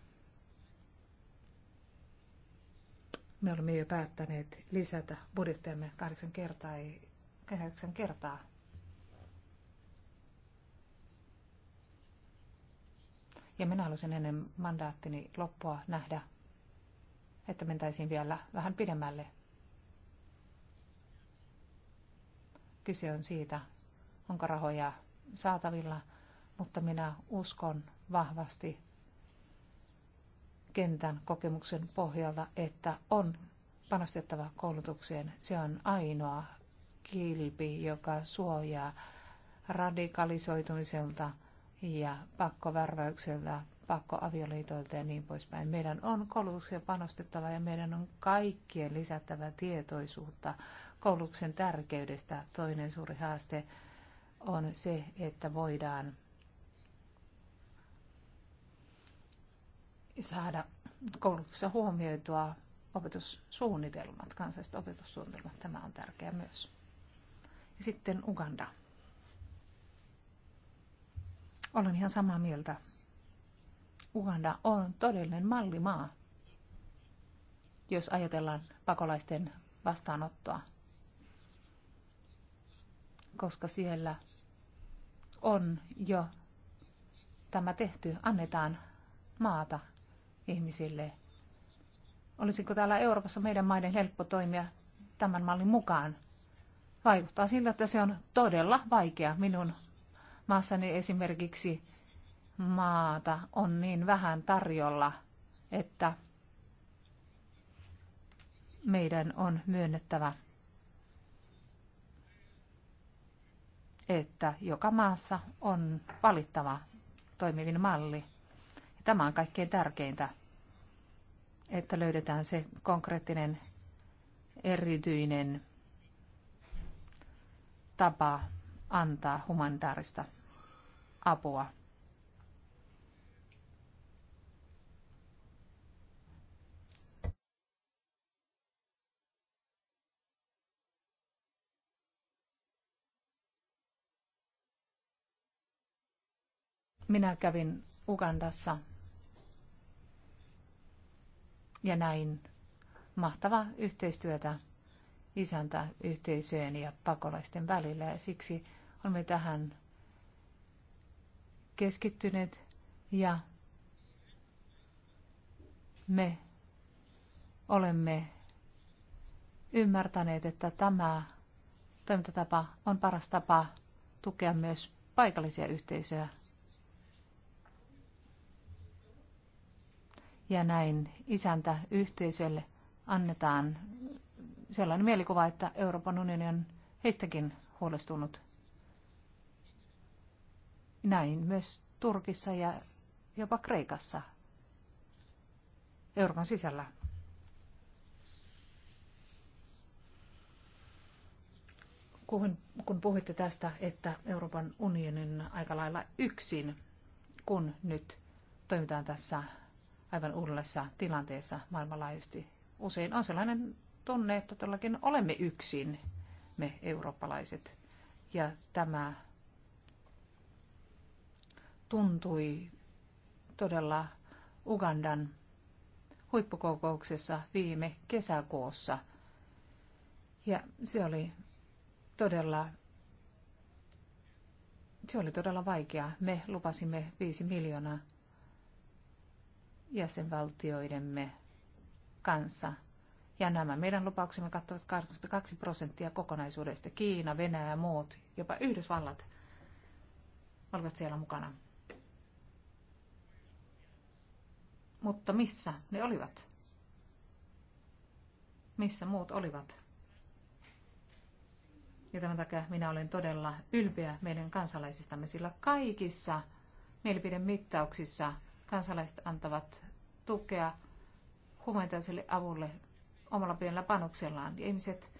me olemme jo päättäneet lisätä budjettiamme kahdeksan kertaa, kahdeksan kertaa. Ja minä haluaisin ennen mandaattini loppua nähdä, että mentäisiin vielä vähän pidemmälle Kyse on siitä, onko rahoja saatavilla, mutta minä uskon vahvasti kentän kokemuksen pohjalta, että on panostettava koulutukseen. Se on ainoa kilpi, joka suojaa radikalisoitumiselta ja pakkovärväykseltä, pakkoavioliitoilta ja niin poispäin. Meidän on koulutuksia panostettava ja meidän on kaikkien lisättävä tietoisuutta koulutuksen tärkeydestä. Toinen suuri haaste on se, että voidaan saada koulutuksessa huomioitua opetussuunnitelmat, kansalliset opetussuunnitelmat. Tämä on tärkeää myös. Ja sitten Uganda. Olen ihan samaa mieltä. Uganda on todellinen mallimaa, jos ajatellaan pakolaisten vastaanottoa koska siellä on jo tämä tehty. Annetaan maata ihmisille. Olisiko täällä Euroopassa meidän maiden helppo toimia tämän mallin mukaan? Vaikuttaa siltä, että se on todella vaikea. Minun maassani esimerkiksi maata on niin vähän tarjolla, että meidän on myönnettävä että joka maassa on valittava toimivin malli. Tämä on kaikkein tärkeintä, että löydetään se konkreettinen erityinen tapa antaa humanitaarista apua Minä kävin Ugandassa ja näin mahtavaa yhteistyötä isäntäyhteisöjen ja pakolaisten välillä ja siksi olemme tähän keskittyneet ja me olemme ymmärtäneet, että tämä toimintatapa on paras tapa tukea myös paikallisia yhteisöjä Ja näin isäntä yhteisölle annetaan sellainen mielikuva, että Euroopan unioni on heistäkin huolestunut. Näin myös Turkissa ja jopa Kreikassa, Euroopan sisällä. Kun, kun puhuitte tästä, että Euroopan unionin aika lailla yksin, kun nyt toimitaan tässä aivan uudenlaisessa tilanteessa maailmanlaajuisesti. Usein on sellainen tunne, että todellakin olemme yksin, me eurooppalaiset. Ja tämä tuntui todella Ugandan huippukokouksessa viime kesäkuussa. Ja se oli todella, se oli todella vaikea. Me lupasimme viisi miljoonaa jäsenvaltioidemme kanssa. Ja nämä meidän lupauksemme kattavat 82 prosenttia kokonaisuudesta. Kiina, Venäjä ja muut, jopa Yhdysvallat olivat siellä mukana. Mutta missä ne olivat? Missä muut olivat? Ja tämän takia minä olen todella ylpeä meidän kansalaisistamme, sillä kaikissa mielipidemittauksissa – kansalaiset antavat tukea humanitaariselle avulle omalla pienellä panoksellaan. Ja ihmiset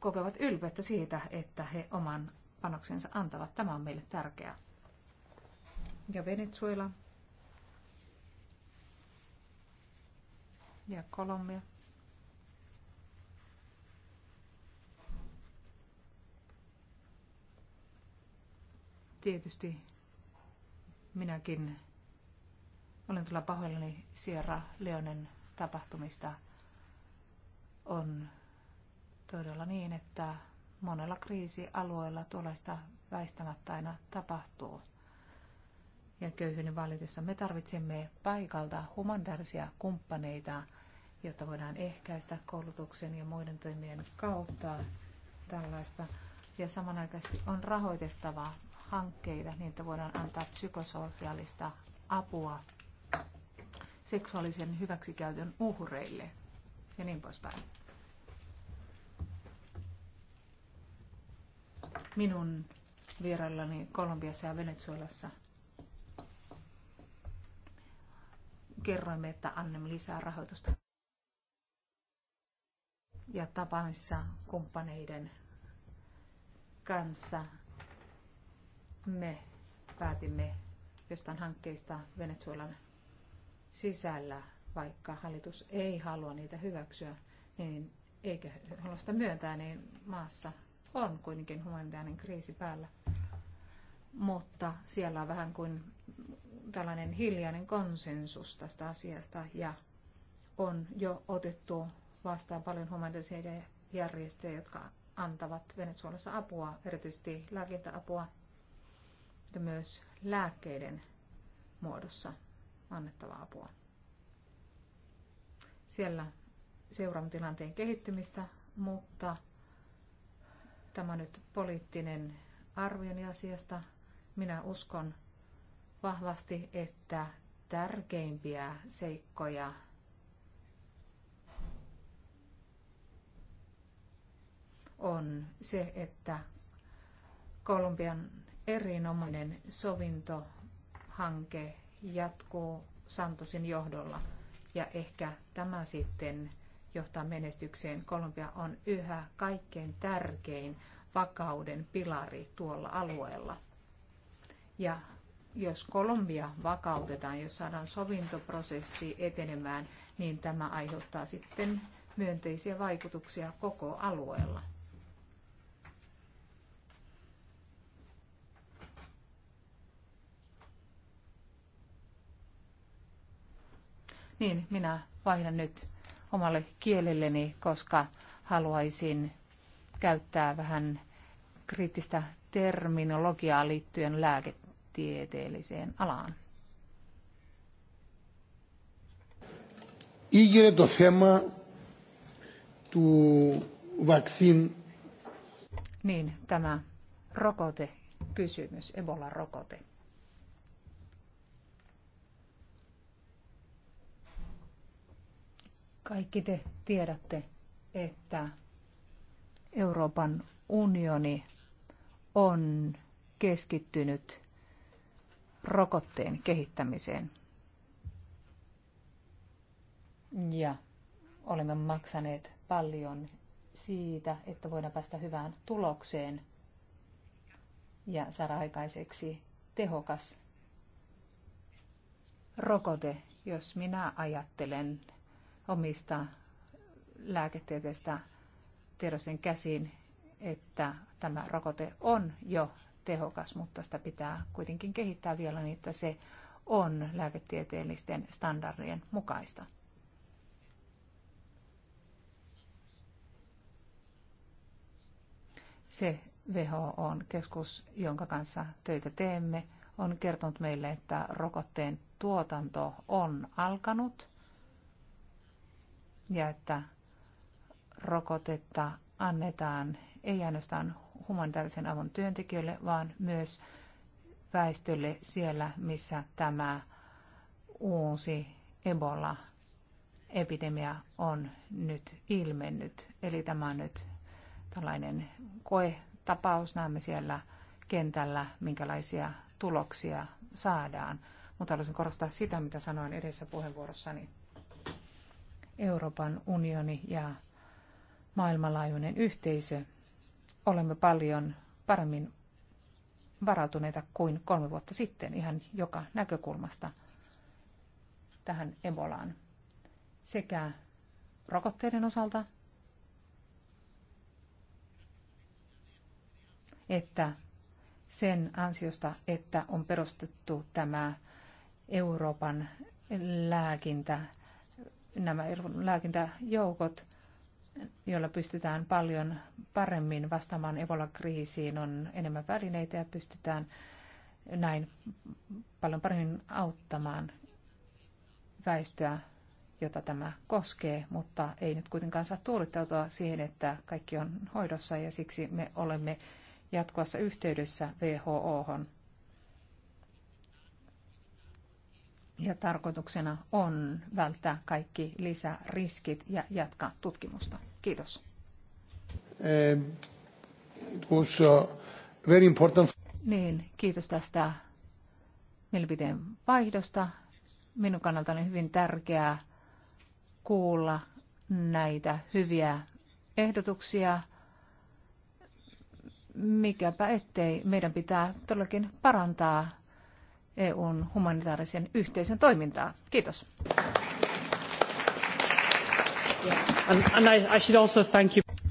kokevat ylpeyttä siitä, että he oman panoksensa antavat. Tämä on meille tärkeää. Ja Venezuela. Ja Kolumbia. Tietysti Minäkin olen kyllä pahoillani Sierra Leonen tapahtumista. On todella niin, että monella kriisialueella tuollaista väistämättä aina tapahtuu. Ja köyhyyden valitessa me tarvitsemme paikalta humanitaarisia kumppaneita, jotta voidaan ehkäistä koulutuksen ja muiden toimien kautta tällaista. Ja samanaikaisesti on rahoitettava hankkeita, niin että voidaan antaa psykososiaalista apua seksuaalisen hyväksikäytön uhreille ja niin poispäin. Minun vieraillani Kolumbiassa ja Venezuelassa kerroimme, että annamme lisää rahoitusta. Ja tapaamissa kumppaneiden kanssa me päätimme jostain hankkeista Venezuelan sisällä, vaikka hallitus ei halua niitä hyväksyä, niin eikä halua sitä myöntää, niin maassa on kuitenkin humanitaarinen kriisi päällä. Mutta siellä on vähän kuin tällainen hiljainen konsensus tästä asiasta ja on jo otettu vastaan paljon humanitaarisia järjestöjä, jotka antavat Venezuelassa apua, erityisesti lääkintäapua ja myös lääkkeiden muodossa annettavaa apua. Siellä seuraamme tilanteen kehittymistä, mutta tämä on nyt poliittinen arvioni asiasta. Minä uskon vahvasti, että tärkeimpiä seikkoja on se, että Kolumbian erinomainen sovintohanke jatkuu Santosin johdolla ja ehkä tämä sitten johtaa menestykseen. Kolumbia on yhä kaikkein tärkein vakauden pilari tuolla alueella. Ja jos Kolumbia vakautetaan, jos saadaan sovintoprosessi etenemään, niin tämä aiheuttaa sitten myönteisiä vaikutuksia koko alueella. niin minä vaihdan nyt omalle kielelleni, koska haluaisin käyttää vähän kriittistä terminologiaa liittyen lääketieteelliseen alaan. Ήγερε το θέμα του βαξίν. Niin, tämä rokote kysymys, Ebola-rokote. Kaikki te tiedätte, että Euroopan unioni on keskittynyt rokotteen kehittämiseen. Ja olemme maksaneet paljon siitä, että voidaan päästä hyvään tulokseen ja saada aikaiseksi tehokas rokote. Jos minä ajattelen omista lääketieteistä tiedosin käsiin, että tämä rokote on jo tehokas, mutta sitä pitää kuitenkin kehittää vielä niin, että se on lääketieteellisten standardien mukaista. Se WHO on keskus, jonka kanssa töitä teemme, on kertonut meille, että rokotteen tuotanto on alkanut ja että rokotetta annetaan ei ainoastaan humanitaarisen avun työntekijöille, vaan myös väestölle siellä, missä tämä uusi Ebola-epidemia on nyt ilmennyt. Eli tämä on nyt tällainen koetapaus. Näemme siellä kentällä, minkälaisia tuloksia saadaan. Mutta haluaisin korostaa sitä, mitä sanoin edessä puheenvuorossani. Euroopan unioni ja maailmanlaajuinen yhteisö olemme paljon paremmin varautuneita kuin kolme vuotta sitten ihan joka näkökulmasta tähän Ebolaan. Sekä rokotteiden osalta että sen ansiosta, että on perustettu tämä Euroopan lääkintä nämä lääkintäjoukot, joilla pystytään paljon paremmin vastaamaan Ebola-kriisiin, on enemmän välineitä ja pystytään näin paljon paremmin auttamaan väestöä, jota tämä koskee, mutta ei nyt kuitenkaan saa tuulittautua siihen, että kaikki on hoidossa ja siksi me olemme jatkuvassa yhteydessä WHO:hon. ja tarkoituksena on välttää kaikki lisäriskit ja jatkaa tutkimusta. Kiitos. Eh, it was uh, very important. Niin, kiitos tästä mielipiteen vaihdosta. Minun kannaltani on hyvin tärkeää kuulla näitä hyviä ehdotuksia. Mikäpä ettei, meidän pitää todellakin parantaa EUn humanitaarisen yhteisön toimintaa. Kiitos.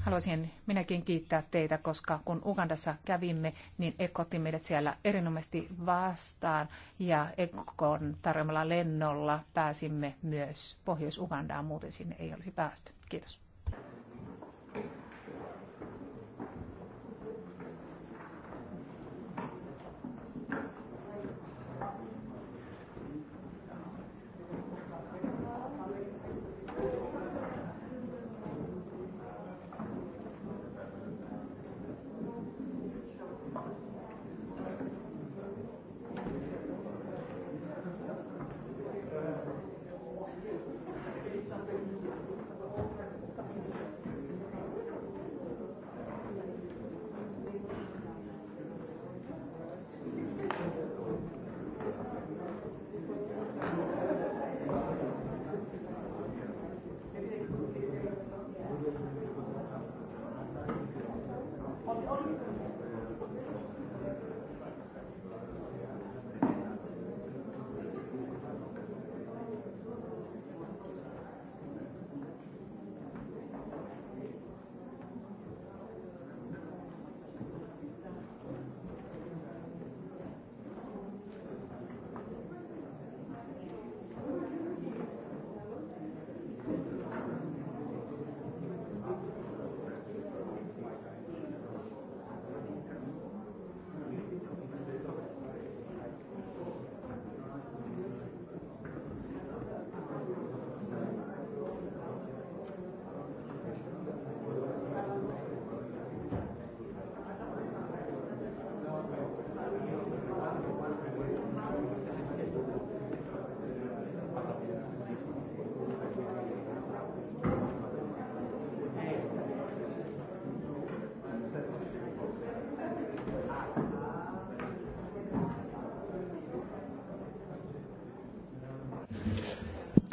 Haluaisin minäkin kiittää teitä, koska kun Ugandassa kävimme, niin Ekko otti meidät siellä erinomaisesti vastaan ja Ekkon tarjoamalla lennolla pääsimme myös Pohjois-Ugandaan, muuten sinne ei olisi päästy. Kiitos.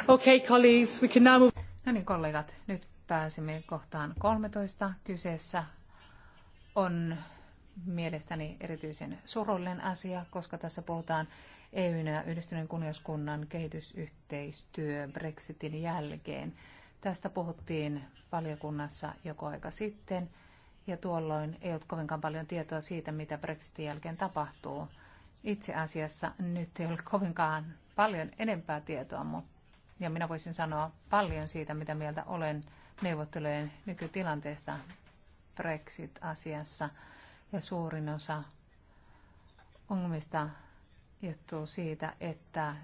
Okay, colleagues, we can now move... No niin, kollegat, nyt pääsemme kohtaan 13. Kyseessä on mielestäni erityisen surullinen asia, koska tässä puhutaan EUn ja yhdistyneen kuningaskunnan kehitysyhteistyö Brexitin jälkeen. Tästä puhuttiin valiokunnassa joko aika sitten, ja tuolloin ei ollut kovinkaan paljon tietoa siitä, mitä Brexitin jälkeen tapahtuu. Itse asiassa nyt ei ole kovinkaan paljon enempää tietoa, mutta ja minä voisin sanoa paljon siitä, mitä mieltä olen neuvottelujen nykytilanteesta Brexit-asiassa. Ja suurin osa ongelmista johtuu siitä, että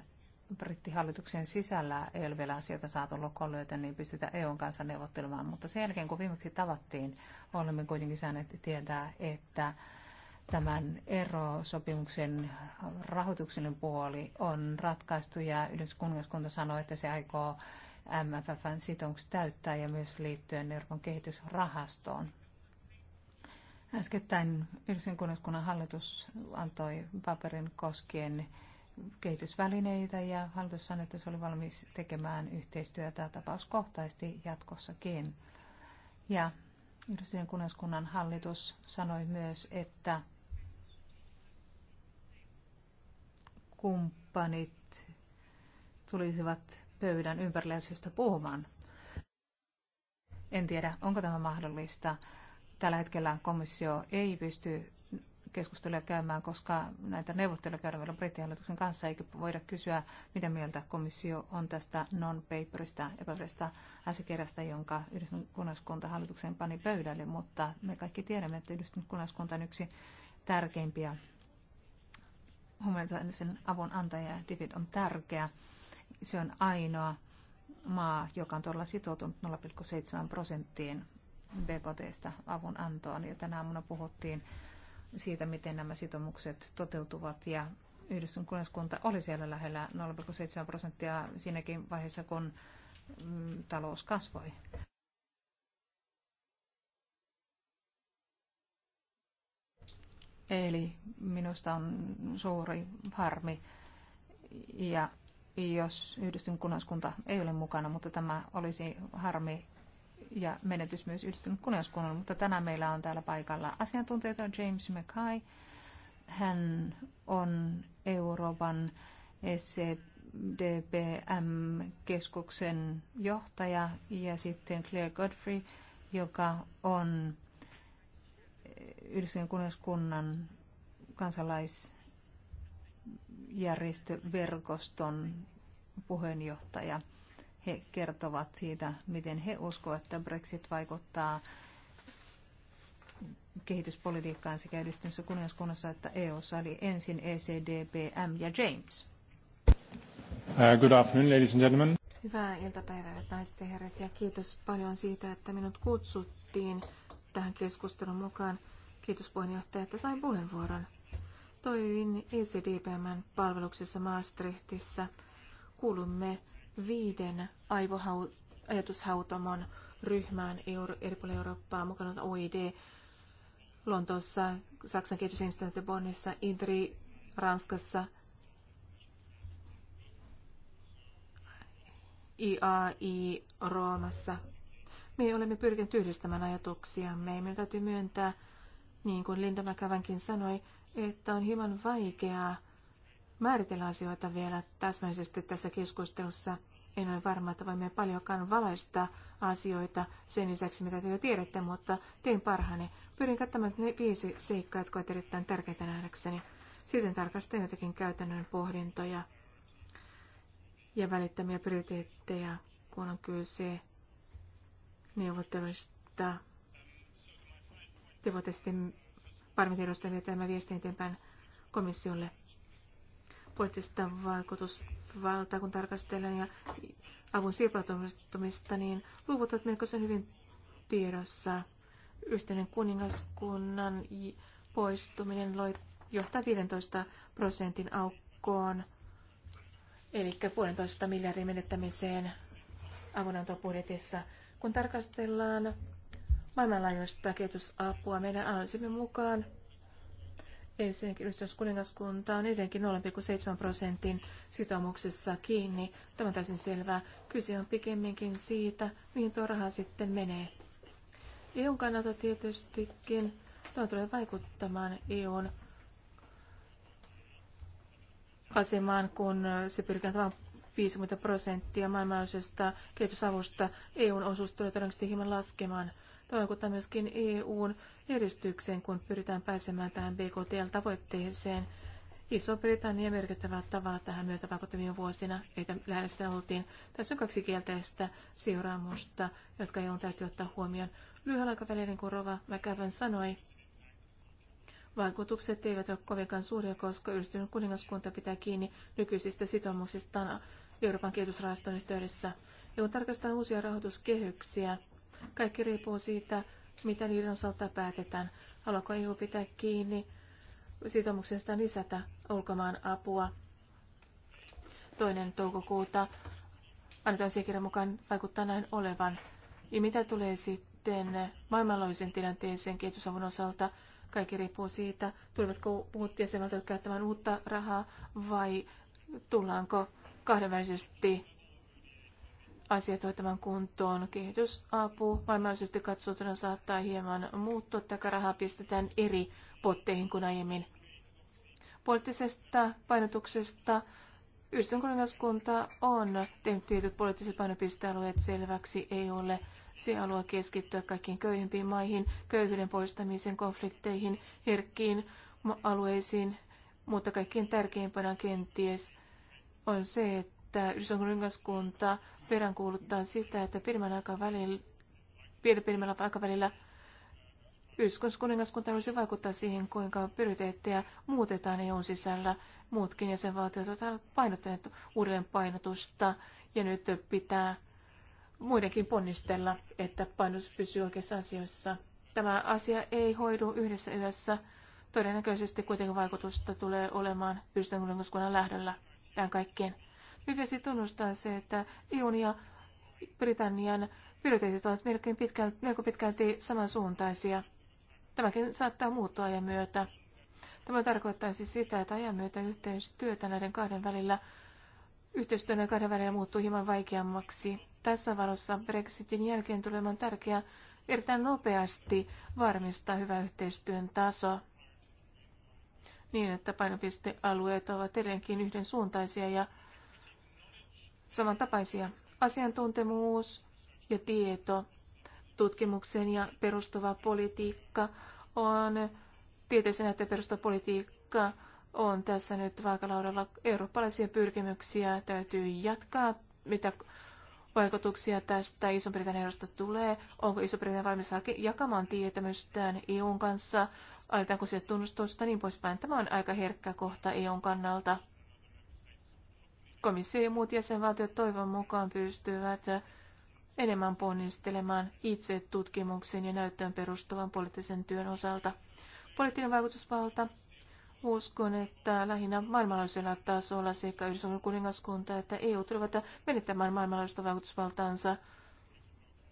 brittihallituksen sisällä ei ole vielä asioita saatu lukkoon niin pystytään EUn kanssa neuvottelemaan. Mutta sen jälkeen, kun viimeksi tavattiin, olemme kuitenkin saaneet tietää, että tämän erosopimuksen rahoituksellinen puoli on ratkaistu ja yhdyskuningaskunta sanoi, että se aikoo MFFn sitoumukset täyttää ja myös liittyen Euroopan kehitysrahastoon. Äskettäin Yhdyskuningaskunnan hallitus antoi paperin koskien kehitysvälineitä ja hallitus sanoi, että se oli valmis tekemään yhteistyötä tapauskohtaisesti jatkossakin. Ja Yhdistyneen kuningaskunnan hallitus sanoi myös, että kumppanit tulisivat pöydän ympärille syystä puhumaan. En tiedä, onko tämä mahdollista. Tällä hetkellä komissio ei pysty keskusteluja käymään, koska näitä neuvotteluja käydään vielä brittihallituksen kanssa, eikä voida kysyä, mitä mieltä komissio on tästä non-paperista, epävirallisesta asiakirjasta, jonka yhdistynyt hallitukseen pani pöydälle, mutta me kaikki tiedämme, että yhdistynyt kunnaskunta on yksi tärkeimpiä sen avun antaja David on tärkeä. Se on ainoa maa, joka on todella sitoutunut 0,7 prosenttiin BKTstä avun antoon. Ja tänä aamuna puhuttiin siitä, miten nämä sitoumukset toteutuvat ja Yhdistynyt oli siellä lähellä 0,7 prosenttia siinäkin vaiheessa, kun mm, talous kasvoi. Eli minusta on suuri harmi. Ja jos yhdistynyt kunnaskunta ei ole mukana, mutta tämä olisi harmi ja menetys myös yhdistynyt kunnaskunnalle. Mutta tänään meillä on täällä paikalla asiantuntijoita James McKay. Hän on Euroopan SCDPM-keskuksen e johtaja ja sitten Claire Godfrey, joka on Yhdistyneen kuningaskunnan kansalaisjärjestöverkoston puheenjohtaja. He kertovat siitä, miten he uskovat, että Brexit vaikuttaa kehityspolitiikkaan sekä yhdistyneessä kuningaskunnassa että eu eli ensin ECDPM ja James. Uh, good afternoon, ladies and gentlemen. Hyvää iltapäivää, naiset ja herrat, ja kiitos paljon siitä, että minut kutsuttiin tähän keskustelun mukaan. Kiitos puheenjohtaja, että sain puheenvuoron. Toimin ECDPMn palveluksessa Maastrichtissa. Kuulumme viiden aivoajatushautomon ryhmään Euro- eri puolilla Eurooppaa, mukana OID, Lontoossa, Saksan kehitysinstituutti Bonnissa, Intri, Ranskassa, IAI Roomassa. Me olemme pyrkineet yhdistämään ajatuksiamme. Meidän täytyy myöntää, niin kuin Linda Mäkävänkin sanoi, että on hieman vaikeaa määritellä asioita vielä täsmällisesti tässä keskustelussa. En ole varma, että voimme paljonkaan valaista asioita sen lisäksi, mitä te jo tiedätte, mutta tein parhaani. Pyrin kattamaan ne viisi seikkaa, jotka ovat erittäin tärkeitä nähdäkseni. Sitten tarkastan jotakin käytännön pohdintoja ja välittämiä prioriteetteja, kun on kyse neuvotteluista te voitte sitten tiedostaa vielä tämä viestin eteenpäin komissiolle poliittista vaikutusvaltaa, kun tarkastellaan ja avun sirpautumista, niin luvut ovat melkoisen hyvin tiedossa. Yhteinen kuningaskunnan poistuminen johtaa 15 prosentin aukkoon, eli puolentoista miljardin menettämiseen avunantobudjetissa. Kun tarkastellaan maailmanlaajuista kehitysapua. Meidän analyysimme mukaan ensinnäkin yhdistyskuningaskunta on edelleenkin 0,7 prosentin sitoumuksessa kiinni. Tämä on täysin selvää. Kyse on pikemminkin siitä, mihin tuo raha sitten menee. EUn kannalta tietystikin tämä tulee vaikuttamaan EUn asemaan, kun se pyrkii vain 50 prosenttia maailmanlaajuisesta kehitysavusta. EUn osuus tulee todennäköisesti hieman laskemaan. Tämä vaikuttaa myöskin EUn edistykseen, kun pyritään pääsemään tähän BKTL-tavoitteeseen. Iso-Britannia merkittävällä tavalla tähän myötä vaikuttavia vuosina, että lähes oltiin. Tässä on kaksi kielteistä seuraamusta, jotka EUn täytyy ottaa huomioon. Lyhyellä aikavälillä, niin kuin Rova McAvan sanoi, Vaikutukset eivät ole kovinkaan suuria, koska yhdistynyt kuningaskunta pitää kiinni nykyisistä sitoumuksistaan Euroopan kehitysrahaston yhteydessä. Ja kun tarkastetaan uusia rahoituskehyksiä, kaikki riippuu siitä, mitä niiden osalta päätetään. Haluaako EU pitää kiinni sitoumuksesta lisätä ulkomaan apua? Toinen toukokuuta annetaan asiakirjan mukaan vaikuttaa näin olevan. Ja mitä tulee sitten maailmanlaajuisen tilanteeseen kehitysavun osalta, kaikki riippuu siitä, tulevatko muut jäsenvaltiot käyttämään uutta rahaa vai tullaanko kahdenvälisesti asiat hoitavan kuntoon. Kehitysapu varmallisesti katsotuna saattaa hieman muuttua, että rahaa pistetään eri potteihin kuin aiemmin. Poliittisesta painotuksesta Yhdistön kuningaskunta on tehnyt tietyt poliittiset painopistealueet selväksi ei ole Se alue keskittyä kaikkiin köyhimpiin maihin, köyhyyden poistamiseen, konflikteihin, herkkiin alueisiin, mutta kaikkein tärkeimpänä kenties on se, että että yhdysvallan peräänkuuluttaa sitä, että pidemmällä aikavälillä, pidemmällä aikavälillä Yhdyskuningaskunta haluaisi vaikuttaa siihen, kuinka prioriteetteja muutetaan EUn sisällä. Muutkin jäsenvaltiot ovat painottaneet uudelleen painotusta ja nyt pitää muidenkin ponnistella, että painotus pysyy oikeassa asioissa. Tämä asia ei hoidu yhdessä yössä. Todennäköisesti kuitenkin vaikutusta tulee olemaan Yhdysvallan lähdöllä tämän kaikkien Hyvin tunnustaa se, että EUn ja Britannian prioriteetit ovat melko pitkälti, melko pitkälti samansuuntaisia. Tämäkin saattaa muuttua ajan myötä. Tämä tarkoittaisi sitä, että ajan myötä yhteistyötä näiden kahden välillä, yhteistyön näiden kahden välillä muuttuu hieman vaikeammaksi. Tässä valossa Brexitin jälkeen on tärkeää erittäin nopeasti varmistaa hyvä yhteistyön taso niin, että painopistealueet ovat edelleenkin yhdensuuntaisia ja samantapaisia. Asiantuntemus ja tieto, tutkimuksen ja perustuva politiikka on, tieteeseen näyttöön perustuva politiikka on tässä nyt vaakalaudalla. Eurooppalaisia pyrkimyksiä täytyy jatkaa, mitä vaikutuksia tästä Iso-Britannian erosta tulee. Onko Iso-Britannia valmis jakamaan tietämystään EUn kanssa? Annetaanko sille tunnustusta niin poispäin? Tämä on aika herkkä kohta EUn kannalta. Komissio ja muut jäsenvaltiot toivon mukaan pystyvät enemmän ponnistelemaan itse tutkimuksiin ja näyttöön perustuvan poliittisen työn osalta. Poliittinen vaikutusvalta. Uskon, että lähinnä maailmanlaajuisella tasolla sekä Yhdysvallan kuningaskunta että EU tulevat menettämään maailmanlaajuista vaikutusvaltaansa.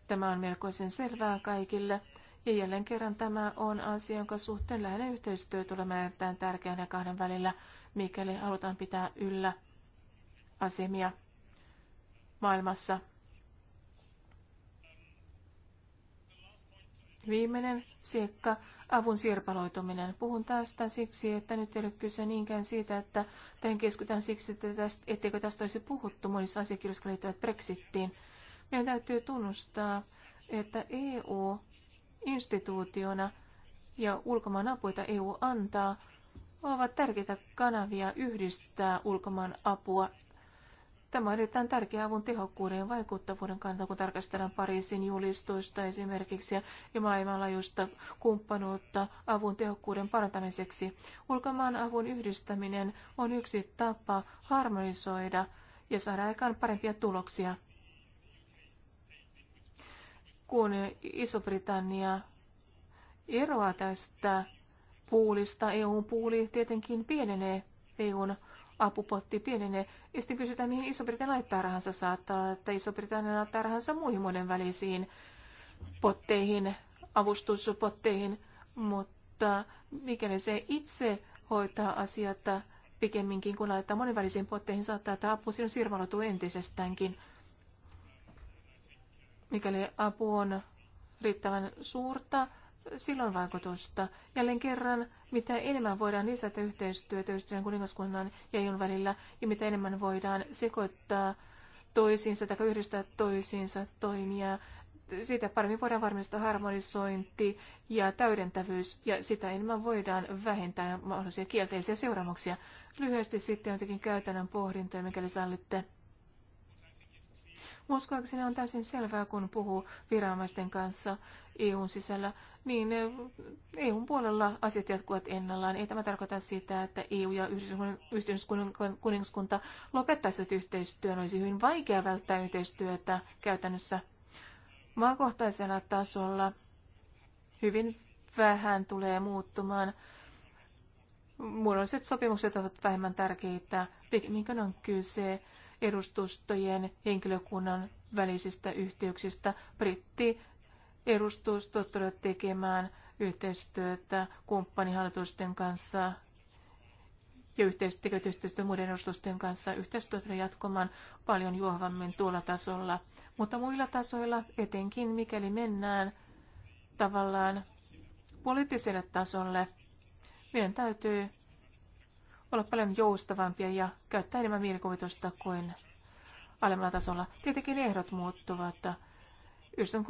Tämä on melkoisen selvää kaikille. Ja jälleen kerran tämä on asia, jonka suhteen läheinen yhteistyö tulee erittäin tärkeänä kahden välillä, mikäli halutaan pitää yllä asemia maailmassa. Viimeinen seikka, avun sirpaloituminen. Puhun tästä siksi, että nyt ei ole kyse niinkään siitä, että tähän keskutan siksi, että tästä, etteikö tästä olisi puhuttu monissa asiakirjoissa, jotka liittyvät Brexittiin. Meidän täytyy tunnustaa, että EU instituutiona ja ulkomaan apuita EU antaa, ovat tärkeitä kanavia yhdistää ulkomaan apua Tämä on erittäin tärkeä avun tehokkuuden ja vaikuttavuuden kannalta, kun tarkastellaan Pariisin julistusta esimerkiksi ja maailmanlaajuista kumppanuutta avun tehokkuuden parantamiseksi. Ulkomaan avun yhdistäminen on yksi tapa harmonisoida ja saada aikaan parempia tuloksia. Kun Iso-Britannia eroaa tästä puulista, EU-puuli tietenkin pienenee EUn apupotti pienenee. Ja sitten kysytään, mihin Iso-Britannia laittaa rahansa. Saattaa, että Iso-Britannia laittaa rahansa muihin monenvälisiin potteihin, avustuspotteihin, mutta mikäli se itse hoitaa asiat pikemminkin kuin laittaa monenvälisiin potteihin, saattaa, että apu sinun sirvaloituu entisestäänkin. Mikäli apu on riittävän suurta, silloin vaikutusta. Jälleen kerran, mitä enemmän voidaan lisätä yhteistyötä yhdistyneen kuningaskunnan ja EUn välillä, ja mitä enemmän voidaan sekoittaa toisiinsa tai yhdistää toisiinsa toimia, sitä paremmin voidaan varmistaa harmonisointi ja täydentävyys, ja sitä enemmän voidaan vähentää mahdollisia kielteisiä seuraamuksia. Lyhyesti sitten jotenkin käytännön pohdintoja, mikäli sallitte. Uskoakseni on täysin selvää, kun puhuu viranomaisten kanssa EUn sisällä, niin eh, EUn puolella asiat jatkuvat ennallaan. Ei tämä tarkoita sitä, että EU ja yhteiskuningaskunta lopettaisivat yhteistyön. Olisi hyvin vaikea välttää yhteistyötä käytännössä maakohtaisella tasolla. Hyvin vähän tulee muuttumaan. Muodolliset sopimukset ovat vähemmän tärkeitä. Pikemminkin on kyse edustustojen henkilökunnan välisistä yhteyksistä. Britti edustusto tulevat tekemään yhteistyötä kumppanihallitusten kanssa ja yhteistyötä, yhteistyötä muiden edustusten kanssa. Yhteistyötä jatkumaan paljon juohvammin tuolla tasolla, mutta muilla tasoilla, etenkin mikäli mennään tavallaan poliittiselle tasolle, meidän täytyy olla paljon joustavampia ja käyttää enemmän mielikuvitusta kuin alemmalla tasolla. Tietenkin ehdot muuttuvat. Yhdistön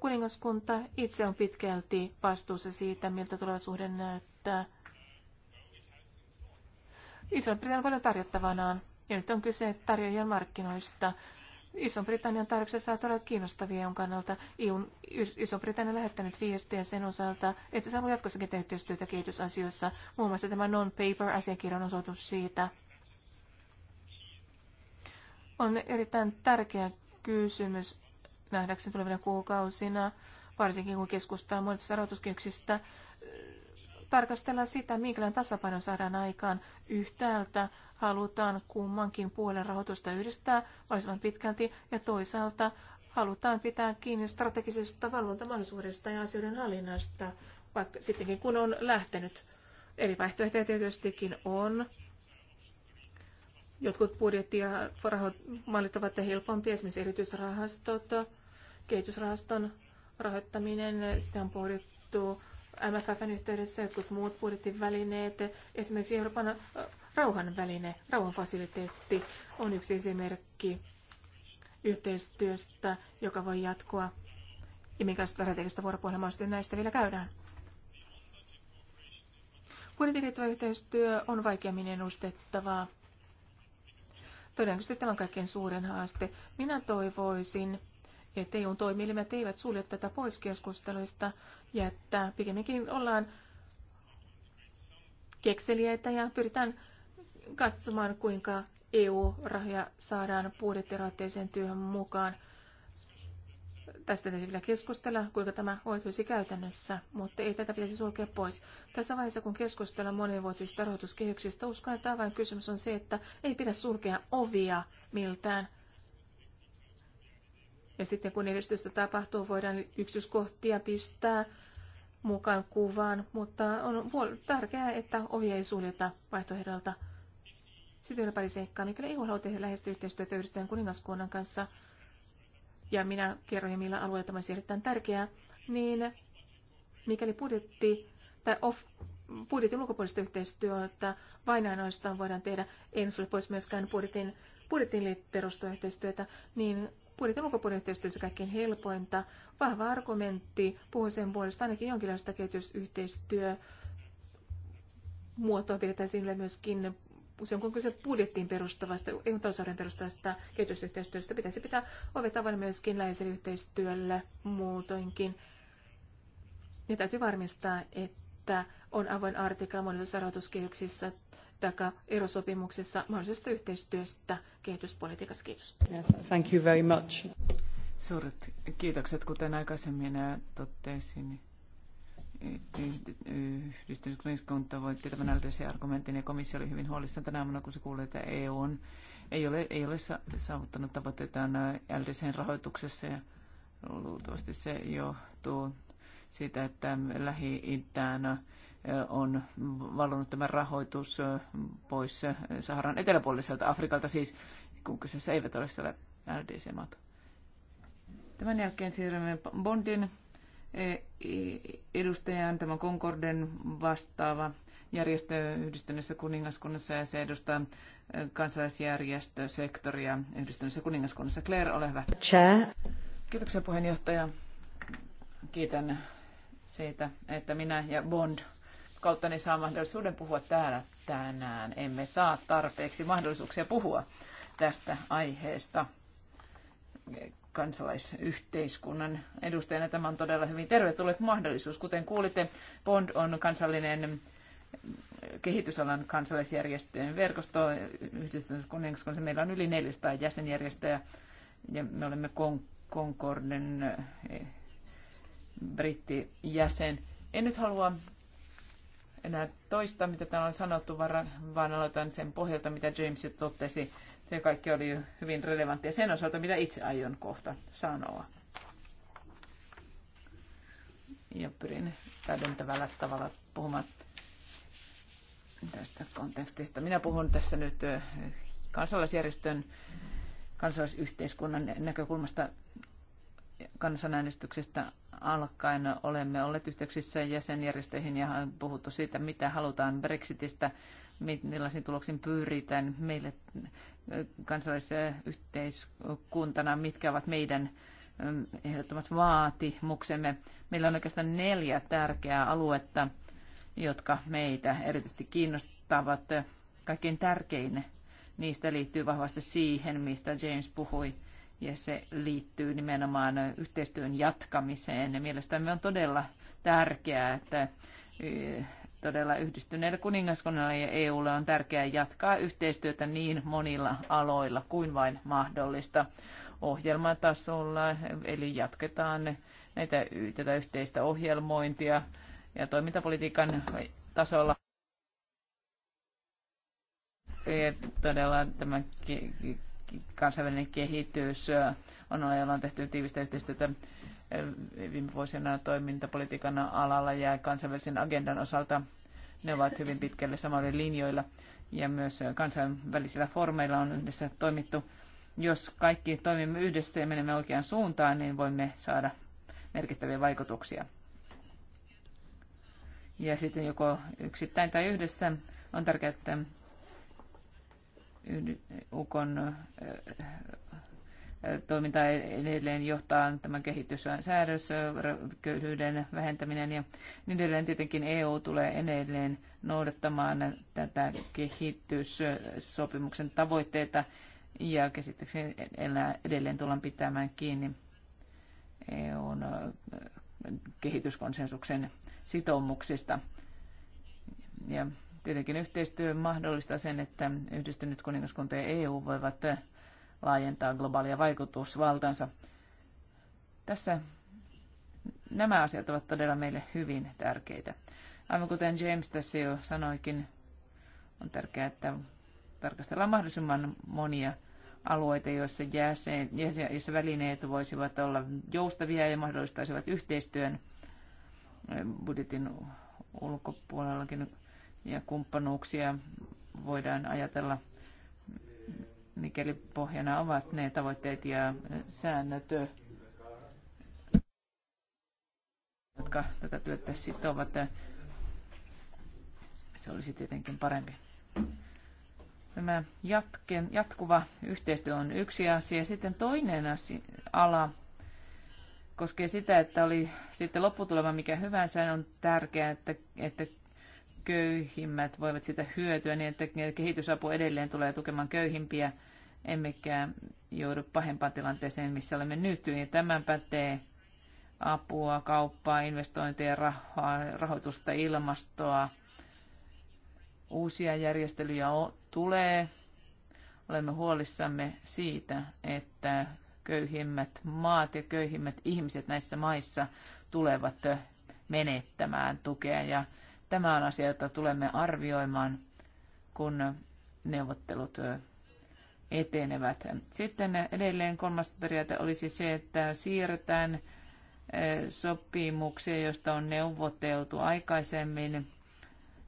kuningaskunta itse on pitkälti vastuussa siitä, miltä tulevaisuuden näyttää. Isolla Britannia on paljon tarjottavanaan, ja nyt on kyse tarjoajien markkinoista. Iso-Britannian tarjoukset saattavat olla kiinnostavia, jonka kannalta e Iso-Britannia lähettänyt viestiä sen osalta, että se voi jatkossakin tehdä yhteistyötä kehitysasioissa. Muun muassa tämä non-paper-asiakirjan osoitus siitä. On erittäin tärkeä kysymys nähdäkseni tulevina kuukausina, varsinkin kun keskustaa monista rahoituskehyksistä tarkastella sitä, minkälainen tasapaino saadaan aikaan. Yhtäältä halutaan kummankin puolen rahoitusta yhdistää mahdollisimman pitkälti ja toisaalta halutaan pitää kiinni strategisesta valvontamahdollisuudesta ja asioiden hallinnasta, vaikka sittenkin kun on lähtenyt. Eri vaihtoehtoja tietystikin on. Jotkut budjettirahoitmallit ovat helpompia, esimerkiksi erityisrahastot, kehitysrahaston rahoittaminen, sitä on pohdittu MFFn yhteydessä jotkut muut budjettivälineet, esimerkiksi Euroopan rauhanväline, rauhanfasiliteetti on yksi esimerkki yhteistyöstä, joka voi jatkua. Ja minkälaista strategista vuoropuhelmaa sitten näistä vielä käydään. Budjetin yhteistyö on vaikeammin ennustettavaa. Todennäköisesti tämän kaikkein suurin haaste. Minä toivoisin, että EUn toimielimet eivät sulje tätä pois keskusteluista ja että pikemminkin ollaan kekseliäitä ja pyritään katsomaan, kuinka EU-rahoja saadaan budjettirahoitteeseen työhön mukaan. Tästä täytyy vielä keskustella, kuinka tämä hoituisi käytännössä, mutta ei tätä pitäisi sulkea pois. Tässä vaiheessa, kun keskustellaan monivuotisista rahoituskehyksistä, uskon, että vain kysymys on se, että ei pidä sulkea ovia miltään ja sitten kun edistystä tapahtuu, voidaan yksityiskohtia pistää mukaan kuvaan, mutta on tärkeää, että ohje ei suljeta vaihtoehdolta. Sitten vielä pari seikkaa, mikäli EU haluaa tehdä läheistä yhteistyötä yhdistäjän kuningaskunnan kanssa, ja minä kerron millä alueella tämä olisi erittäin tärkeää, niin mikäli budjetti tai off, budjetin ulkopuolista yhteistyötä vain ainoastaan voidaan tehdä, en sulle pois myöskään budjetin, budjetin perustoyhteistyötä, niin budjetin ulkopuolinen se kaikkein helpointa. Vahva argumentti puhuu sen puolesta ainakin jonkinlaista kehitysyhteistyö muotoa pidetään sinulle myöskin usein kun kyse budjettiin perustuvasta, eu talousarvion perustuvasta kehitysyhteistyöstä, pitäisi pitää ovet avoinna myöskin läheiselle yhteistyölle muutoinkin. Ja täytyy varmistaa, että että on avoin artikla monissa rahoituskehyksissä tai erosopimuksissa mahdollisesta yhteistyöstä kehityspolitiikassa. Kiitos. Thank you very much. Suuret kiitokset, kuten aikaisemmin totesin. Yhdistyskunta voitti tämän älyllisen argumentin ja komissio oli hyvin huolissaan tänä aamuna, kun se kuuli, että EU on, ei, ole, ei ole saavuttanut tavoitteitaan älylliseen rahoituksessa ja luultavasti se johtuu sitä, että Lähi-Itään on valunut tämä rahoitus pois Saharan eteläpuoliselta Afrikalta, siis kun kyseessä eivät ole siellä LDC-maat. Tämän jälkeen siirrymme Bondin e, edustajan, tämä Concorden vastaava järjestö yhdistyneessä kuningaskunnassa ja se edustaa kansalaisjärjestösektoria yhdistyneessä kuningaskunnassa. Claire, ole hyvä. Chair. Kiitoksia puheenjohtaja. Kiitän siitä, että minä ja Bond kautta niin saa mahdollisuuden puhua täällä tänään. Emme saa tarpeeksi mahdollisuuksia puhua tästä aiheesta kansalaisyhteiskunnan edustajana. Tämä on todella hyvin tervetullut mahdollisuus. Kuten kuulitte, Bond on kansallinen kehitysalan kansalaisjärjestöjen verkosto. Yhdistyskunnassa meillä on yli 400 jäsenjärjestöä ja me olemme Concorden brittijäsen. En nyt halua enää toista, mitä täällä on sanottu, vaan aloitan sen pohjalta, mitä James totesi. Se kaikki oli hyvin relevanttia sen osalta, mitä itse aion kohta sanoa. Ja pyrin täydentävällä tavalla puhumaan tästä kontekstista. Minä puhun tässä nyt kansalaisjärjestön, kansalaisyhteiskunnan näkökulmasta kansanäänestyksestä alkaen olemme olleet yhteyksissä jäsenjärjestöihin ja on puhuttu siitä, mitä halutaan Brexitistä, millaisiin tuloksiin pyritään meille yhteiskuntana, mitkä ovat meidän ehdottomat vaatimuksemme. Meillä on oikeastaan neljä tärkeää aluetta, jotka meitä erityisesti kiinnostavat. Kaikkein tärkein niistä liittyy vahvasti siihen, mistä James puhui – ja se liittyy nimenomaan yhteistyön jatkamiseen. Mielestäni on todella tärkeää, että todella yhdistyneellä kuningaskunnalla ja EUlle on tärkeää jatkaa yhteistyötä niin monilla aloilla kuin vain mahdollista ohjelmatasolla, eli jatketaan näitä, tätä yhteistä ohjelmointia ja toimintapolitiikan tasolla. Ja todella tämä kansainvälinen kehitys on ollut, jolla on tehty tiivistä yhteistyötä viime vuosina toimintapolitiikan alalla ja kansainvälisen agendan osalta. Ne ovat hyvin pitkälle samoilla linjoilla ja myös kansainvälisillä formeilla on yhdessä toimittu. Jos kaikki toimimme yhdessä ja menemme oikeaan suuntaan, niin voimme saada merkittäviä vaikutuksia. Ja sitten joko yksittäin tai yhdessä on tärkeää, että UKon toiminta edelleen johtaa tämä kehityssäädös, köyhyyden vähentäminen ja niin edelleen. Tietenkin EU tulee edelleen noudattamaan tätä kehityssopimuksen tavoitteita ja käsittääkseni edelleen tullaan pitämään kiinni EUn kehityskonsensuksen sitoumuksista. Ja Tietenkin yhteistyö mahdollistaa sen, että yhdistynyt kuningaskunta ja EU voivat laajentaa globaalia vaikutusvaltansa. Tässä nämä asiat ovat todella meille hyvin tärkeitä. Aivan kuten James tässä jo sanoikin, on tärkeää, että tarkastellaan mahdollisimman monia alueita, joissa, jäsen, joissa välineet voisivat olla joustavia ja mahdollistaisivat yhteistyön budjetin ulkopuolellakin ja kumppanuuksia voidaan ajatella, mikäli pohjana ovat ne tavoitteet ja säännöt, jotka tätä työtä sitovat. Se olisi tietenkin parempi. Tämä jatken, jatkuva yhteistyö on yksi asia. Sitten toinen asia, ala koskee sitä, että oli sitten lopputulema mikä hyvänsä, on tärkeää, että, että köyhimmät voivat sitä hyötyä niin, että kehitysapu edelleen tulee tukemaan köyhimpiä, emmekä joudu pahempaan tilanteeseen, missä olemme nyt. Ja tämä pätee apua, kauppaa, investointeja, rahaa, rahoitusta, ilmastoa. Uusia järjestelyjä tulee. Olemme huolissamme siitä, että köyhimmät maat ja köyhimmät ihmiset näissä maissa tulevat menettämään tukea ja Tämä on asia, jota tulemme arvioimaan, kun neuvottelut etenevät. Sitten edelleen kolmas periaate olisi siis se, että siirretään sopimuksia, joista on neuvoteltu aikaisemmin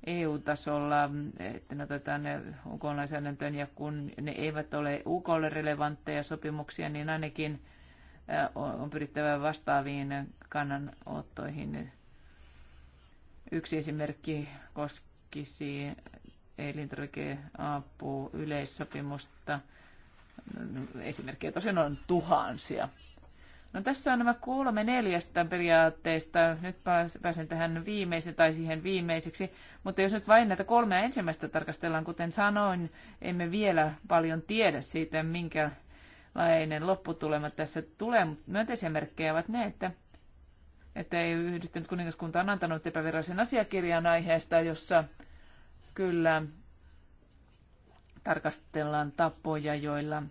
EU-tasolla, että ne otetaan ne UK-lainsäädäntöön ja kun ne eivät ole UKlle relevantteja sopimuksia, niin ainakin on pyrittävä vastaaviin kannanottoihin Yksi esimerkki koskisi elintarvikeapua yleissopimusta. Esimerkkejä tosiaan on tuhansia. No tässä on nämä kolme neljästä periaatteesta. Nyt pääsen tähän viimeiseen tai siihen viimeiseksi. Mutta jos nyt vain näitä kolmea ensimmäistä tarkastellaan, kuten sanoin, emme vielä paljon tiedä siitä, minkälainen lopputulema tässä tulee. Myönteisiä merkkejä ovat ne, että että ei yhdistynyt kuningaskunta on antanut epävirallisen asiakirjan aiheesta, jossa kyllä tarkastellaan tapoja, joilla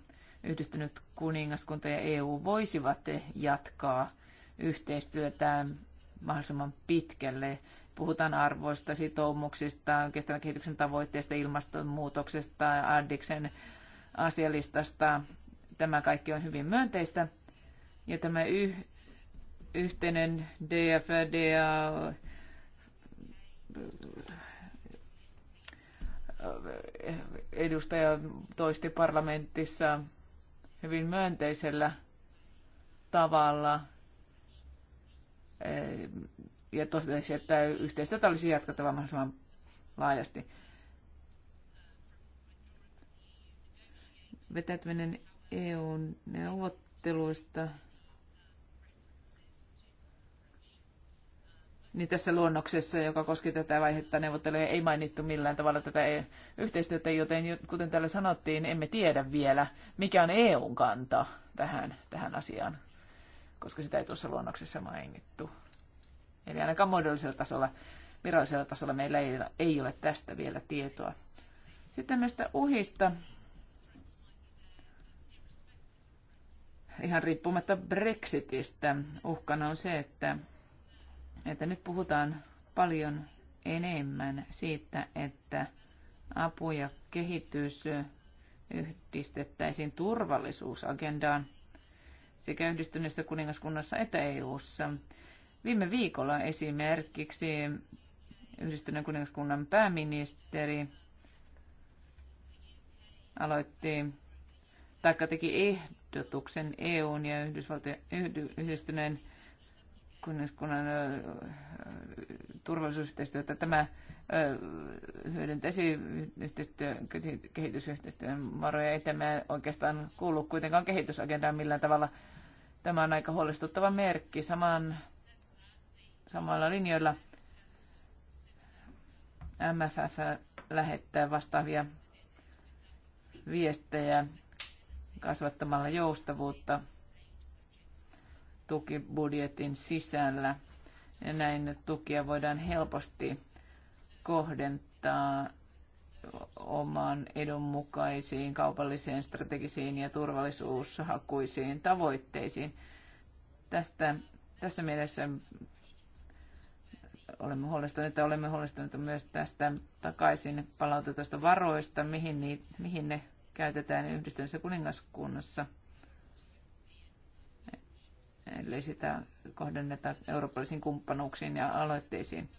yhdistynyt kuningaskunta ja EU voisivat jatkaa yhteistyötään mahdollisimman pitkälle. Puhutaan arvoista, sitoumuksista, kestävän kehityksen tavoitteista, ilmastonmuutoksesta, Addiksen asialistasta. Tämä kaikki on hyvin myönteistä. Ja tämä yhteinen ja äh, edustaja toisti parlamentissa hyvin myönteisellä tavalla äh, ja totesi, että yhteistyötä olisi jatkettava mahdollisimman laajasti. Vetäytyminen eu neuvotteluista niin tässä luonnoksessa, joka koski tätä vaihetta neuvotteluja, ei mainittu millään tavalla tätä e- yhteistyötä, joten kuten täällä sanottiin, emme tiedä vielä, mikä on EUn kanta tähän, tähän asiaan, koska sitä ei tuossa luonnoksessa mainittu. Eli ainakaan muodollisella tasolla, virallisella tasolla meillä ei, ei ole tästä vielä tietoa. Sitten näistä uhista. Ihan riippumatta Brexitistä uhkana on se, että että nyt puhutaan paljon enemmän siitä, että apu ja kehitys yhdistettäisiin turvallisuusagendaan sekä yhdistyneessä kuningaskunnassa että EU-ssa. Viime viikolla esimerkiksi yhdistyneen kuningaskunnan pääministeri aloitti tai teki ehdotuksen EUn ja Yhdysvaltojen yhdistyneen kunnan turvallisuusyhteistyötä. Tämä hyödyntäisi kehitysyhteistyön varoja. Ei tämä oikeastaan kuulu kuitenkaan kehitysagendaan millään tavalla. Tämä on aika huolestuttava merkki. Saman, samalla linjoilla MFF lähettää vastaavia viestejä kasvattamalla joustavuutta – tukibudjetin sisällä. Ja näin tukia voidaan helposti kohdentaa oman edun mukaisiin kaupallisiin, strategisiin ja turvallisuushakuisiin tavoitteisiin. Tästä, tässä mielessä olemme huolestuneita, olemme huolestuneita myös tästä takaisin palautetusta varoista, mihin, ni, mihin ne käytetään yhdistyneessä kuningaskunnassa – eli sitä kohdennetaan eurooppalaisiin kumppanuuksiin ja aloitteisiin.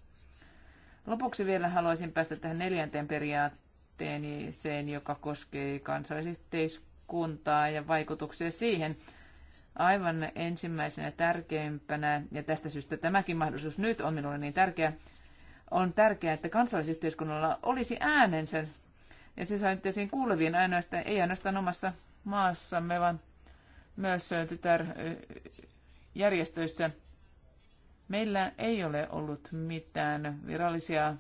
Lopuksi vielä haluaisin päästä tähän neljänteen periaatteeseen, joka koskee kansallisyhteiskuntaa ja vaikutuksia siihen. Aivan ensimmäisenä tärkeimpänä, ja tästä syystä tämäkin mahdollisuus nyt on minulle niin tärkeä, on tärkeää, että kansalaisyhteiskunnalla olisi äänensä. Ja se saataisiin kuuleviin ainoastaan, ei ainoastaan omassa maassamme, vaan myös tytär järjestöissä. Meillä ei ole ollut mitään virallisia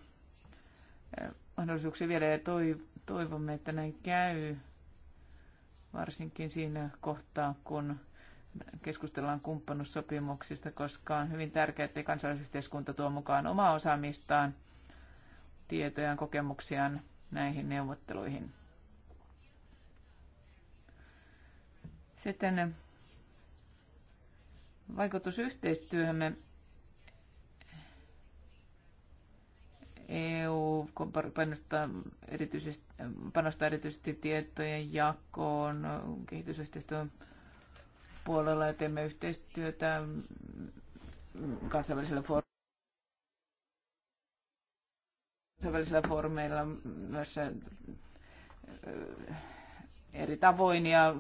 eh, mahdollisuuksia vielä ja toivomme, että näin käy, varsinkin siinä kohtaa, kun keskustellaan kumppanussopimuksista, koska on hyvin tärkeää, että kansalaisyhteiskunta tuo mukaan omaa osaamistaan, tietojaan, kokemuksiaan näihin neuvotteluihin. Sitten vaikutus yhteistyöhömme EU panostaa erityisesti, panostaa erityisesti tietojen jakoon kehitysyhteistyön puolella ja teemme yhteistyötä kansainvälisellä foorumeilla kansainvälisillä foorumeilla myös eri tavoin ja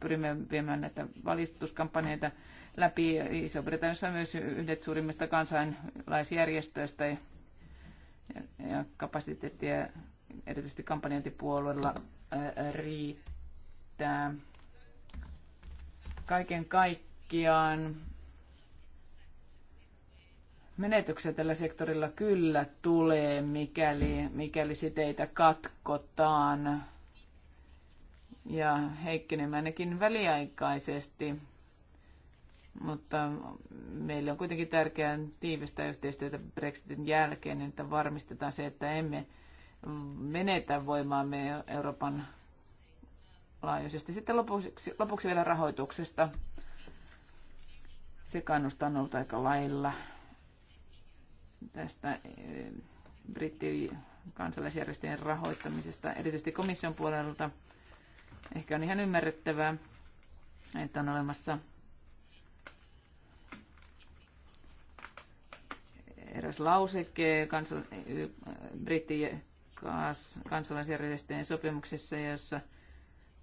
pyrimme viemään näitä valistuskampanjoita läpi. Iso-Britanniassa on myös yhdet suurimmista kansainlaisjärjestöistä ja, ja kapasiteettia erityisesti kampanjointipuolueella riittää. Kaiken kaikkiaan menetyksiä tällä sektorilla kyllä tulee, mikäli, mikäli siteitä katkotaan ja heikkenemäänkin väliaikaisesti. Mutta meille on kuitenkin tärkeää tiivistää yhteistyötä Brexitin jälkeen, niin että varmistetaan se, että emme menetä voimaamme Euroopan laajuisesti. Sitten lopuksi, lopuksi vielä rahoituksesta. Se kannustaa on ollut aika lailla tästä eh, brittikansalaisjärjestöjen rahoittamisesta, erityisesti komission puolelta – Ehkä on ihan ymmärrettävää, että on olemassa eräs lauseke kansal- brittien kansalaisjärjestöjen sopimuksessa, jossa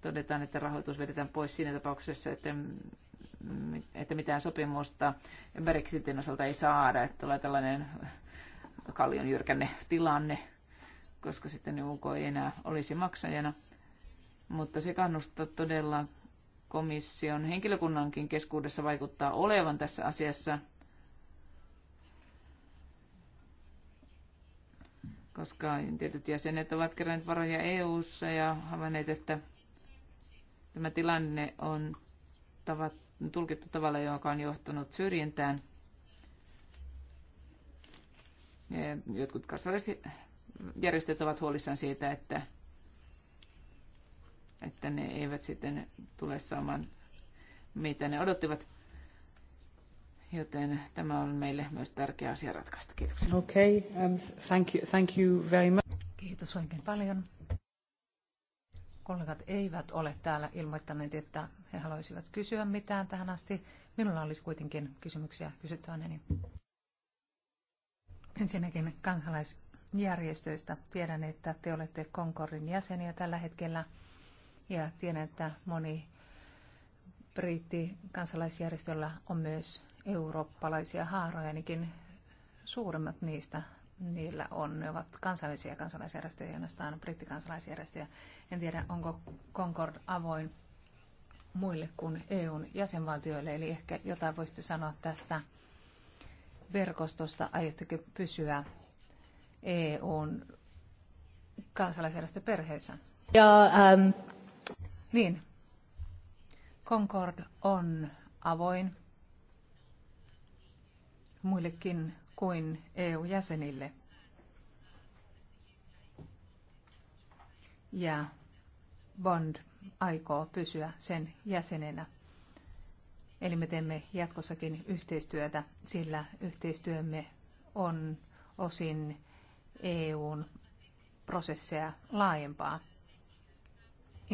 todetaan, että rahoitus vedetään pois siinä tapauksessa, että, että mitään sopimusta Brexitin osalta ei saada, että tulee tällainen kallion jyrkänne tilanne, koska sitten UK ei enää olisi maksajana mutta se kannustaa todella komission henkilökunnankin keskuudessa vaikuttaa olevan tässä asiassa, koska tietyt jäsenet ovat keränneet varoja EU-ssa ja havainneet, että tämä tilanne on tavat, tulkittu tavalla, joka on johtanut syrjintään. Ja jotkut kansalaiset järjestöt ovat huolissaan siitä, että että ne eivät sitten tule saamaan, mitä ne odottivat. Joten tämä on meille myös tärkeä asia ratkaista. Kiitoksia. Okay, um, thank, you, thank you very much. Kiitos oikein paljon. Kollegat eivät ole täällä ilmoittaneet, että he haluaisivat kysyä mitään tähän asti. Minulla olisi kuitenkin kysymyksiä kysyttävänäni. Ensinnäkin kansalaisjärjestöistä. Tiedän, että te olette Concordin jäseniä tällä hetkellä ja tiedän, että moni britti kansalaisjärjestöllä on myös eurooppalaisia haaroja, ainakin suurimmat niistä niillä on. Ne ovat kansainvälisiä kansalaisjärjestöjä, on brittikansalaisjärjestöjä. En tiedä, onko Concord avoin muille kuin EUn jäsenvaltioille, eli ehkä jotain voisitte sanoa tästä verkostosta. Aiotteko pysyä EUn kansalaisjärjestöperheessä? Ja, um, niin. Concord on avoin muillekin kuin EU-jäsenille. Ja Bond aikoo pysyä sen jäsenenä. Eli me teemme jatkossakin yhteistyötä, sillä yhteistyömme on osin EUn prosesseja laajempaa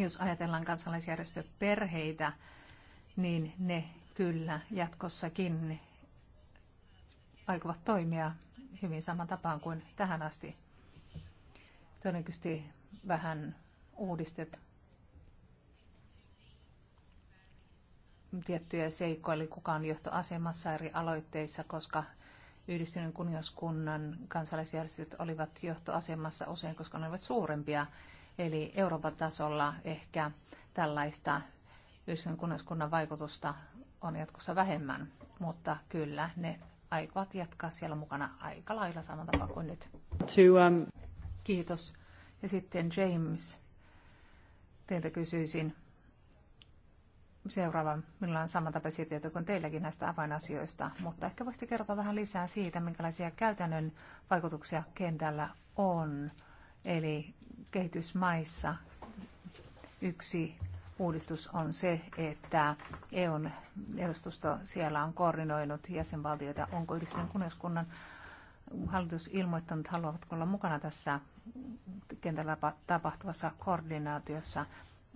jos ajatellaan kansalaisjärjestöperheitä, niin ne kyllä jatkossakin aikovat toimia hyvin saman tapaan kuin tähän asti. Todennäköisesti vähän uudistet tiettyjä seikkoja, eli kuka on johtoasemassa eri aloitteissa, koska yhdistyneen kuningaskunnan kansalaisjärjestöt olivat johtoasemassa usein, koska ne olivat suurempia Eli Euroopan tasolla ehkä tällaista yhdistyskunnaskunnan vaikutusta on jatkossa vähemmän, mutta kyllä ne aikovat jatkaa siellä mukana aika lailla samalla tavalla kuin nyt. To, um... Kiitos. Ja sitten James, teiltä kysyisin seuraavan, millä on samantapaisia tietoja kuin teilläkin näistä avainasioista, mutta ehkä voisitte kertoa vähän lisää siitä, minkälaisia käytännön vaikutuksia kentällä on. Eli kehitysmaissa yksi uudistus on se, että EUn edustusto siellä on koordinoinut jäsenvaltioita. Onko yhdistyneen kuningaskunnan hallitus ilmoittanut, haluavatko olla mukana tässä kentällä tapahtuvassa koordinaatiossa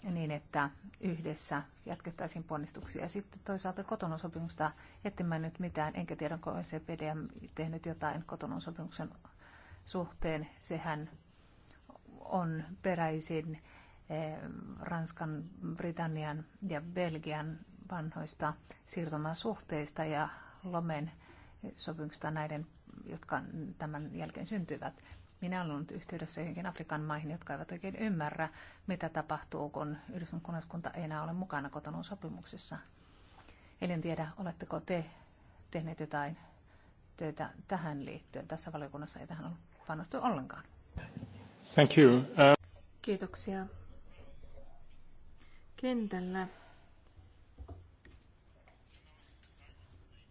niin, että yhdessä jatkettaisiin ponnistuksia. Sitten toisaalta kotonon sopimusta etsimään nyt mitään, enkä tiedä, onko OECPD tehnyt jotain kotonon sopimuksen suhteen. Sehän on peräisin eh, Ranskan, Britannian ja Belgian vanhoista siirtomasuhteista ja Lomen sopimuksista näiden, jotka tämän jälkeen syntyvät. Minä olen ollut yhteydessä johonkin Afrikan maihin, jotka eivät oikein ymmärrä, mitä tapahtuu, kun Yhdysvallan ei enää ole mukana kotonun sopimuksessa. Eli en tiedä, oletteko te tehneet jotain töitä tähän liittyen. Tässä valiokunnassa ei tähän ole panostu ollenkaan. Thank you. Uh... Kiitoksia. Kentällä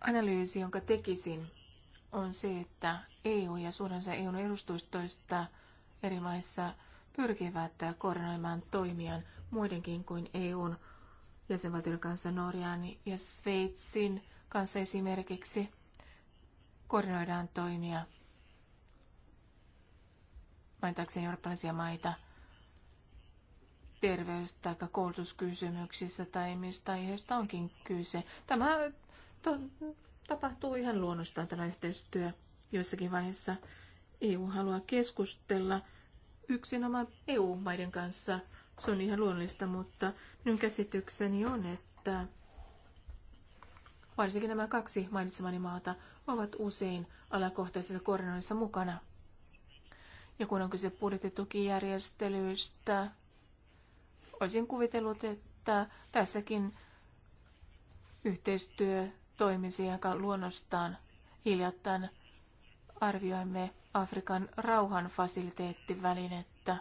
analyysi, jonka tekisin, on se, että EU ja suurensa EUn edustustoista eri maissa pyrkivät koordinoimaan toimiaan muidenkin kuin EUn jäsenvaltioiden kanssa Norjan ja Sveitsin kanssa esimerkiksi koordinoidaan toimia mainitakseni eurooppalaisia maita, terveys- tai koulutuskysymyksissä tai mistä aiheesta onkin kyse. Tämä to- tapahtuu ihan luonnostaan tämä yhteistyö joissakin vaiheessa. EU haluaa keskustella yksinomaan EU-maiden kanssa. Se on ihan luonnollista, mutta minun käsitykseni on, että varsinkin nämä kaksi mainitsemani maata ovat usein alakohtaisessa koordinoinnissa mukana. Ja kun on kyse budjettitukijärjestelyistä, olisin kuvitellut, että tässäkin yhteistyö toimisi aika luonnostaan. Hiljattain arvioimme Afrikan fasiliteettivälinettä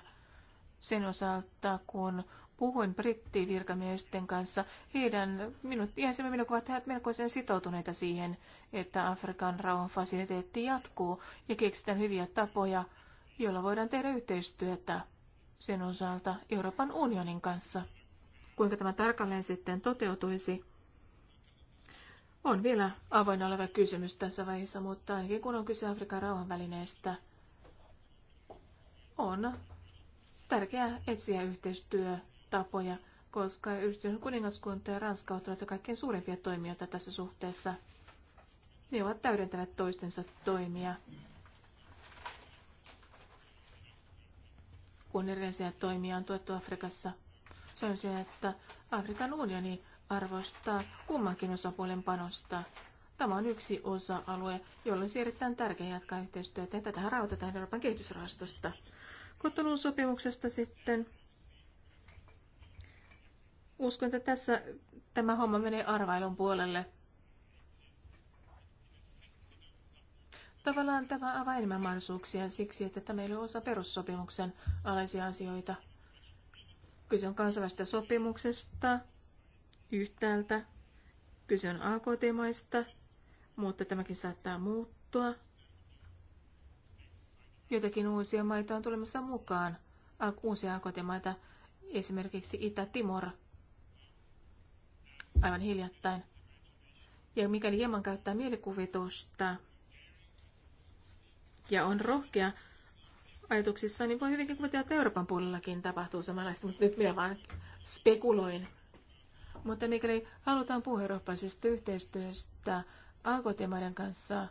sen osalta, kun puhuin brittivirkamiesten kanssa, heidän, minut, minun kuvat, he melkoisen sitoutuneita siihen, että Afrikan rauhan fasiliteetti jatkuu ja keksitään hyviä tapoja – jolla voidaan tehdä yhteistyötä sen osalta Euroopan unionin kanssa. Kuinka tämä tarkalleen sitten toteutuisi, on vielä avoin oleva kysymys tässä vaiheessa, mutta ainakin kun on kyse Afrikan rauhanvälineestä, on tärkeää etsiä yhteistyötapoja, koska yhteisön kuningaskunta ja Ranska ovat kaikkein suurimpia toimijoita tässä suhteessa. Ne ovat täydentävät toistensa toimia kun erilaisia toimia on tuettu Afrikassa. Se on se, että Afrikan unioni arvostaa kummankin osapuolen panosta. Tämä on yksi osa-alue, jolle olisi erittäin tärkeää jatkaa yhteistyötä, ja tätä rautetaan Euroopan kehitysrahastosta. Kotonun sopimuksesta sitten. Uskon, että tässä tämä homma menee arvailun puolelle. Tavallaan tämä avaa enemmän mahdollisuuksia siksi, että tämä ei ole osa perussopimuksen alaisia asioita. Kyse on kansainvälisestä sopimuksesta yhtäältä, kyse on AKT-maista, mutta tämäkin saattaa muuttua. Joitakin uusia maita on tulemassa mukaan, uusia AKT-maita, esimerkiksi Itä-Timor, aivan hiljattain. Ja mikäli hieman käyttää mielikuvitusta, ja on rohkea ajatuksissa, niin voi hyvinkin kuvitella, että Euroopan puolellakin tapahtuu samanlaista, mutta nyt minä vaan spekuloin. Mutta mikäli halutaan puhua eurooppalaisesta yhteistyöstä akt kanssa,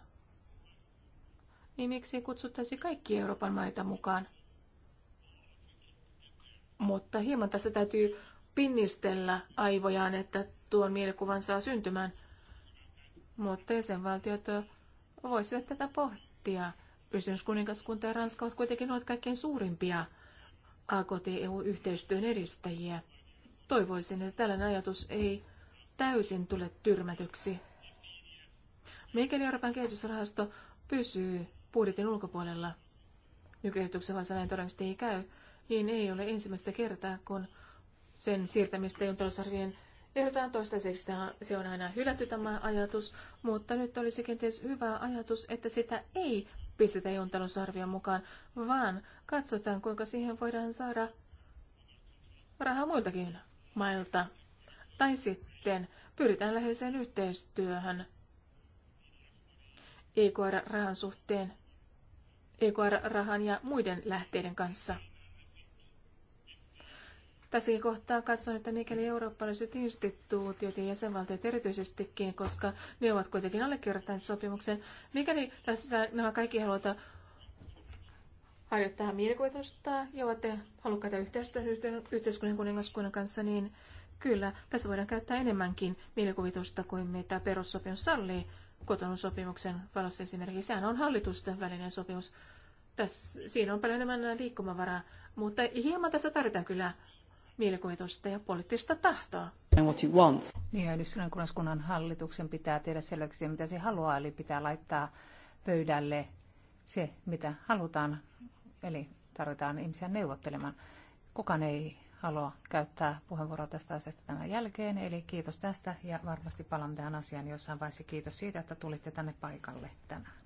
niin miksi kutsuttaisi kaikki Euroopan maita mukaan? Mutta hieman tässä täytyy pinnistellä aivojaan, että tuon mielikuvan saa syntymään. Mutta jäsenvaltiot voisivat tätä pohtia Yhdistyskuningaskunta ja Ranska ovat kuitenkin olleet kaikkein suurimpia AKT-EU-yhteistyön edistäjiä. Toivoisin, että tällainen ajatus ei täysin tule tyrmätyksi. Mikäli Euroopan kehitysrahasto pysyy budjetin ulkopuolella, nykyehdotuksen vaan näin todennäköisesti ei käy, niin ei ole ensimmäistä kertaa, kun sen siirtämistä EUn talousarvien toistaiseksi. Se on aina hylätty tämä ajatus, mutta nyt olisi kenties hyvä ajatus, että sitä ei pistetä EUn talousarvion mukaan, vaan katsotaan, kuinka siihen voidaan saada rahaa muiltakin mailta. Tai sitten pyritään läheiseen yhteistyöhön EKR-rahan suhteen, EKR-rahan ja muiden lähteiden kanssa. Tässäkin kohtaa katson, että mikäli eurooppalaiset instituutiot ja jäsenvaltiot erityisestikin, koska ne ovat kuitenkin allekirjoittaneet sopimuksen, mikäli tässä nämä kaikki halutaan harjoittaa mielikuvitusta ja ovat halukkaita yhteistyötä yhteiskunnan kuningaskunnan kanssa, niin kyllä, tässä voidaan käyttää enemmänkin mielikuvitusta kuin mitä perussopimus sallii kotonun sopimuksen valossa esimerkiksi. Sehän on hallitusten välinen sopimus. Tässä, siinä on paljon enemmän liikkumavaraa, mutta hieman tässä tarvitaan kyllä mielikuvitusta ja poliittista tahtoa. Niin, yhdistyneen kuningaskunnan hallituksen pitää tehdä selväksi, mitä se haluaa, eli pitää laittaa pöydälle se, mitä halutaan, eli tarvitaan ihmisiä neuvottelemaan. Kukaan ei halua käyttää puheenvuoroa tästä asiasta tämän jälkeen, eli kiitos tästä ja varmasti palaamme tähän asiaan jossain vaiheessa. Kiitos siitä, että tulitte tänne paikalle tänään.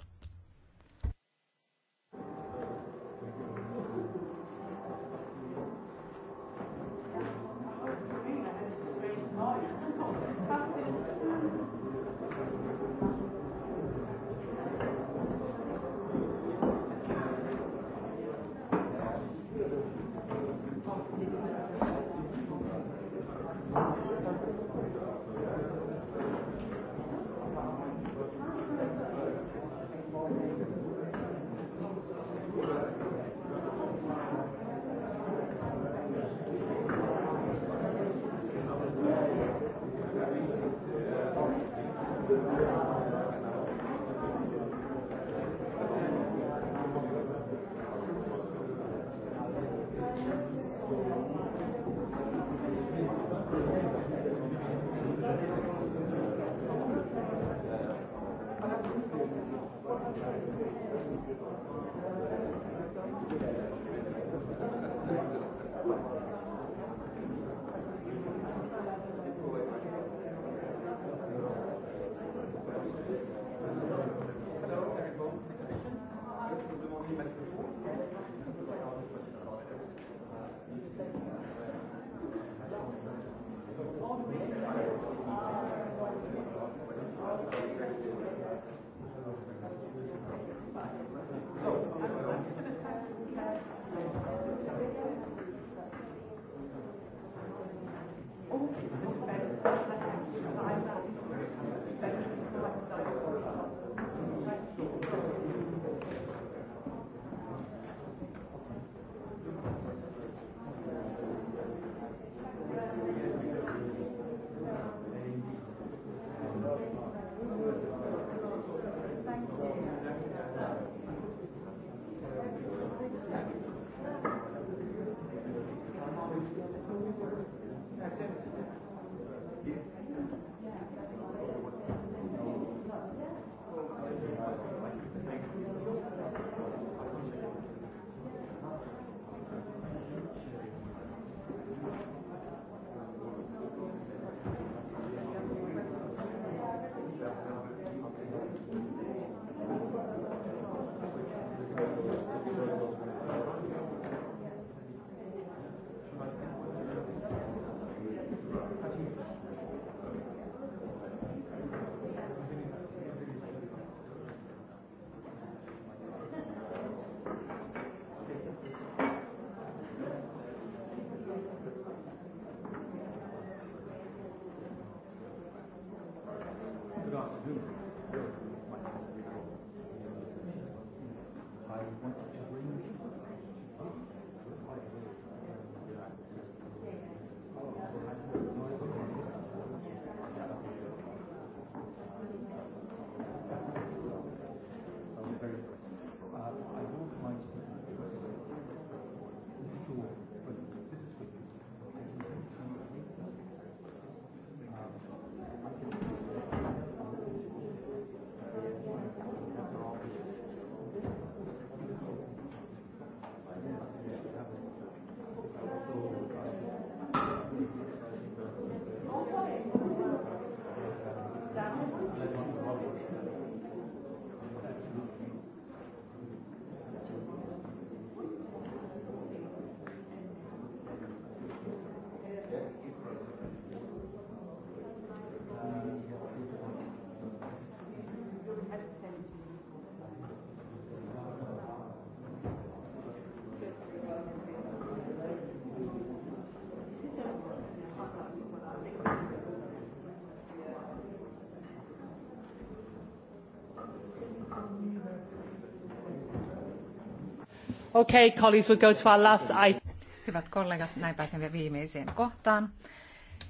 Okay, colleagues, we'll go to our last item. Hyvät kollegat, näin pääsemme viimeiseen kohtaan.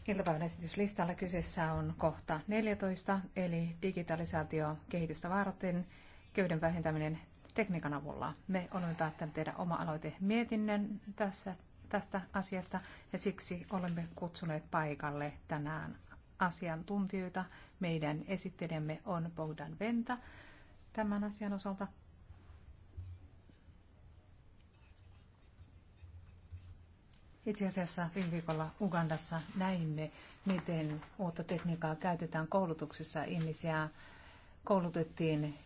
Iltapäivän esityslistalla kyseessä on kohta 14, eli digitalisaatio kehitystä varten, köyden vähentäminen tekniikan avulla. Me olemme päättäneet tehdä oma aloite mietinnön tässä, tästä asiasta ja siksi olemme kutsuneet paikalle tänään asiantuntijoita. Meidän esittelemme on Bogdan Venta tämän asian osalta Itse asiassa viime viikolla Ugandassa näimme, miten uutta tekniikkaa käytetään koulutuksessa. Ihmisiä koulutettiin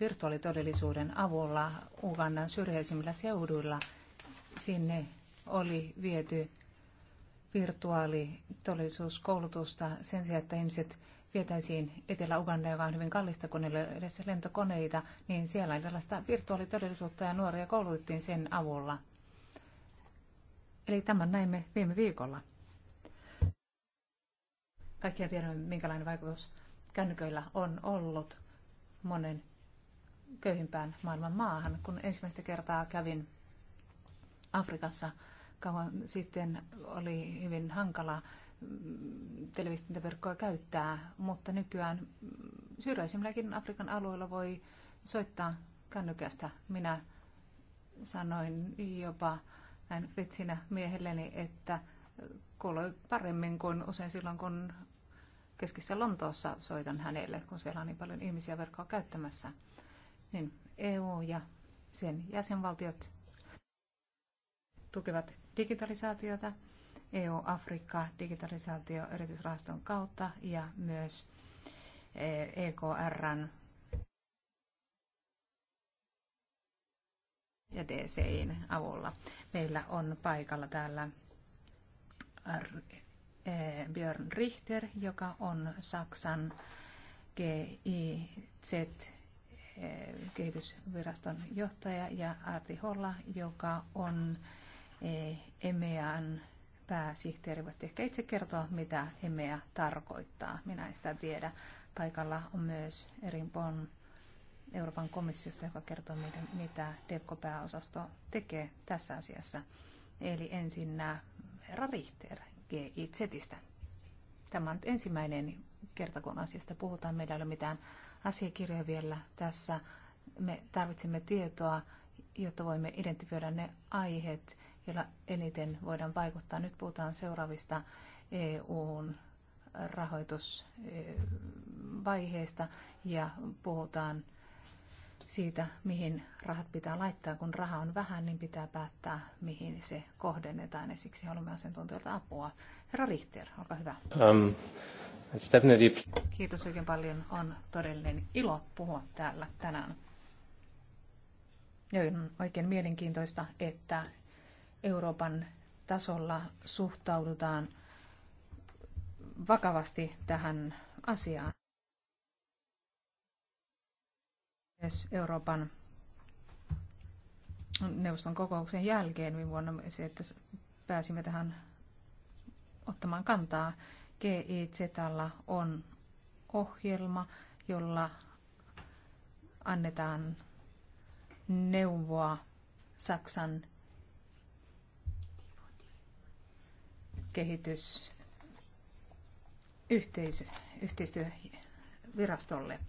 virtuaalitodellisuuden avulla Ugandan syrjäisimmillä seuduilla. Sinne oli viety virtuaalitodellisuuskoulutusta sen sijaan, että ihmiset vietäisiin Etelä-Uganda, joka on hyvin kallista, kun ei edes lentokoneita, niin siellä oli tällaista virtuaalitodellisuutta ja nuoria koulutettiin sen avulla. Eli tämän näimme viime viikolla. Kaikkia tiedämme, minkälainen vaikutus kännyköillä on ollut monen köyhimpään maailman maahan. Kun ensimmäistä kertaa kävin Afrikassa kauan sitten, oli hyvin hankala televisioverkkoa käyttää, mutta nykyään syrjäisimmilläkin Afrikan alueilla voi soittaa kännykästä. Minä sanoin jopa näin vitsinä miehelleni, että kuuloi paremmin kuin usein silloin, kun keskissä Lontoossa soitan hänelle, kun siellä on niin paljon ihmisiä verkkoa käyttämässä. Niin EU ja sen jäsenvaltiot tukevat digitalisaatiota, EU-Afrikka digitalisaatio erityisrahaston kautta ja myös EKRn ja DCIn avulla. Meillä on paikalla täällä äh, Björn Richter, joka on Saksan GIZ äh, kehitysviraston johtaja ja Arti Holla, joka on äh, EMEAn pääsihteeri. Voitte ehkä itse kertoa, mitä EMEA tarkoittaa. Minä en sitä tiedä. Paikalla on myös Erin Bonn Euroopan komissiosta, joka kertoo meidän, mitä DEPCO-pääosasto tekee tässä asiassa. Eli ensin herra Richter GIZistä. Tämä on nyt ensimmäinen kerta, kun asiasta puhutaan. Meillä ei ole mitään asiakirjoja vielä tässä. Me tarvitsemme tietoa, jotta voimme identifioida ne aiheet, joilla eniten voidaan vaikuttaa. Nyt puhutaan seuraavista EUn rahoitusvaiheesta ja puhutaan siitä, mihin rahat pitää laittaa. Kun raha on vähän, niin pitää päättää, mihin se kohdennetaan, ja siksi haluamme asiantuntijoilta apua. Herra Richter, olkaa hyvä. Um, it's definitely... Kiitos oikein paljon. On todellinen ilo puhua täällä tänään. Ja on oikein mielenkiintoista, että Euroopan tasolla suhtaudutaan vakavasti tähän asiaan. myös Euroopan neuvoston kokouksen jälkeen viime vuonna se, että pääsimme tähän ottamaan kantaa. GIZ on ohjelma, jolla annetaan neuvoa Saksan kehitys yhteistyövirastolle.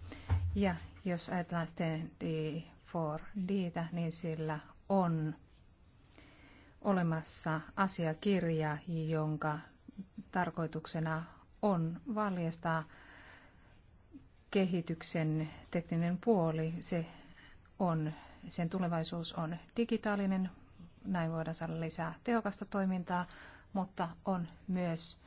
Ja jos ajatellaan sitten D4Dtä, niin sillä on olemassa asiakirja, jonka tarkoituksena on valjastaa kehityksen tekninen puoli. Se on, sen tulevaisuus on digitaalinen, näin voidaan saada lisää tehokasta toimintaa, mutta on myös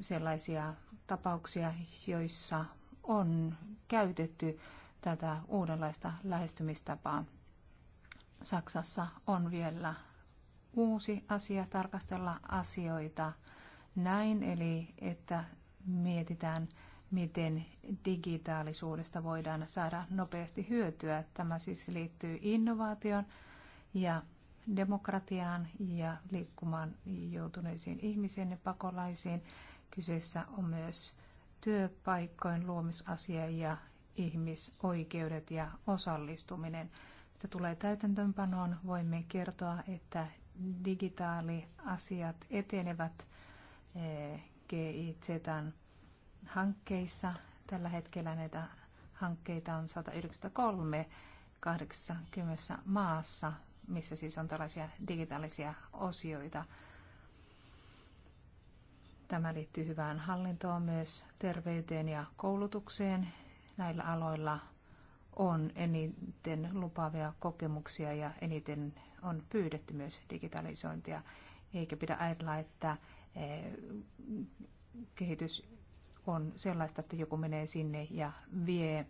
sellaisia tapauksia, joissa on käytetty tätä uudenlaista lähestymistapaa. Saksassa on vielä uusi asia tarkastella asioita näin, eli että mietitään, miten digitaalisuudesta voidaan saada nopeasti hyötyä. Tämä siis liittyy innovaatioon ja demokratiaan ja liikkumaan joutuneisiin ihmisiin ja pakolaisiin. Kyseessä on myös työpaikkojen luomisasia ja ihmisoikeudet ja osallistuminen. Mitä tulee täytäntöönpanoon, voimme kertoa, että digitaaliasiat etenevät eh, GIZn hankkeissa. Tällä hetkellä näitä hankkeita on 193 80 maassa, missä siis on tällaisia digitaalisia osioita. Tämä liittyy hyvään hallintoon myös terveyteen ja koulutukseen. Näillä aloilla on eniten lupaavia kokemuksia ja eniten on pyydetty myös digitalisointia. Eikä pidä ajatella, että e, kehitys on sellaista, että joku menee sinne ja vie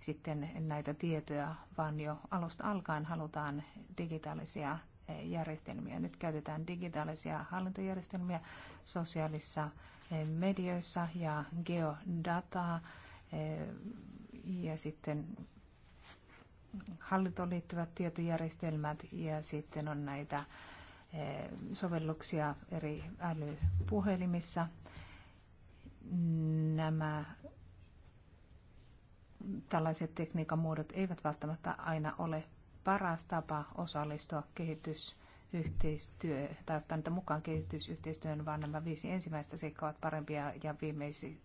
sitten näitä tietoja, vaan jo alusta alkaen halutaan digitaalisia järjestelmiä. Nyt käytetään digitaalisia hallintojärjestelmiä sosiaalisissa eh, medioissa ja geodataa eh, ja sitten hallintoon liittyvät tietojärjestelmät ja sitten on näitä eh, sovelluksia eri älypuhelimissa. Nämä tällaiset tekniikan muodot eivät välttämättä aina ole paras tapa osallistua kehitysyhteistyöhön tai ottaa niitä mukaan kehitysyhteistyön, vaan nämä viisi ensimmäistä seikkaa ovat parempia ja viimeisen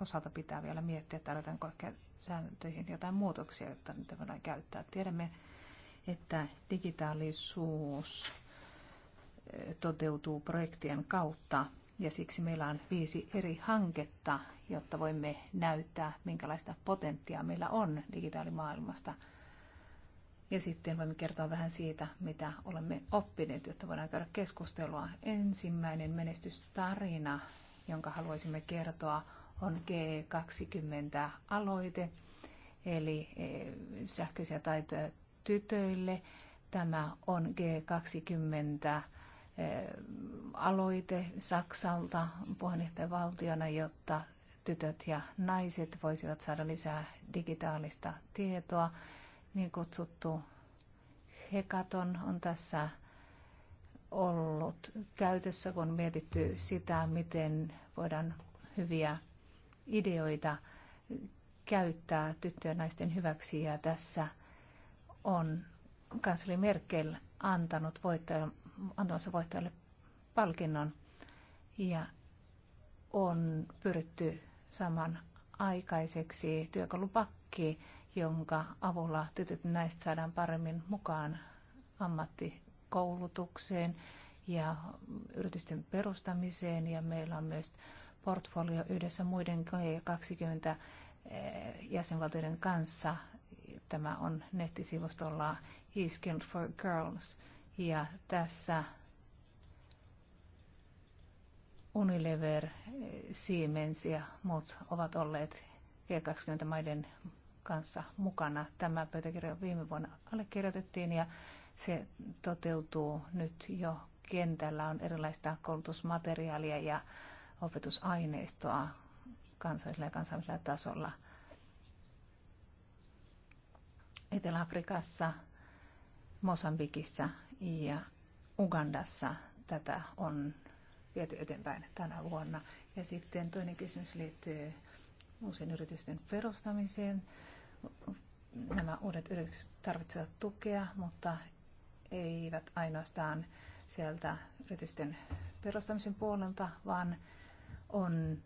osalta pitää vielä miettiä, tarvitaanko ehkä sääntöihin jotain muutoksia, jotta niitä voidaan käyttää. Tiedämme, että digitaalisuus eh, toteutuu projektien kautta ja siksi meillä on viisi eri hanketta, jotta voimme näyttää, minkälaista potentiaa meillä on digitaalimaailmasta – ja sitten voimme kertoa vähän siitä, mitä olemme oppineet, jotta voidaan käydä keskustelua. Ensimmäinen menestystarina, jonka haluaisimme kertoa, on G20-aloite, eli e, sähköisiä taitoja tytöille. Tämä on G20 e, aloite Saksalta puheenjohtajavaltiona, jotta tytöt ja naiset voisivat saada lisää digitaalista tietoa niin kutsuttu hekaton on tässä ollut käytössä, kun on mietitty sitä, miten voidaan hyviä ideoita käyttää tyttöjen ja naisten hyväksi. Ja tässä on kansleri Merkel antanut voittajalle, antamassa voittajalle palkinnon ja on pyritty saman aikaiseksi työkalupakki jonka avulla tytöt ja naiset saadaan paremmin mukaan ammattikoulutukseen ja yritysten perustamiseen. Ja meillä on myös portfolio yhdessä muiden 20 eh, jäsenvaltioiden kanssa. Tämä on nettisivustolla He Skilled for Girls. Ja tässä Unilever, eh, Siemens ja muut ovat olleet G20-maiden kanssa mukana. Tämä pöytäkirja viime vuonna allekirjoitettiin ja se toteutuu nyt jo kentällä. On erilaista koulutusmateriaalia ja opetusaineistoa kansallisella ja kansainvälisellä tasolla. Etelä-Afrikassa, Mosambikissa ja Ugandassa tätä on viety eteenpäin tänä vuonna. Ja sitten toinen kysymys liittyy uusien yritysten perustamiseen. Nämä uudet yritykset tarvitsevat tukea, mutta eivät ainoastaan sieltä yritysten perustamisen puolelta, vaan on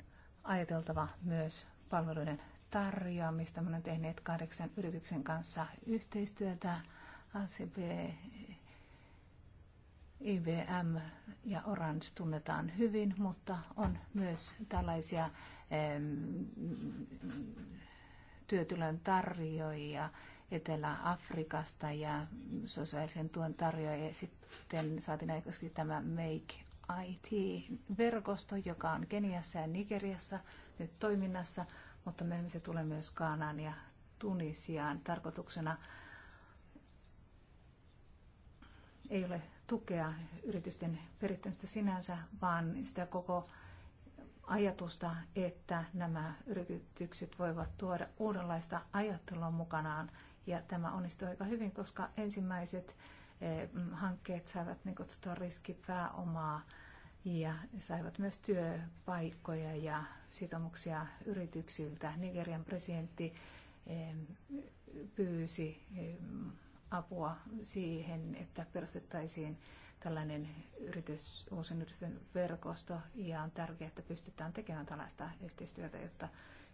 ajateltava myös palveluiden tarjoamista. Me olemme tehneet kahdeksan yrityksen kanssa yhteistyötä, ACB, IBM ja Orange tunnetaan hyvin, mutta on myös tällaisia työtilojen tarjoajia Etelä-Afrikasta ja sosiaalisen tuen tarjoajia. Sitten saatiin aikaisemmin tämä Make IT-verkosto, joka on Keniassa ja Nigeriassa nyt toiminnassa, mutta myöhemmin se tulee myös Kaanaan ja Tunisiaan. Tarkoituksena ei ole tukea yritysten perittämistä sinänsä, vaan sitä koko ajatusta, että nämä yritykset voivat tuoda uudenlaista ajattelua mukanaan. Ja tämä onnistui aika hyvin, koska ensimmäiset eh, mm, hankkeet saivat niin kutsutua riskipääomaa ja saivat myös työpaikkoja ja sitomuksia yrityksiltä. Nigerian presidentti pyysi apua siihen, että perustettaisiin tällainen yritys, uusien yritysten verkosto ja on tärkeää, että pystytään tekemään tällaista yhteistyötä, jotta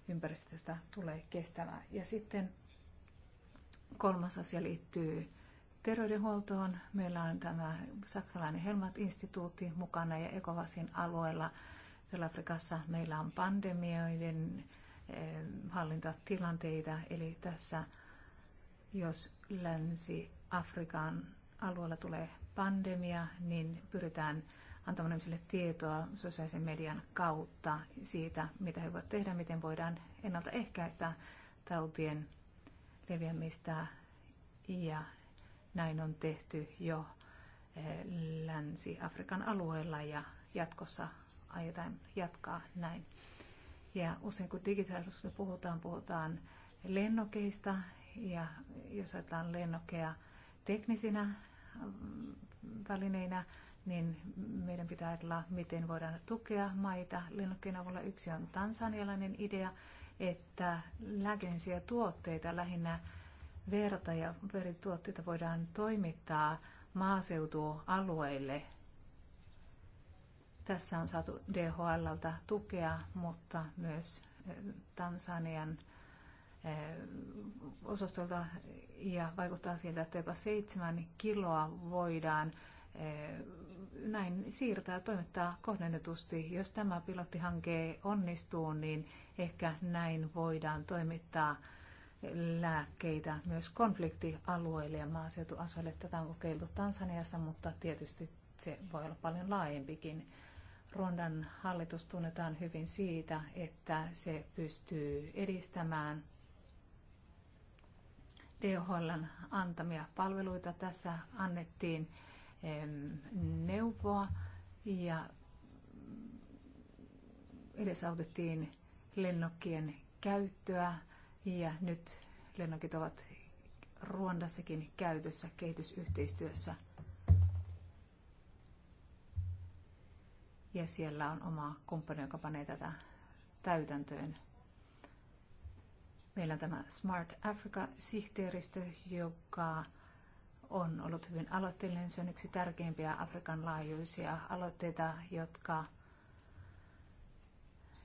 ympäristöstä tulee kestävää. Ja sitten kolmas asia liittyy terveydenhuoltoon. Meillä on tämä saksalainen Helmat-instituutti mukana ja Ekovasin alueella afrikassa meillä on pandemioiden eh, hallintatilanteita, eli tässä jos Länsi-Afrikan alueella tulee pandemia, niin pyritään antamaan ihmisille tietoa sosiaalisen median kautta siitä, mitä he voivat tehdä, miten voidaan ennaltaehkäistä tautien leviämistä. Ja näin on tehty jo eh, Länsi-Afrikan alueella ja jatkossa aiotaan jatkaa näin. Ja usein kun digitaalisuudesta puhutaan, puhutaan lennokeista ja jos ajatellaan lennokkeja teknisinä välineinä, niin meidän pitää ajatella, miten voidaan tukea maita. Lennokkien avulla yksi on tansanialainen idea, että lääkinnällisiä tuotteita, lähinnä verta ja verituotteita voidaan toimittaa maaseutualueille. Tässä on saatu DHLltä tukea, mutta myös Tansanian Eh, osastolta ja vaikuttaa siltä, että jopa seitsemän kiloa voidaan eh, näin siirtää toimittaa kohdennetusti. Jos tämä pilottihanke onnistuu, niin ehkä näin voidaan toimittaa lääkkeitä myös konfliktialueille ja maaseutuasoille. Tätä on kokeiltu Tansaniassa, mutta tietysti se voi olla paljon laajempikin. Rondan hallitus tunnetaan hyvin siitä, että se pystyy edistämään THLn antamia palveluita. Tässä annettiin neuvoa ja edesautettiin lennokkien käyttöä ja nyt lennokit ovat Ruandassakin käytössä kehitysyhteistyössä. Ja siellä on oma kumppani, joka panee tätä täytäntöön Meillä on tämä Smart Africa-sihteeristö, joka on ollut hyvin aloitteellinen. Se on yksi tärkeimpiä Afrikan laajuisia aloitteita, jotka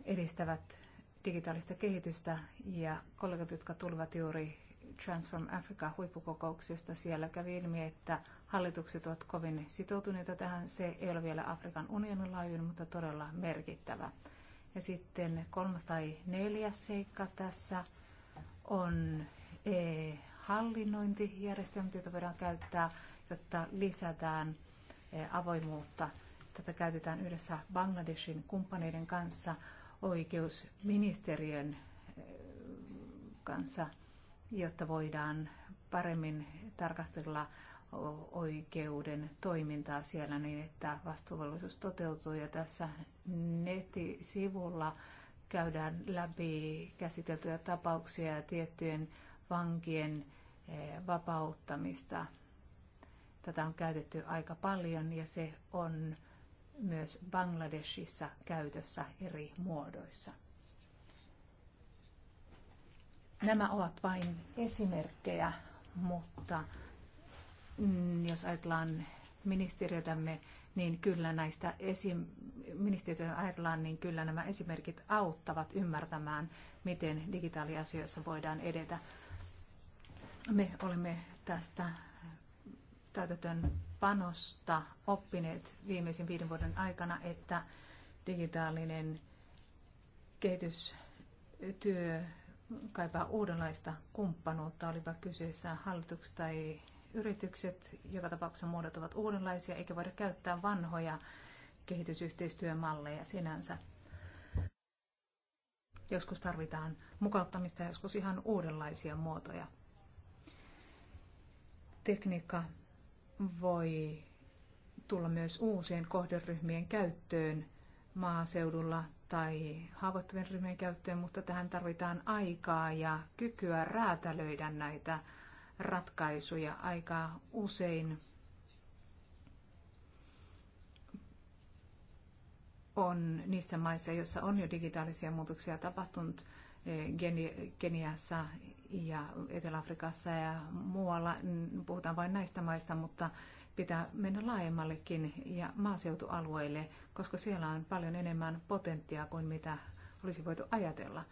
edistävät digitaalista kehitystä ja kollegat, jotka tulivat juuri Transform Africa huippukokouksesta, siellä kävi ilmi, että hallitukset ovat kovin sitoutuneita tähän. Se ei ole vielä Afrikan unionin laajuinen, mutta todella merkittävä. Ja sitten kolmas tai neljäs seikka tässä – on hallinnointijärjestelmät, joita voidaan käyttää, jotta lisätään avoimuutta. Tätä käytetään yhdessä Bangladeshin kumppaneiden kanssa, oikeusministeriön e, kanssa, jotta voidaan paremmin tarkastella oikeuden toimintaa siellä niin, että vastuuvelvollisuus toteutuu. Ja tässä nettisivulla käydään läpi käsiteltyjä tapauksia ja tiettyjen vankien eh, vapauttamista. Tätä on käytetty aika paljon ja se on myös Bangladeshissa käytössä eri muodoissa. Nämä ovat vain esimerkkejä, mutta mm, jos ajatellaan ministeriötämme, niin kyllä näistä esim. ministeriön ajatellaan, niin kyllä nämä esimerkit auttavat ymmärtämään, miten digitaaliasioissa voidaan edetä. Me olemme tästä täytetön panosta oppineet viimeisen viiden vuoden aikana, että digitaalinen kehitystyö kaipaa uudenlaista kumppanuutta, olipa kyseessä hallituksesta tai yritykset joka tapauksessa ovat uudenlaisia, eikä voida käyttää vanhoja kehitysyhteistyömalleja sinänsä. Joskus tarvitaan mukauttamista, joskus ihan uudenlaisia muotoja. Tekniikka voi tulla myös uusien kohderyhmien käyttöön maaseudulla tai haavoittuvien ryhmien käyttöön, mutta tähän tarvitaan aikaa ja kykyä räätälöidä näitä ratkaisuja aika usein. on niissä maissa, joissa on jo digitaalisia muutoksia tapahtunut eh, Keniassa ja Etelä-Afrikassa ja muualla. Puhutaan vain näistä maista, mutta pitää mennä laajemmallekin ja maaseutualueille, koska siellä on paljon enemmän potentiaa kuin mitä olisi voitu ajatella.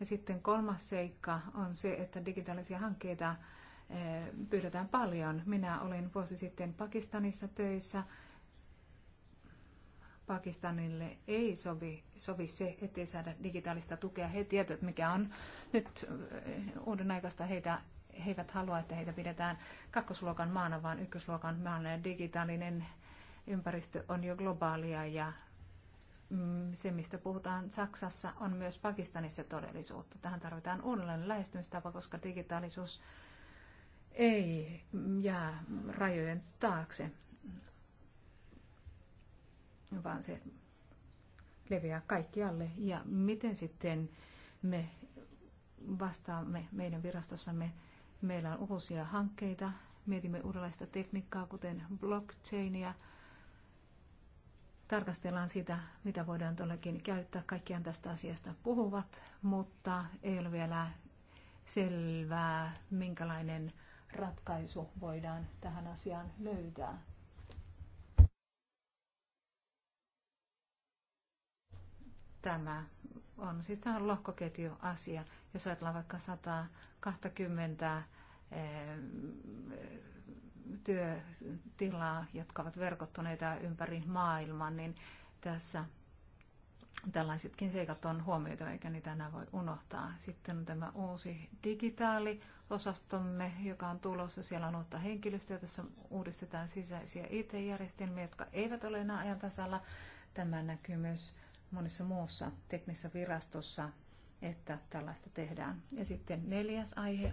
Ja sitten kolmas seikka on se, että digitaalisia hankkeita Eh, pyydetään paljon. Minä olin vuosi sitten Pakistanissa töissä. Pakistanille ei sovi, sovi se, ettei saada digitaalista tukea. He tietävät, mikä on nyt eh, uuden aikaista heitä he eivät halua, että heitä pidetään kakkosluokan maana, vaan ykkösluokan maana. Digitaalinen ympäristö on jo globaalia ja mm, se, mistä puhutaan Saksassa, on myös Pakistanissa todellisuutta. Tähän tarvitaan uudelleen lähestymistapa, koska digitaalisuus ei jää rajojen taakse, vaan se leviää kaikkialle. Ja miten sitten me vastaamme meidän virastossamme? Meillä on uusia hankkeita, mietimme uudenlaista tekniikkaa, kuten blockchainia, tarkastellaan sitä, mitä voidaan tuollakin käyttää. Kaikkiaan tästä asiasta puhuvat, mutta ei ole vielä selvää, minkälainen ratkaisu voidaan tähän asiaan löytää. Tämä on siis tämä lohkoketjuasia. Jos ajatellaan vaikka 120 eh, työtilaa, jotka ovat verkottuneita ympäri maailman, niin tässä tällaisetkin seikat on huomioitu, eikä niitä enää voi unohtaa. Sitten on tämä uusi digitaali osastomme, joka on tulossa. Siellä on uutta henkilöstöä. Tässä uudistetaan sisäisiä IT-järjestelmiä, jotka eivät ole enää ajan tasalla. Tämä näkyy myös monessa muussa teknisessä virastossa, että tällaista tehdään. Ja sitten neljäs aihe.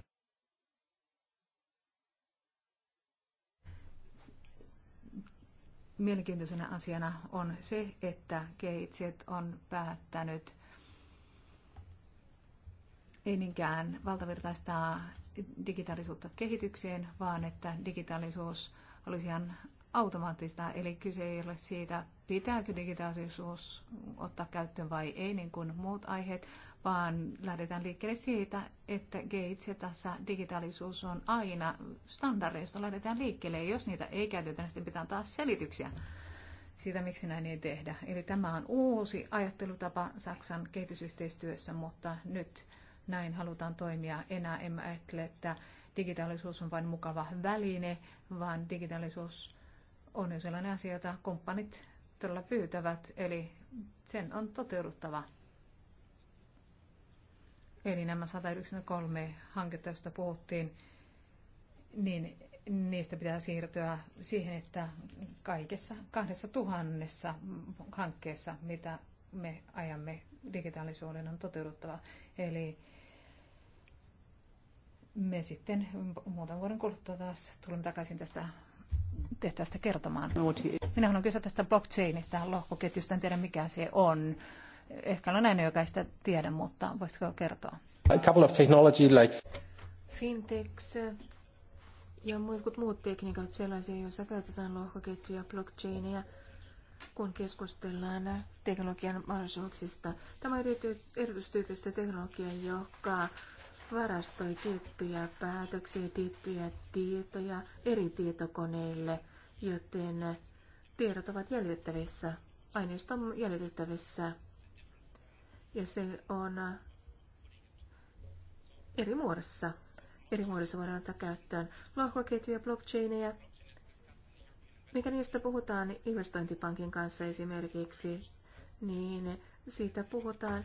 Mielenkiintoisena asiana on se, että Keitsiet on päättänyt ei niinkään valtavirtaista digitaalisuutta kehitykseen, vaan että digitaalisuus olisi ihan automaattista. Eli kyse ei ole siitä, pitääkö digitaalisuus ottaa käyttöön vai ei, niin kuin muut aiheet, vaan lähdetään liikkeelle siitä, että Gates ja tässä digitaalisuus on aina standardi, josta lähdetään liikkeelle. Ja jos niitä ei käytetä, niin sitten pitää taas selityksiä siitä, miksi näin ei tehdä. Eli tämä on uusi ajattelutapa Saksan kehitysyhteistyössä, mutta nyt näin halutaan toimia. Enää emme ajattele, että digitaalisuus on vain mukava väline, vaan digitaalisuus on jo sellainen asia, jota kumppanit todella pyytävät, eli sen on toteuduttava. Eli nämä 193 hanketta, joista puhuttiin, niin niistä pitää siirtyä siihen, että kaikessa kahdessa tuhannessa hankkeessa, mitä me ajamme digitaalisuuden, on toteuduttava. Eli me sitten muutaman vuoden kuluttua taas tulemme takaisin tästä tehtävästä kertomaan. Minä haluan kysyä tästä blockchainista, lohkoketjusta, en tiedä mikä se on. Ehkä olen näin, joka ei sitä tiedä, mutta voisitko kertoa? A couple of technology like... Fintechs ja muut, muut tekniikat sellaisia, joissa käytetään lohkoketjuja, blockchainia, kun keskustellaan teknologian mahdollisuuksista. Tämä on erityistyyppistä teknologiaa, joka varastoi tiettyjä päätöksiä, tiettyjä tietoja eri tietokoneille, joten tiedot ovat jäljitettävissä, aineisto on jäljitettävissä. Ja se on eri muodossa. Eri muodossa voidaan ottaa käyttöön lohkoketjuja, blockchaineja. Mikä niistä puhutaan investointipankin kanssa esimerkiksi, niin siitä puhutaan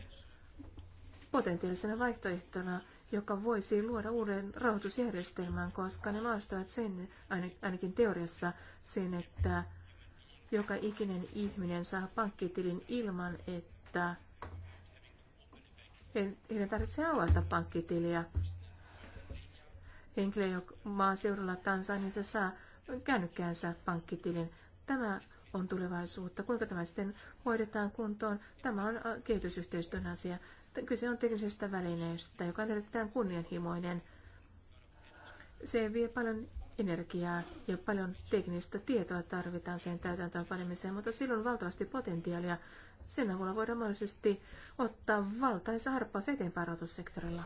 potentiaalisena vaihtoehtona joka voisi luoda uuden rahoitusjärjestelmän, koska ne maastavat sen, ainakin teoriassa, sen, että joka ikinen ihminen saa pankkitilin ilman, että heidän tarvitsee avata pankkitiliä. Henkilö, joka maaseudulla Tansaniassa saa kännykkäänsä pankkitilin. Tämä on tulevaisuutta. Kuinka tämä sitten hoidetaan kuntoon? Tämä on äh, kehitysyhteistyön asia. Kyse on teknisestä välineestä, joka on erittäin kunnianhimoinen. Se vie paljon energiaa ja paljon teknistä tietoa tarvitaan sen täytäntöön panemiseen, mutta silloin on valtavasti potentiaalia. Sen avulla voidaan mahdollisesti ottaa valtaisa harppaus eteenpäin rahoitussektorilla.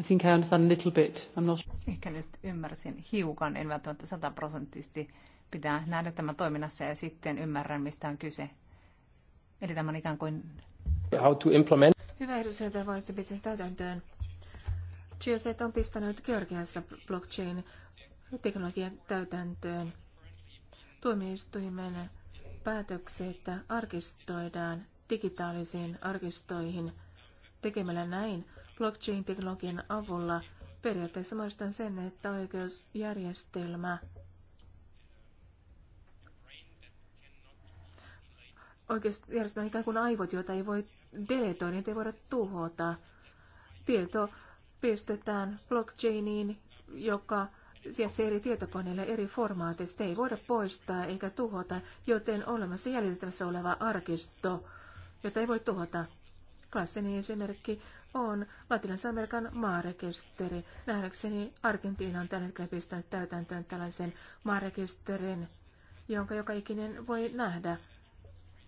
I think I understand a little bit. I'm not... Ehkä nyt ymmärsin hiukan, en välttämättä sataprosenttisesti pitää nähdä tämä toiminnassa ja sitten ymmärrän, mistä on kyse. Eli tämä on ikään kuin... How to implement Hyvä ehdotus, että voisi täytäntöön. GSA on pistänyt Georgiassa blockchain-teknologian täytäntöön. Tuomioistuimen päätökset arkistoidaan digitaalisiin arkistoihin. Tekemällä näin blockchain-teknologian avulla periaatteessa muistan sen, että oikeusjärjestelmä oikeusjärjestelmä on ikään kuin aivot, joita ei voi deletoi, niin, ei voida tuhota. Tieto pistetään blockchainiin, joka sijaitsee eri tietokoneilla eri formaateissa Sitä ei voida poistaa eikä tuhota, joten olemassa jäljitettävässä oleva arkisto, jota ei voi tuhota. Klassinen esimerkki on Latinalaisen Amerikan maarekisteri. Nähdäkseni Argentiina on tällä hetkellä pistänyt täytäntöön tällaisen maarekisterin, jonka joka ikinen voi nähdä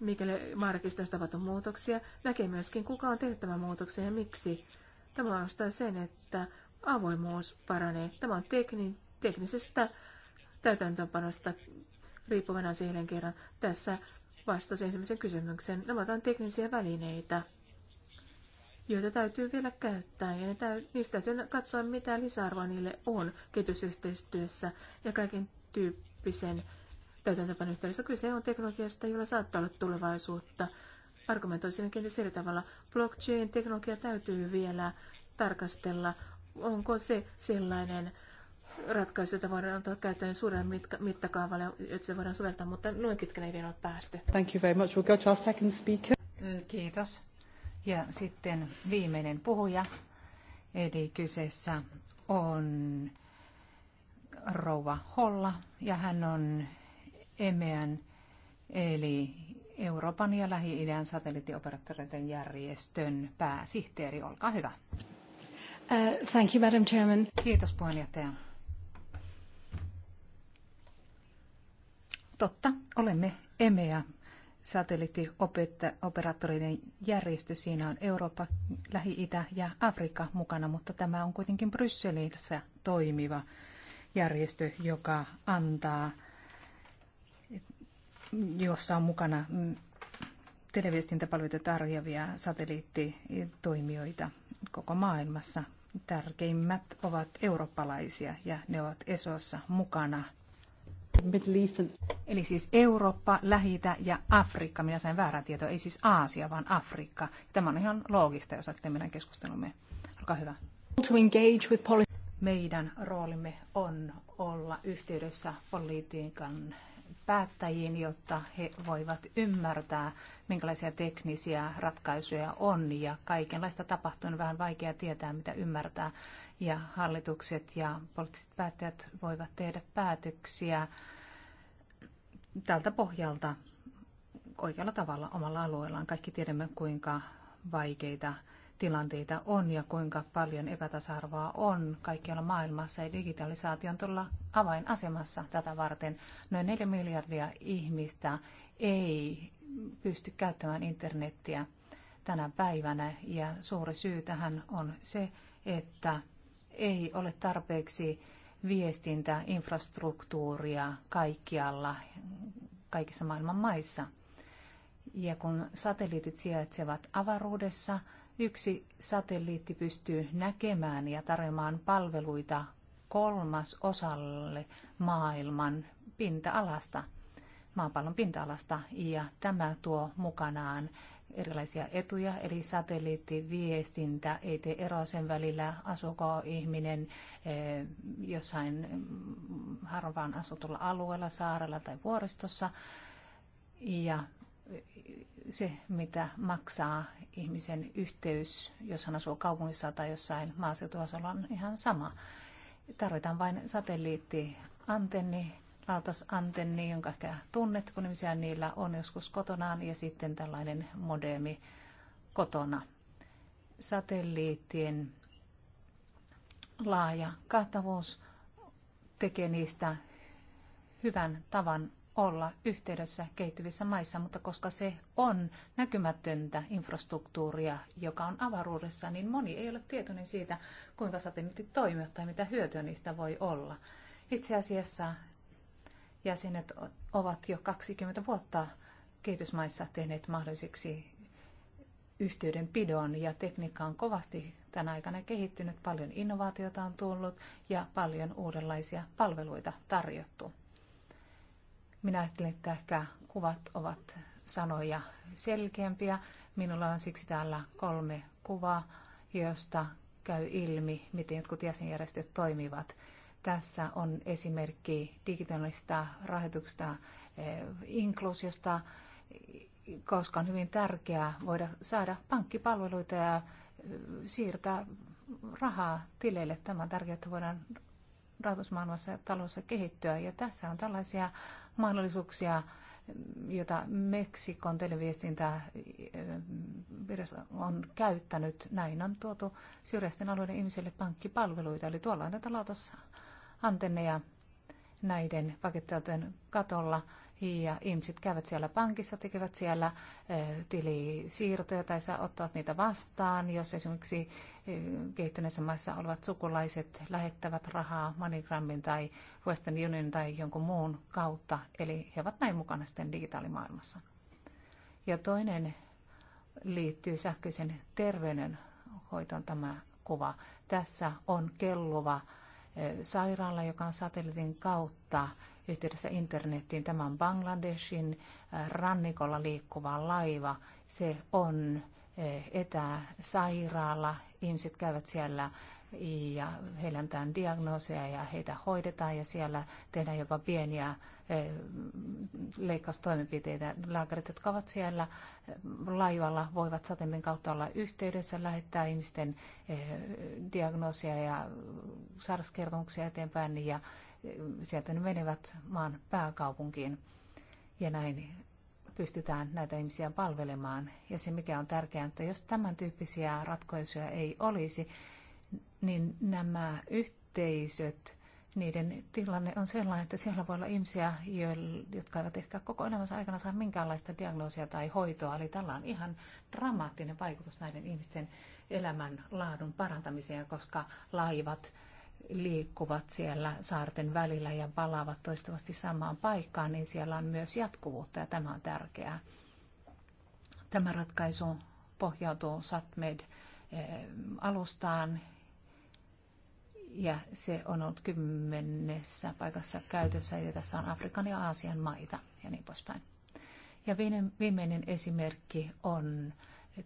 mikäli maarekisterissä tapahtuu muutoksia, näkee myöskin kuka on tehnyt tämän muutoksen ja miksi. Tämä mahdollistaa sen, että avoimuus paranee. Tämä on tekni, teknisestä täytäntöönpanosta riippuvana siihen kerran. Tässä vastaus ensimmäisen kysymyksen. Nämä ovat teknisiä välineitä, joita täytyy vielä käyttää. Ja ne täy, niistä täytyy katsoa, mitä lisäarvoa niille on kehitysyhteistyössä ja kaiken tyyppisen täytäntöpan yhteydessä. Kyse on teknologiasta, jolla saattaa olla tulevaisuutta. Argumentoisin kenties sillä tavalla, blockchain-teknologia täytyy vielä tarkastella, onko se sellainen ratkaisu, jota voidaan ottaa käyttöön suurella mittakaavalla, että se voidaan soveltaa, mutta noin pitkälle ei vielä ole päästy. Thank you very much. We'll go to our second speaker. Kiitos. Ja sitten viimeinen puhuja, eli kyseessä on rouva Holla, ja hän on EMEAN, eli Euroopan ja Lähi-idän satelliittioperaattoreiden järjestön pääsihteeri. Olkaa hyvä. Uh, thank you, Madam Chairman. Kiitos puheenjohtaja. Totta, olemme EMEA, satelliittioperaattoreiden järjestö. Siinä on Eurooppa, Lähi-Itä ja Afrikka mukana, mutta tämä on kuitenkin Brysselissä toimiva järjestö, joka antaa – jossa on mukana mm, televiestintäpalveluita tarjoavia satelliittitoimijoita koko maailmassa. Tärkeimmät ovat eurooppalaisia ja ne ovat ESOssa mukana. Eli siis Eurooppa, lähi ja Afrikka. Minä sain väärää tietoa. Ei siis Aasia, vaan Afrikka. Tämä on ihan loogista, jos ajattelee meidän keskustelumme. Olkaa hyvä. Meidän roolimme on olla yhteydessä politiikan päättäjiin, jotta he voivat ymmärtää, minkälaisia teknisiä ratkaisuja on ja kaikenlaista tapahtuu, on vähän vaikea tietää, mitä ymmärtää. Ja hallitukset ja poliittiset päättäjät voivat tehdä päätöksiä tältä pohjalta oikealla tavalla omalla alueellaan. Kaikki tiedämme, kuinka vaikeita tilanteita on ja kuinka paljon epätasa-arvoa on kaikkialla maailmassa ja digitalisaatio on tuolla avainasemassa tätä varten. Noin 4 miljardia ihmistä ei pysty käyttämään internettiä tänä päivänä ja suuri syy tähän on se, että ei ole tarpeeksi viestintäinfrastruktuuria kaikkialla, kaikissa maailman maissa. Ja kun satelliitit sijaitsevat avaruudessa, yksi satelliitti pystyy näkemään ja tarjoamaan palveluita kolmas osalle maailman pinta-alasta, maapallon pinta-alasta, ja tämä tuo mukanaan erilaisia etuja, eli satelliittiviestintä ei tee eroa sen välillä, asuuko ihminen eh, jossain mm, harvaan asutulla alueella, saarella tai vuoristossa. Ja se, mitä maksaa ihmisen yhteys, jos hän asuu kaupungissa tai jossain maaseutuasolla, on ihan sama. Tarvitaan vain satelliitti antenni lautasantenni, jonka ehkä tunnet, kun ihmisiä niillä on joskus kotonaan, ja sitten tällainen modeemi kotona. Satelliittien laaja kattavuus tekee niistä hyvän tavan olla yhteydessä kehittyvissä maissa, mutta koska se on näkymätöntä infrastruktuuria, joka on avaruudessa, niin moni ei ole tietoinen siitä, kuinka satelliitit toimivat tai mitä hyötyä niistä voi olla. Itse asiassa jäsenet ovat jo 20 vuotta kehitysmaissa tehneet mahdolliseksi yhteydenpidon ja tekniikka on kovasti tänä aikana kehittynyt, paljon innovaatiota on tullut ja paljon uudenlaisia palveluita tarjottu. Minä ajattelen, että ehkä kuvat ovat sanoja selkeämpiä. Minulla on siksi täällä kolme kuvaa, josta käy ilmi, miten jotkut jäsenjärjestöt toimivat. Tässä on esimerkki digitaalista rahoituksesta, eh, inkluusiosta, koska on hyvin tärkeää voida saada pankkipalveluita ja eh, siirtää rahaa tileille. Tämä on tärkeää, että voidaan rahoitusmaailmassa ja taloudessa kehittyä. Ja tässä on tällaisia mahdollisuuksia, joita Meksikon televiestintä eh, on käyttänyt. Näin on tuotu syrjäisten alueiden ihmisille pankkipalveluita. Eli tuolla on näitä lautassa antenneja näiden pakettiautojen katolla ja ihmiset käyvät siellä pankissa, tekevät siellä tilisiirtoja tai saa ottavat niitä vastaan. Jos esimerkiksi kehittyneissä maissa olevat sukulaiset lähettävät rahaa MoneyGramin tai Western Union tai jonkun muun kautta, eli he ovat näin mukana sitten digitaalimaailmassa. Ja toinen liittyy sähköisen terveydenhoitoon tämä kuva. Tässä on kelluva sairaala, joka on satelliitin kautta yhteydessä internettiin. Tämä on Bangladeshin äh, rannikolla liikkuva laiva. Se on äh, etäsairaala. Ihmiset käyvät siellä ja heillä antaa diagnooseja ja heitä hoidetaan ja siellä tehdään jopa pieniä leikkaustoimenpiteitä. Lääkärit, jotka ovat siellä laivalla, voivat satelliitin kautta olla yhteydessä, lähettää ihmisten diagnoosia ja sairauskertomuksia eteenpäin ja sieltä ne menevät maan pääkaupunkiin. Ja näin pystytään näitä ihmisiä palvelemaan. Ja se mikä on tärkeää, että jos tämän tyyppisiä ratkaisuja ei olisi, niin nämä yhteisöt, niiden tilanne on sellainen, että siellä voi olla ihmisiä, jotka eivät ehkä koko elämänsä aikana saa minkäänlaista diagnoosia tai hoitoa. Eli tällä on ihan dramaattinen vaikutus näiden ihmisten elämän laadun parantamiseen, koska laivat liikkuvat siellä saarten välillä ja palaavat toistuvasti samaan paikkaan, niin siellä on myös jatkuvuutta ja tämä on tärkeää. Tämä ratkaisu pohjautuu SatMed eh, alustaan, ja se on ollut kymmenessä paikassa käytössä, ja tässä on Afrikan ja Aasian maita ja niin poispäin. Ja viimeinen esimerkki on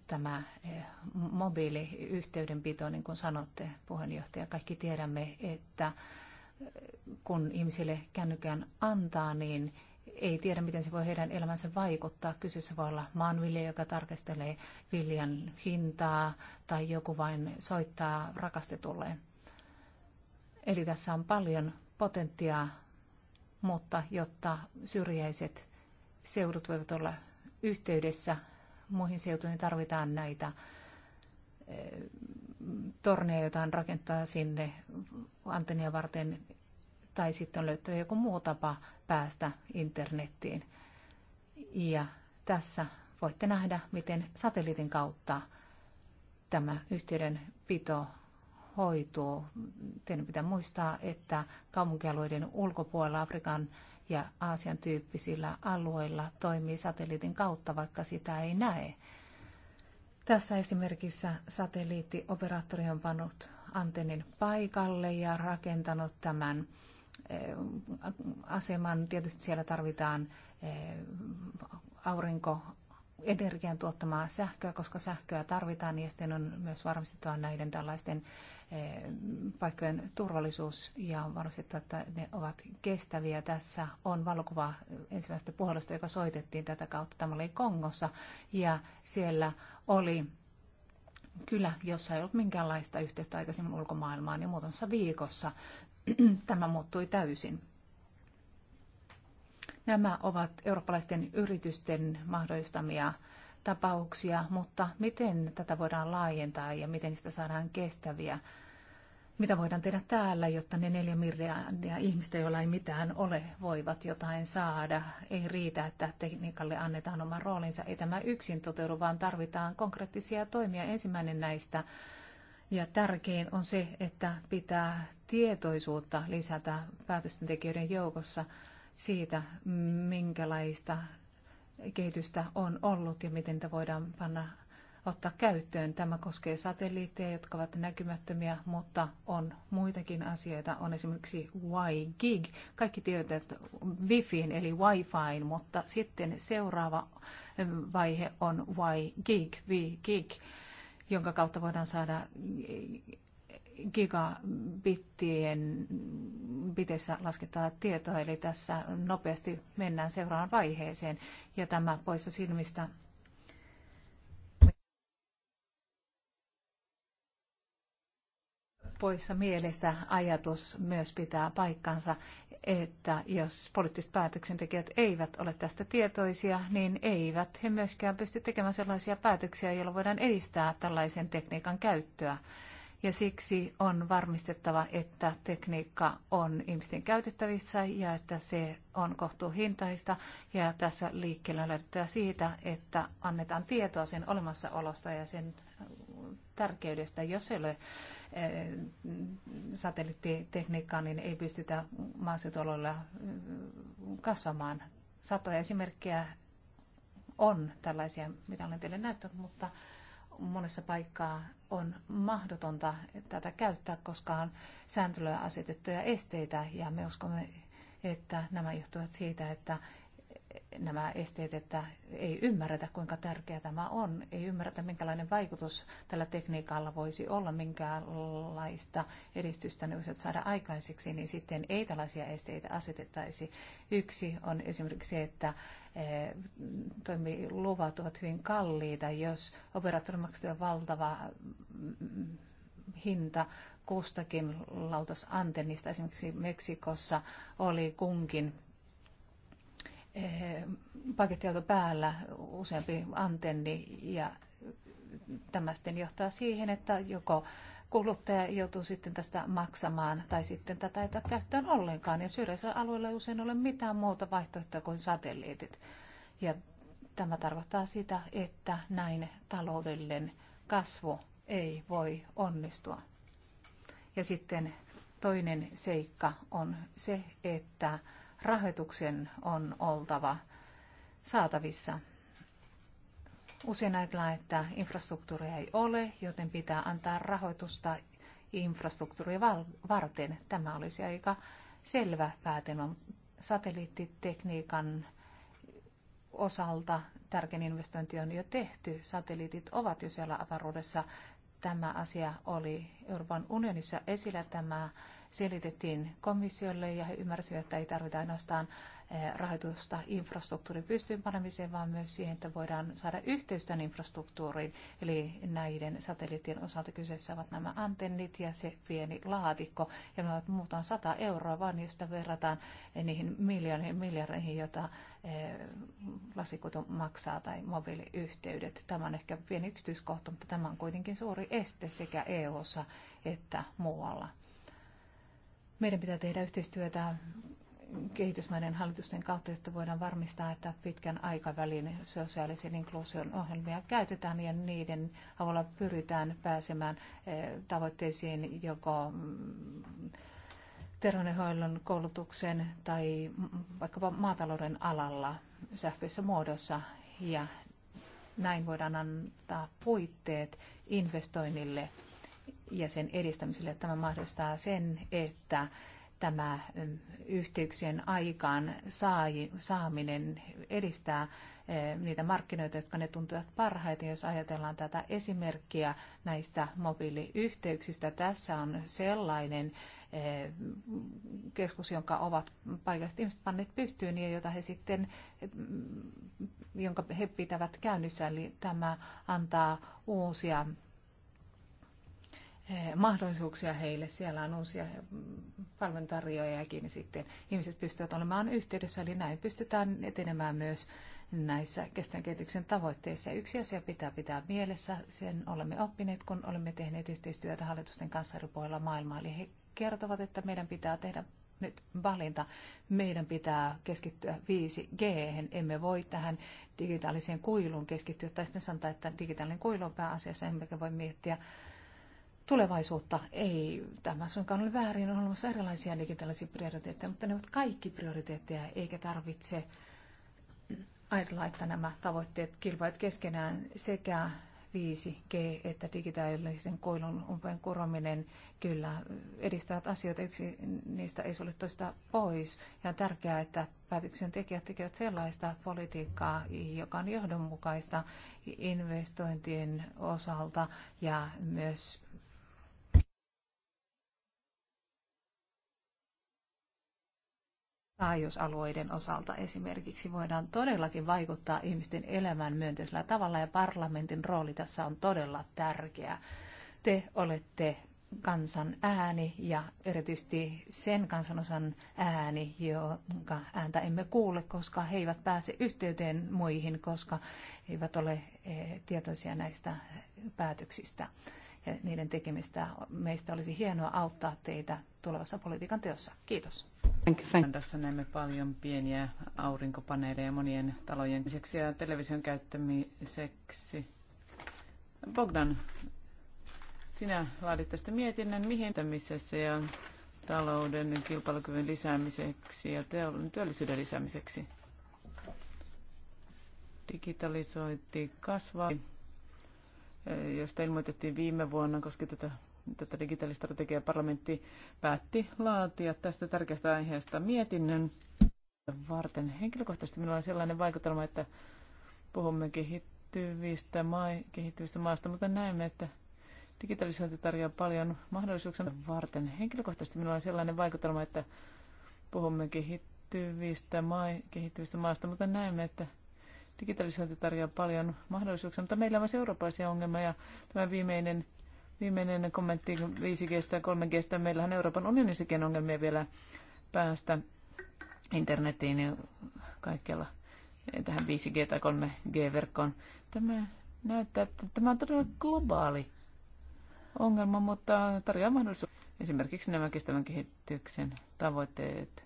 tämä eh, mobiiliyhteydenpito, niin kuin sanotte puheenjohtaja. Kaikki tiedämme, että eh, kun ihmisille kännykään antaa, niin ei tiedä, miten se voi heidän elämänsä vaikuttaa. Kyseessä voi olla maanviljelijä, joka tarkastelee viljan hintaa, tai joku vain soittaa rakastetulleen. Eli tässä on paljon potentiaa, mutta jotta syrjäiset seudut voivat olla yhteydessä muihin seutuihin, niin tarvitaan näitä eh, torneja, joita on rakentaa sinne antennia varten, tai sitten on löytyy joku muu tapa päästä internettiin. Ja tässä voitte nähdä, miten satelliitin kautta tämä yhteydenpito hoituu. Teidän pitää muistaa, että kaupunkialueiden ulkopuolella Afrikan ja Aasian tyyppisillä alueilla toimii satelliitin kautta, vaikka sitä ei näe. Tässä esimerkissä satelliittioperaattori on pannut antennin paikalle ja rakentanut tämän eh, aseman. Tietysti siellä tarvitaan eh, aurinko energian tuottamaa sähköä, koska sähköä tarvitaan ja niin sitten on myös varmistettava näiden tällaisten eh, paikkojen turvallisuus ja on varmistettava, että ne ovat kestäviä. Tässä on valokuva ensimmäisestä puhelusta, joka soitettiin tätä kautta. Tämä oli Kongossa ja siellä oli kyllä, jossa ei ollut minkäänlaista yhteyttä aikaisemmin ulkomaailmaan ja muutamassa viikossa [CLEARS THROAT] tämä muuttui täysin. Nämä ovat eurooppalaisten yritysten mahdollistamia tapauksia, mutta miten tätä voidaan laajentaa ja miten sitä saadaan kestäviä? Mitä voidaan tehdä täällä, jotta ne neljä miljardia ihmistä, joilla ei mitään ole, voivat jotain saada? Ei riitä, että tekniikalle annetaan oma roolinsa. Ei tämä yksin toteudu, vaan tarvitaan konkreettisia toimia. Ensimmäinen näistä ja tärkein on se, että pitää tietoisuutta lisätä päätöstentekijöiden joukossa siitä, minkälaista kehitystä on ollut ja miten tämä voidaan panna ottaa käyttöön. Tämä koskee satelliitteja, jotka ovat näkymättömiä, mutta on muitakin asioita. On esimerkiksi Y-gig. Kaikki tietävät Wifiin eli wi fi mutta sitten seuraava vaihe on Y-gig, gig jonka kautta voidaan saada gigabittien bitessä lasketaan tietoa, eli tässä nopeasti mennään seuraavaan vaiheeseen ja tämä poissa silmistä. Poissa mielestä ajatus myös pitää paikkansa, että jos poliittiset päätöksentekijät eivät ole tästä tietoisia, niin eivät he myöskään pysty tekemään sellaisia päätöksiä, joilla voidaan edistää tällaisen tekniikan käyttöä ja siksi on varmistettava, että tekniikka on ihmisten käytettävissä ja että se on kohtuuhintaista. Ja tässä liikkeellä on siitä, että annetaan tietoa sen olemassaolosta ja sen tärkeydestä. Jos ei ole eh, satelliittitekniikkaa, niin ei pystytä maaseutualueilla eh, kasvamaan. Satoja esimerkkejä on tällaisia, mitä olen teille näyttänyt, mutta monessa paikkaa on mahdotonta tätä käyttää, koska on sääntelyä asetettuja esteitä ja me uskomme, että nämä johtuvat siitä, että nämä esteet, että ei ymmärretä, kuinka tärkeä tämä on, ei ymmärretä, minkälainen vaikutus tällä tekniikalla voisi olla, minkälaista edistystä ne voisivat saada aikaiseksi, niin sitten ei tällaisia esteitä asetettaisi. Yksi on esimerkiksi se, että e, toimiluvat ovat hyvin kalliita, jos operaattori maksaa valtava mm, hinta kustakin lautasantennista. Niin esimerkiksi Meksikossa oli kunkin Eh, pakettiauto päällä, useampi antenni ja tämä sitten johtaa siihen, että joko kuluttaja joutuu sitten tästä maksamaan tai sitten tätä ei ota käyttöön ollenkaan. Ja syrjäisellä alueella ei usein ole mitään muuta vaihtoehtoa kuin satelliitit. Ja tämä tarkoittaa sitä, että näin taloudellinen kasvu ei voi onnistua. Ja sitten toinen seikka on se, että rahoituksen on oltava saatavissa. Usein ajatellaan, että infrastruktuuria ei ole, joten pitää antaa rahoitusta infrastruktuuria varten. Tämä olisi aika selvä päätelmä. Satelliittitekniikan osalta tärkein investointi on jo tehty. Satelliitit ovat jo siellä avaruudessa tämä asia oli Euroopan unionissa esillä. Tämä selitettiin komissiolle ja he ymmärsivät, että ei tarvita ainoastaan Eh, rahoitusta infrastruktuurin pystyyn panemiseen, vaan myös siihen, että voidaan saada yhteys tämän infrastruktuuriin. Eli näiden satelliittien osalta kyseessä ovat nämä antennit ja se pieni laatikko. Ja me ovat muutaan 100 euroa, vaan josta verrataan niihin miljooneihin miljardeihin, joita eh, lasikutu maksaa tai mobiiliyhteydet. Tämä on ehkä pieni yksityiskohta, mutta tämä on kuitenkin suuri este sekä EU:ssa että muualla. Meidän pitää tehdä yhteistyötä kehitysmaiden hallitusten kautta, jotta voidaan varmistaa, että pitkän aikavälin sosiaalisen inkluusion ohjelmia käytetään ja niiden avulla pyritään pääsemään eh, tavoitteisiin joko mm, terveydenhoidon, koulutuksen tai vaikkapa maatalouden alalla sähköisessä muodossa ja näin voidaan antaa puitteet investoinnille ja sen edistämiselle. Tämä mahdollistaa sen, että tämä yhteyksien aikaan saaminen edistää niitä markkinoita, jotka ne tuntuvat parhaiten, jos ajatellaan tätä esimerkkiä näistä mobiiliyhteyksistä. Tässä on sellainen keskus, jonka ovat paikalliset ihmiset panneet pystyyn ja jota he sitten, jonka he pitävät käynnissä. Eli tämä antaa uusia Eh, mahdollisuuksia heille. Siellä on uusia eh, palveluntarjoajakin sitten ihmiset pystyvät olemaan yhteydessä, eli näin pystytään etenemään myös näissä kestävän kehityksen tavoitteissa. Yksi asia pitää pitää mielessä, sen olemme oppineet, kun olemme tehneet yhteistyötä hallitusten kanssa eri puolilla maailmaa. Eli he kertovat, että meidän pitää tehdä nyt valinta. Meidän pitää keskittyä 5G, emme voi tähän digitaaliseen kuiluun keskittyä, tai sitten sanotaan, että digitaalinen kuilu on pääasiassa, emmekä voi miettiä tulevaisuutta. Ei tämä suinkaan ole väärin, on olemassa erilaisia digitaalisia prioriteetteja, mutta ne ovat kaikki prioriteetteja, eikä tarvitse ajatella, että nämä tavoitteet kilpailut keskenään sekä 5G että digitaalisen koilun umpeen kurominen kyllä edistävät asioita. Yksi niistä ei sulle toista pois. Ja on tärkeää, että päätöksentekijät tekevät sellaista politiikkaa, joka on johdonmukaista investointien osalta ja myös taajuusalueiden osalta esimerkiksi voidaan todellakin vaikuttaa ihmisten elämään myönteisellä tavalla ja parlamentin rooli tässä on todella tärkeä. Te olette kansan ääni ja erityisesti sen kansanosan ääni, jonka ääntä emme kuule, koska he eivät pääse yhteyteen muihin, koska he eivät ole eh, tietoisia näistä päätöksistä ja niiden tekemistä. Meistä olisi hienoa auttaa teitä tulevassa politiikan teossa. Kiitos. Tässä näemme paljon pieniä aurinkopaneeleja monien talojen lisäksi ja television käyttämiseksi. Bogdan, sinä laadit tästä mietinnän, mihin tämisessä ja talouden kilpailukyvyn lisäämiseksi ja työllisyyden lisäämiseksi. Digitalisointi kasvaa josta ilmoitettiin viime vuonna koska tätä, tätä digitaalistrategiaa. Parlamentti päätti laatia tästä tärkeästä aiheesta mietinnön varten. Henkilökohtaisesti minulla on sellainen vaikutelma, että puhumme kehittyvistä, mai, kehittyvistä maista, mutta näemme, että digitalisointi tarjoaa paljon mahdollisuuksia varten. Henkilökohtaisesti minulla on sellainen vaikutelma, että puhumme kehittyvistä, mai, kehittyvistä maista, mutta näemme, että Digitalisointi tarjoaa paljon mahdollisuuksia, mutta meillä on myös eurooppalaisia ongelmia ja tämä viimeinen, viimeinen kommentti 5 g ja 3Gstä. Meillähän Euroopan unionissakin ongelmia vielä päästä internetiin ja kaikkialla tähän 5G tai 3G-verkkoon. Tämä näyttää, että tämä on todella globaali ongelma, mutta tarjoaa mahdollisuus. Esimerkiksi nämä kestävän kehityksen tavoitteet.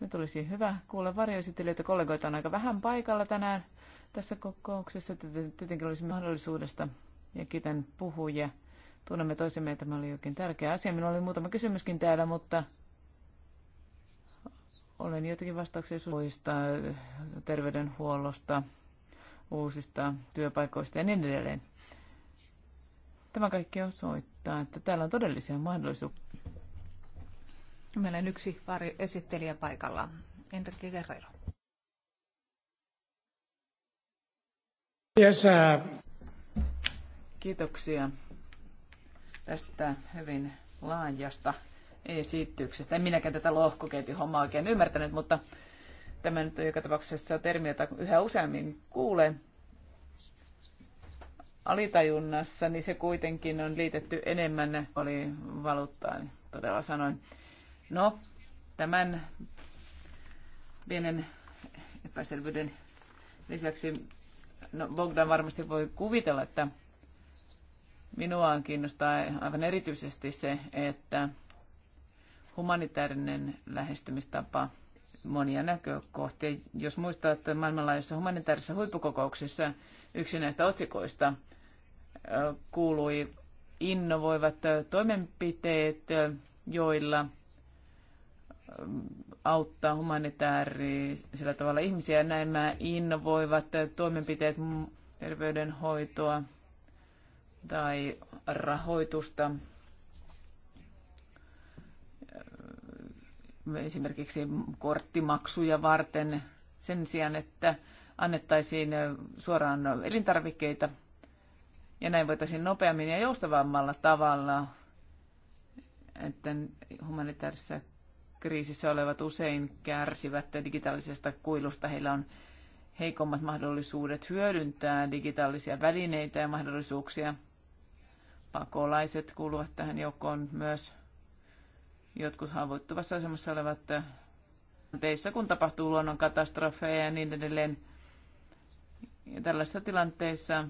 Nyt olisi hyvä kuulla varjoesittelijöitä. Kollegoita on aika vähän paikalla tänään tässä kokouksessa. Tietenkin olisi mahdollisuudesta ja kiitän puhuja Tunnemme toisemme, että tämä oli jokin tärkeä asia. Minulla oli muutama kysymyskin täällä, mutta olen jotenkin vastauksia suista, terveydenhuollosta, uusista työpaikoista ja niin edelleen. Tämä kaikki osoittaa, että täällä on todellisia mahdollisuuksia. Meillä on yksi esittelijä paikalla. Enrique Guerrero. Kesä. Uh, Kiitoksia tästä hyvin laajasta esityksestä. En minäkään tätä lohkoketjuhommaa oikein ymmärtänyt, mutta tämä nyt on joka tapauksessa termi, jota yhä useammin kuulen alitajunnassa, niin se kuitenkin on liitetty enemmän oli valuuttaan, niin todella sanoin. No, tämän pienen epäselvyyden lisäksi No, Bogdan varmasti voi kuvitella, että minua kiinnostaa aivan erityisesti se, että humanitaarinen lähestymistapa monia näkökohtia. Jos muistaa, että maailmanlaajuisessa humanitaarisessa huippukokouksessa yksi näistä otsikoista kuului innovoivat toimenpiteet, joilla auttaa humanitaarisella tavalla ihmisiä. näin Nämä innovoivat toimenpiteet terveydenhoitoa tai rahoitusta. Esimerkiksi korttimaksuja varten sen sijaan, että annettaisiin suoraan elintarvikkeita ja näin voitaisiin nopeammin ja joustavammalla tavalla, että humanitaarisessa kriisissä olevat usein kärsivät digitaalisesta kuilusta. Heillä on heikommat mahdollisuudet hyödyntää digitaalisia välineitä ja mahdollisuuksia. Pakolaiset kuuluvat tähän joukkoon myös jotkut haavoittuvassa asemassa olevat teissä, kun tapahtuu katastrofeja ja niin edelleen. Ja tällaisissa tilanteissa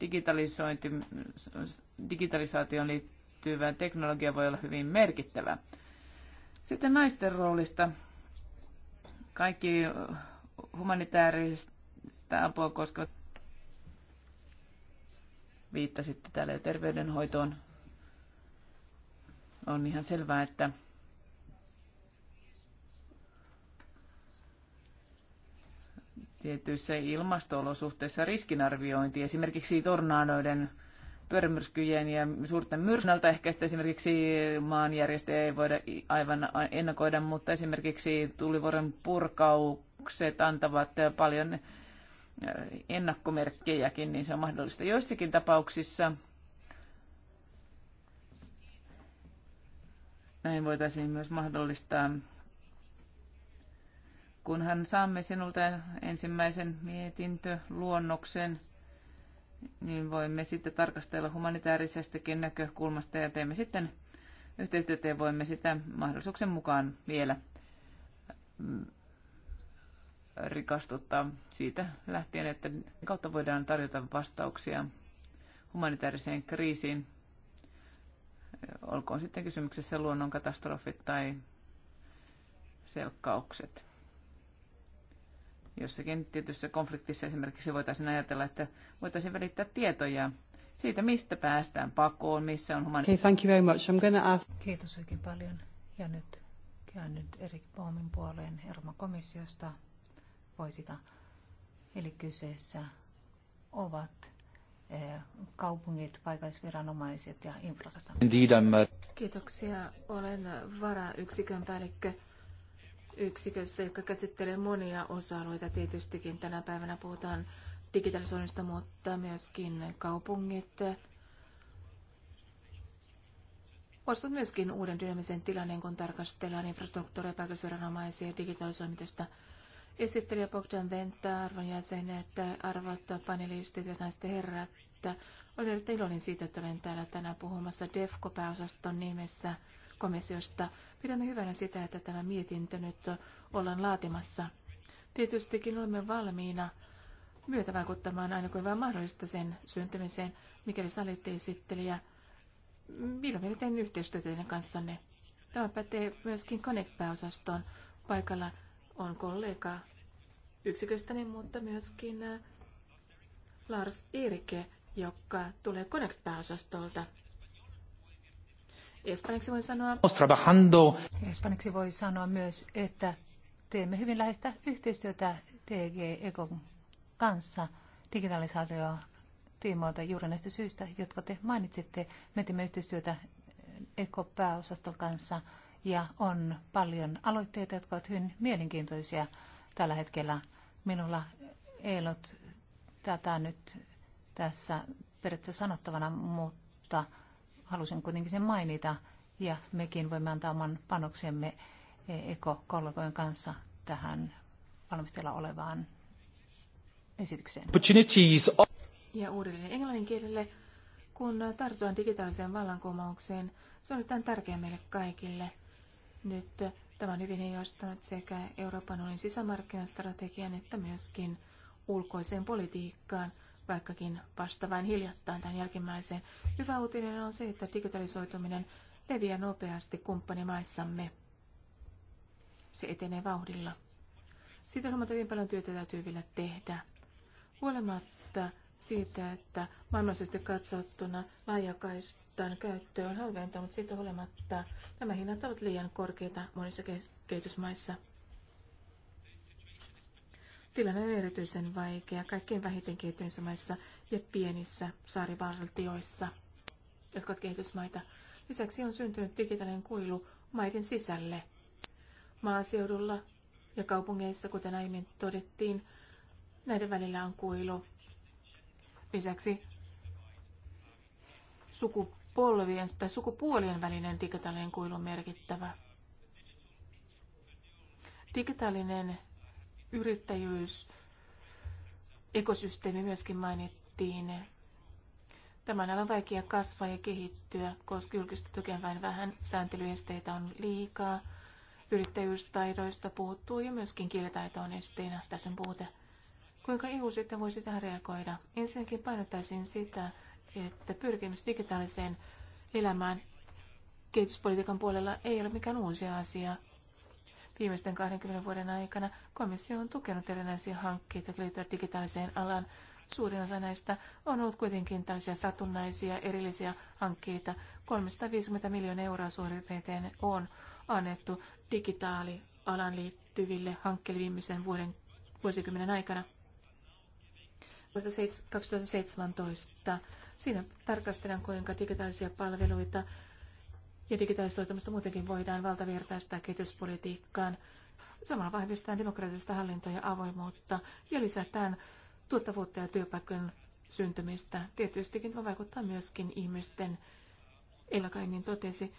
digitalisointi, digitalisaatioon liittyvä teknologia voi olla hyvin merkittävä. Sitten naisten roolista. Kaikki humanitaarista apua koskevat viittasitte täällä jo terveydenhoitoon. On ihan selvää, että tietyissä ilmasto-olosuhteissa riskinarviointi, esimerkiksi tornadoiden pyörämyrskyjen ja suurten myrskynalta ehkäistä esimerkiksi maanjärjestöjä ei voida aivan ennakoida, mutta esimerkiksi tulivuoren purkaukset antavat paljon äh, ennakkomerkkejäkin, niin se on mahdollista joissakin tapauksissa. Näin voitaisiin myös mahdollistaa, kunhan saamme sinulta ensimmäisen mietintöluonnoksen luonnoksen niin voimme sitten tarkastella humanitaarisestakin näkökulmasta ja teemme sitten yhteistyötä ja voimme sitä mahdollisuuksien mukaan vielä mm, rikastuttaa siitä lähtien, että kautta voidaan tarjota vastauksia humanitaariseen kriisiin, olkoon sitten kysymyksessä luonnonkatastrofit tai selkkaukset jossakin tietyssä konfliktissa esimerkiksi voitaisiin ajatella, että voitaisiin välittää tietoja siitä, mistä päästään pakoon, missä on humanitaarinen. Okay, thank you very much. I'm gonna ask... Kiitos oikein paljon. Ja nyt käyn nyt Erik Boomin puoleen Euroopan komissiosta. voisita Eli kyseessä ovat eh, kaupungit, paikallisviranomaiset ja infrastruktuuri. Uh- Kiitoksia. Olen varayksikön päällikkö yksikössä, joka käsittelee monia osa-alueita. Tietystikin tänä päivänä puhutaan digitalisoinnista, mutta myöskin kaupungit muodostavat myöskin uuden dynamisen tilanteen, kun tarkastellaan infrastruktuuria, päätösviranomaisia ja digitalisoimitesta. Esittelijä Bogdan Venta, arvon jäsenet, arvot panelistit ja naisten herrat. Olen erittäin iloinen siitä, että olen täällä tänään puhumassa DEFCO-pääosaston nimessä – komissiosta. Pidämme hyvänä sitä, että tämä mietintö nyt ollaan laatimassa. Tietystikin olemme valmiina myötävaikuttamaan aina kuin vain mahdollista sen syntymiseen, mikäli salitte esittelijä. Milloin minä teen yhteistyötä teidän kanssanne? Tämä pätee myöskin Connect-pääosastoon. Paikalla on kollega yksiköstäni, mutta myöskin äh, Lars Irke, joka tulee Connect-pääosastolta. Espanjaksi voi sanoa, trabajando. Espanjaksi voi sanoa myös, että teemme hyvin läheistä yhteistyötä DG Econ kanssa digitalisaatio tiimoilta juuri näistä syistä, jotka te mainitsitte. Me teemme yhteistyötä pääosaston kanssa ja on paljon aloitteita, jotka ovat hyvin mielenkiintoisia tällä hetkellä. Minulla ei ollut tätä nyt tässä periaatteessa sanottavana, mutta halusin kuitenkin sen mainita ja mekin voimme antaa oman panoksemme ekokollegojen kanssa tähän valmistella olevaan esitykseen. Ja uudelleen englannin kielelle, kun tartutaan digitaaliseen vallankumoukseen, se on erittäin tärkeää meille kaikille. Nyt tämä on hyvin heijastanut sekä Euroopan unionin sisämarkkinastrategian että myöskin ulkoiseen politiikkaan – vaikkakin vasta vain hiljattain tämän jälkimmäiseen. Hyvä uutinen on se, että digitalisoituminen leviää nopeasti kumppanimaissamme. Se etenee vauhdilla. Siitä huomatta hyvin paljon työtä täytyy vielä tehdä. Huolimatta siitä, että maailmallisesti katsottuna laajakaistan käyttö on halventunut siitä huolimatta. Nämä hinnat ovat liian korkeita monissa kehitysmaissa. Tilanne on erityisen vaikea kaikkein vähiten kehittyneissä maissa ja pienissä saarivaltioissa, jotka ovat kehitysmaita. Lisäksi on syntynyt digitaalinen kuilu maiden sisälle. Maaseudulla ja kaupungeissa, kuten aiemmin todettiin, näiden välillä on kuilu. Lisäksi sukupolvien tai sukupuolien välinen digitaalinen kuilu on merkittävä. Digitaalinen yrittäjyys, ekosysteemi myöskin mainittiin. Tämän alan vaikea kasvaa ja kehittyä, koska julkista tukea vain vähän sääntelyesteitä on liikaa. Yrittäjyystaidoista puuttuu ja myöskin kielitaito on esteenä tässä puute. Kuinka EU sitten voisi tähän reagoida? Ensinnäkin painottaisin sitä, että pyrkimys digitaaliseen elämään kehityspolitiikan puolella ei ole mikään uusi asia. Viimeisten 20 vuoden aikana komissio on tukenut erinäisiä hankkeita, jotka liittyvät digitaaliseen alaan. Suurin osa näistä on ollut kuitenkin tällaisia satunnaisia erillisiä hankkeita. 350 miljoonaa euroa suurin piirtein on annettu digitaalialan liittyville hankkeille viimeisen vuoden vuosikymmenen aikana. 2017. Siinä tarkastellaan, kuinka digitaalisia palveluita ja digitalisoitumista muutenkin voidaan valtavirtaistaa kehityspolitiikkaan. Samalla vahvistetaan demokraattista hallintoa ja avoimuutta ja lisätään tuottavuutta ja työpaikkojen syntymistä. Tietystikin tämä vaikuttaa myöskin ihmisten, Elkainin totesi,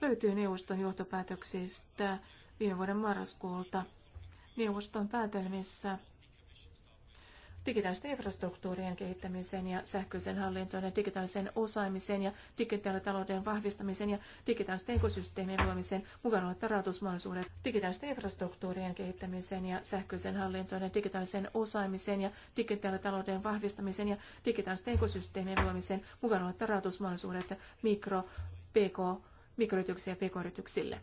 löytyy neuvoston johtopäätöksistä viime vuoden marraskuulta. Neuvoston päätelmissä digitaalisten infrastruktuurien kehittämisen ja sähköisen hallintoon ja digitaalisen osaamisen ja digitaalitalouden vahvistamisen ja digitaalisten ekosysteemien luomisen ottaa rahoitusmahdollisuudet digitaalisten infrastruktuurien kehittämisen ja sähköisen hallintoon ja digitaalisen osaamisen ja digitaalitalouden vahvistamisen ja digitaalisten ekosysteemien luomisen ottaa rahoitusmahdollisuudet mikro, pk, mikroyrityksiä ja pk-yrityksille.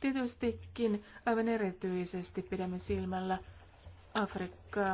Tietystikin aivan erityisesti pidämme silmällä Afrikkaa.